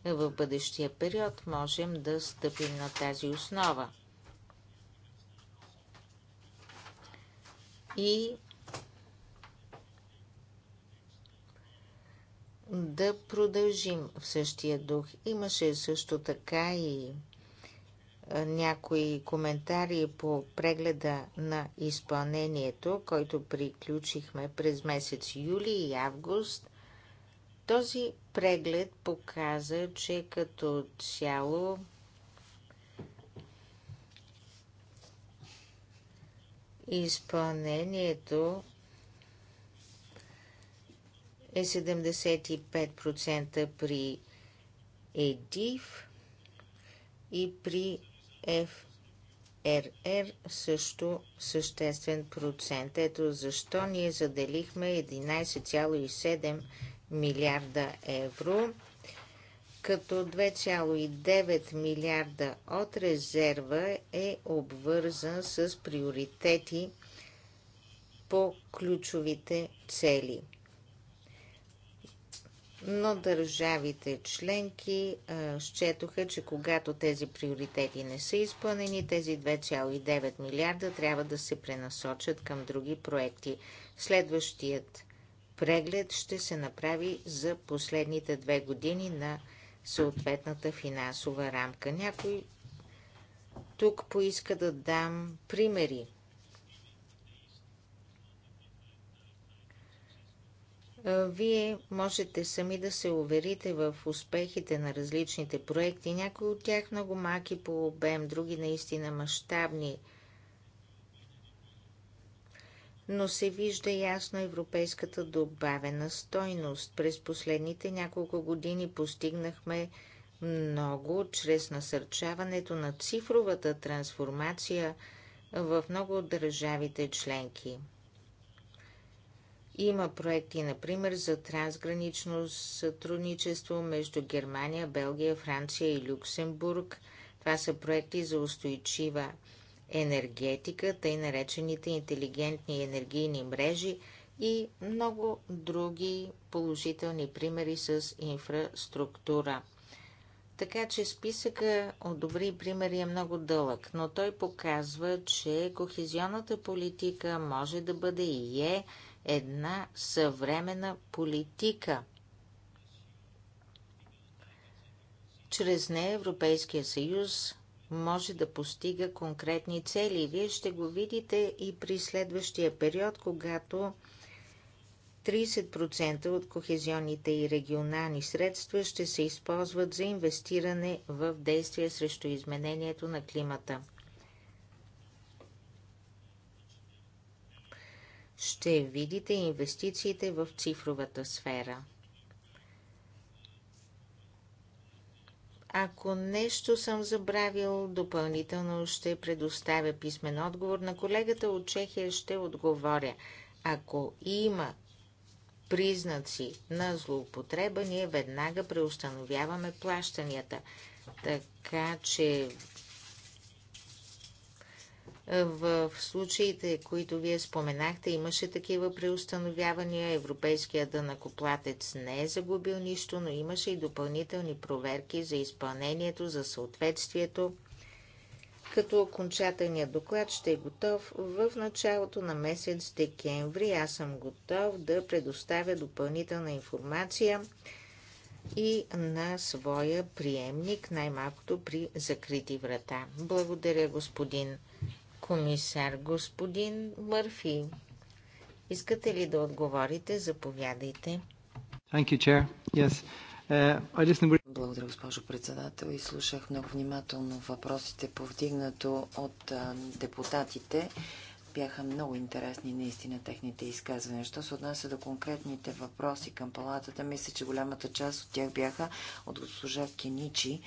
в бъдещия период можем да стъпим на тази основа. И да продължим в същия дух. Имаше също така и някои коментари по прегледа на изпълнението, който приключихме през месец юли и август. Този преглед показа, че като цяло изпълнението е 75% при ЕДИВ и при ФРР също съществен процент. Ето защо ние заделихме 11,7 милиарда евро, като 2,9 милиарда от резерва е обвързан с приоритети по ключовите цели – но държавите членки счетоха, че когато тези приоритети не са изпълнени, тези 2,9 милиарда трябва да се пренасочат към други проекти. Следващият преглед ще се направи за последните две години на съответната финансова рамка. Някой тук поиска да дам примери Е, вие можете сами да се уверите в успехите на различните проекти, някои от тях много маки по обем, други наистина мащабни. Но се вижда ясно европейската добавена стойност. През последните няколко години постигнахме много чрез насърчаването на цифровата трансформация в много от държавите членки. Има проекти, например, за трансгранично сътрудничество между Германия, Белгия, Франция и Люксембург. Това са проекти за устойчива енергетика, тъй наречените интелигентни енергийни мрежи и много други положителни примери с инфраструктура. Така че списъка от добри примери е много дълъг, но той показва, че кохезионната политика може да бъде и е една съвременна политика. Чрез нея Европейския съюз може да постига конкретни цели. Вие ще го видите и при следващия период, когато 30% от кохезионните и регионални средства ще се използват за инвестиране в действия срещу изменението на климата. ще видите инвестициите в цифровата сфера. Ако нещо съм забравил, допълнително ще предоставя писмен отговор на колегата от Чехия, ще отговоря. Ако има признаци на злоупотреба, ние веднага преустановяваме плащанията. Така че в случаите, които вие споменахте, имаше такива преустановявания. Европейският дънакоплатец не е загубил нищо, но имаше и допълнителни проверки за изпълнението, за съответствието. Като окончателният доклад ще е готов в началото на месец декември, аз съм готов да предоставя допълнителна информация и на своя приемник, най-малкото при закрити врата. Благодаря, господин комисар. Господин Мърфи, искате ли да отговорите? Заповядайте. Thank you, Chair. Yes. Uh, Благодаря, госпожо председател. И слушах много внимателно въпросите, повдигнато от депутатите. Бяха много интересни наистина техните изказвания. Що се отнася до конкретните въпроси към палатата, мисля, че голямата част от тях бяха от госпожа Кеничи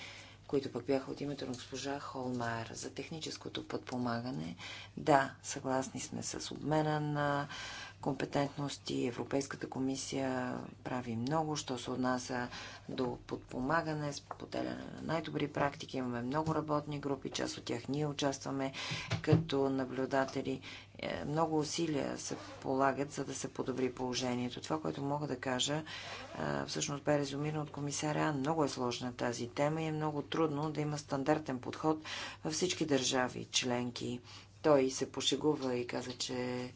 които пък бяха от името на госпожа Холмайер за техническото подпомагане. Да, съгласни сме с обмена на компетентност Европейската комисия прави много, що се отнася до подпомагане, споделяне на най-добри практики. Имаме много работни групи, част от тях ние участваме като наблюдатели. Е, много усилия се полагат, за да се подобри положението. Това, което мога да кажа, е, всъщност бе резюмирано от комисаря. Много е сложна тази тема и е много трудно да има стандартен подход във всички държави членки. Той се пошегува и каза, че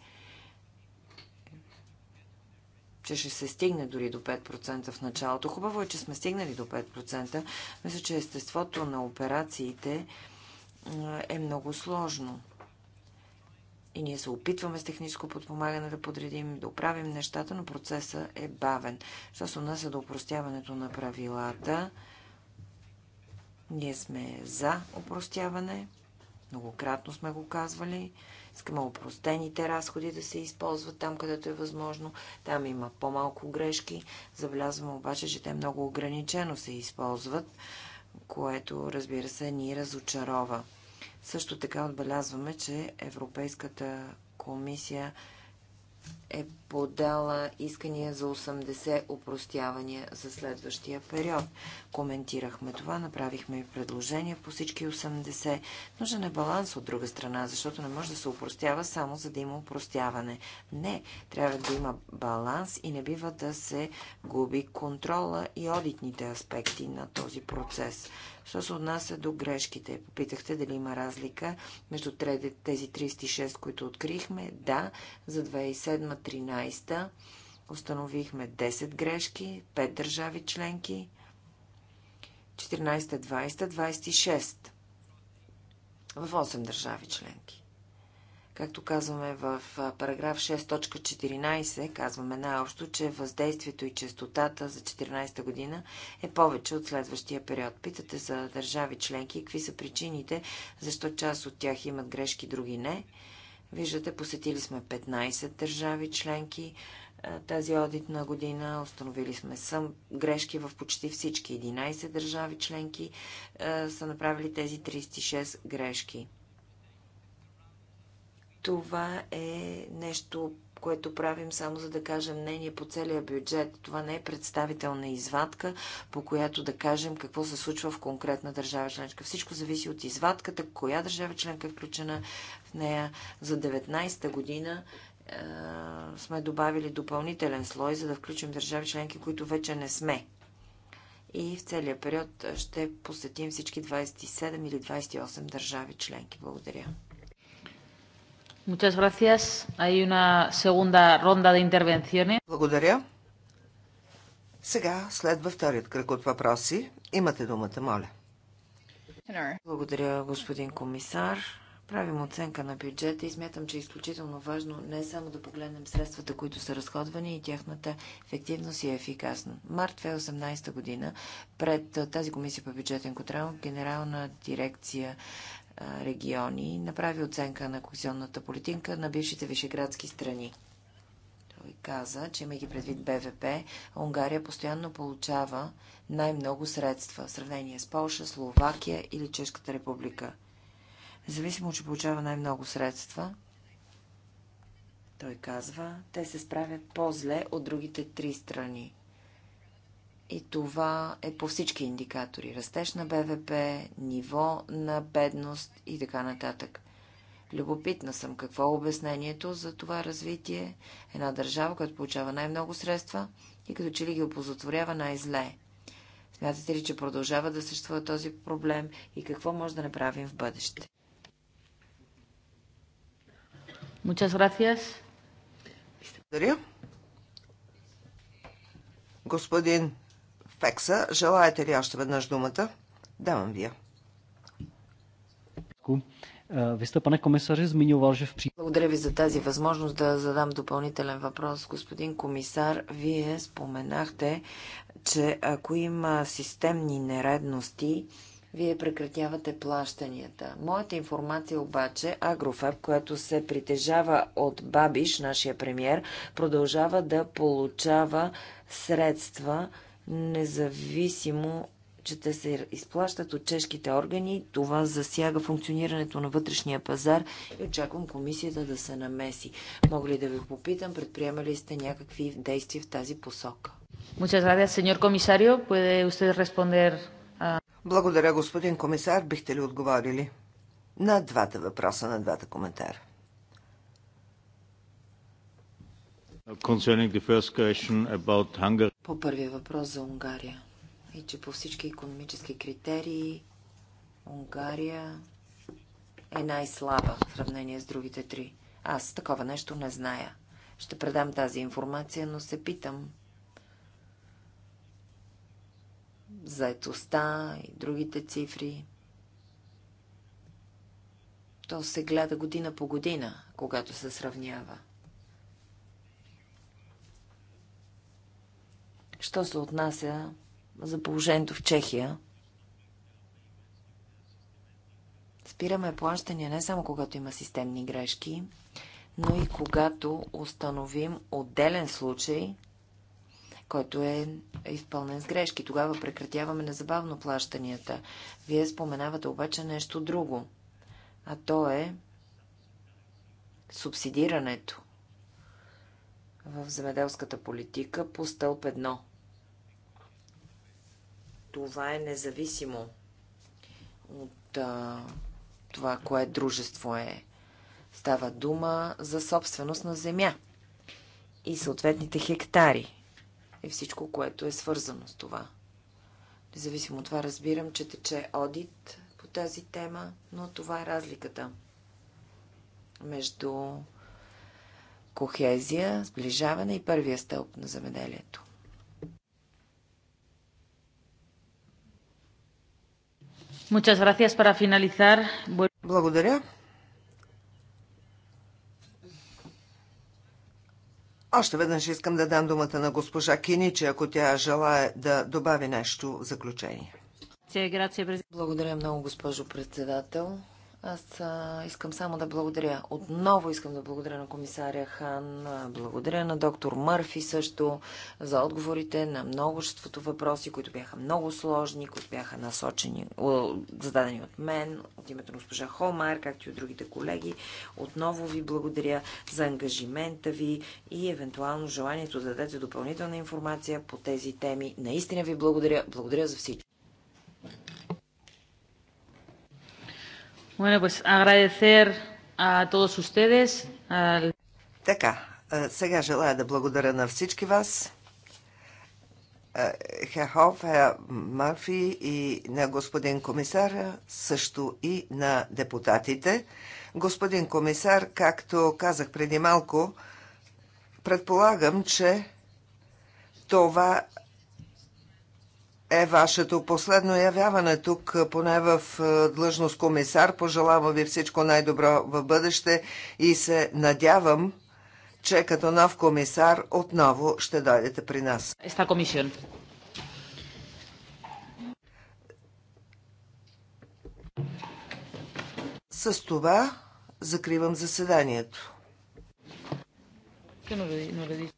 че ще се стигне дори до 5% в началото. Хубаво е, че сме стигнали до 5%. Мисля, че естеството на операциите е много сложно. И ние се опитваме с техническо подпомагане да подредим, да оправим нещата, но процеса е бавен. Що се отнася до упростяването на правилата, ние сме за упростяване. Многократно сме го казвали. Искаме упростените разходи да се използват там, където е възможно. Там има по-малко грешки. Забелязваме обаче, че те много ограничено се използват, което, разбира се, ни разочарова. Също така отбелязваме, че Европейската комисия е подала искания за 80 опростявания за следващия период. Коментирахме това, направихме и предложение по всички 80. Нужен е баланс от друга страна, защото не може да се опростява само за да има опростяване. Не, трябва да има баланс и не бива да се губи контрола и одитните аспекти на този процес. Що се отнася до грешките? Попитахте дали има разлика между тези 36, които открихме. Да, за 2007-2013 установихме 10 грешки, 5 държави членки, 14-20-26 в 8 държави членки. Както казваме в параграф 6.14, казваме най-общо, че въздействието и частотата за 2014 година е повече от следващия период. Питате за държави членки, какви са причините, защо част от тях имат грешки, други не. Виждате, посетили сме 15 държави членки тази одитна година. Установили сме съм грешки в почти всички 11 държави членки са направили тези 36 грешки. Това е нещо, което правим само за да кажем мнение по целия бюджет. Това не е представителна извадка, по която да кажем какво се случва в конкретна държава членка. Всичко зависи от извадката, коя държава членка е включена в нея. За 19-та година е, сме добавили допълнителен слой, за да включим държави членки, които вече не сме. И в целия период ще посетим всички 27 или 28 държави членки. Благодаря. Muchas gracias. Hay una segunda ронда de intervenciones. Благодаря. Сега следва вторият кръг от въпроси. Имате думата, моля. Благодаря, господин комисар. Правим оценка на бюджета и смятам, че е изключително важно не само да погледнем средствата, които са разходвани и тяхната ефективност и е ефикасна. Март 2018 година пред тази комисия по бюджетен контрол, генерална дирекция региони направи оценка на кохезионната политика на бившите вишеградски страни. Той каза, че имайки предвид БВП, Унгария постоянно получава най-много средства в сравнение с Полша, Словакия или Чешката република. Независимо, че получава най-много средства, той казва, те се справят по-зле от другите три страни. И това е по всички индикатори. Растеж на БВП, ниво на бедност и така нататък. Любопитна съм какво е обяснението за това развитие. Една държава, която получава най-много средства и като че ли ги опозотворява най-зле. Смятате ли, че продължава да съществува този проблем и какво може да направим в бъдеще? Muchas gracias. Благодаря. Господин Пекса. Желаете ли още веднъж думата? Давам вие. Вие сте, пане комисаре, zmiňoval, в v Благодаря ви за тази възможност да задам допълнителен въпрос. Господин комисар, вие споменахте, че ако има системни нередности, вие прекратявате плащанията. Моята информация обаче, Агрофеб, която се притежава от Бабиш, нашия премьер, продължава да получава средства независимо, че те се изплащат от чешките органи. Това засяга функционирането на вътрешния пазар и очаквам комисията да се намеси. Мога ли да ви попитам, предприема ли сте някакви действия в тази посока? Благодаря, господин комисар. Бихте ли отговорили на двата въпроса, на двата коментара? По първия въпрос за Унгария и че по всички економически критерии Унгария е най-слаба в сравнение с другите три. Аз такова нещо не зная. Ще предам тази информация, но се питам. Заетостта и другите цифри. То се гледа година по година, когато се сравнява. Що се отнася за положението в Чехия, спираме плащания не само когато има системни грешки, но и когато установим отделен случай, който е изпълнен с грешки. Тогава прекратяваме незабавно плащанията. Вие споменавате обаче нещо друго, а то е субсидирането в земеделската политика по стълб 1 това е независимо от а, това, кое дружество е. Става дума за собственост на земя и съответните хектари и всичко, което е свързано с това. Независимо от това, разбирам, че тече одит по тази тема, но това е разликата между кохезия, сближаване и първия стълб на земеделието. Muchas gracias para finalizar. Благодаря. Още веднъж искам да дам думата на госпожа Киничи, ако тя желая да добави нещо в заключение. Благодаря много, госпожо председател. Аз а, искам само да благодаря. Отново искам да благодаря на комисаря Хан, благодаря на доктор Мърфи също за отговорите на множеството въпроси, които бяха много сложни, които бяха насочени, зададени от мен, от името на госпожа Холмайер, както и от другите колеги. Отново ви благодаря за ангажимента ви и евентуално желанието да дадете допълнителна информация по тези теми. Наистина ви благодаря. Благодаря за всички. Bueno, pues agradecer a todos ustedes. A... Така, сега желая да благодаря на всички вас. Хехов, Марфи и на господин комисаря, също и на депутатите. Господин комисар, както казах преди малко, предполагам, че това е вашето последно явяване тук, поне в е, длъжност комисар. Пожелавам ви всичко най-добро в бъдеще и се надявам, че като нов комисар отново ще дойдете при нас. Esta комисион. С това закривам заседанието. Que no lo, no lo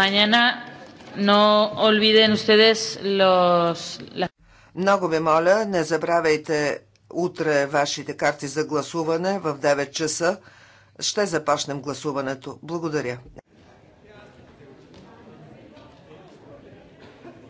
Mañana no olviden ustedes los... Много ви моля, не забравяйте утре вашите карти за гласуване в 9 часа. Ще започнем гласуването. Благодаря.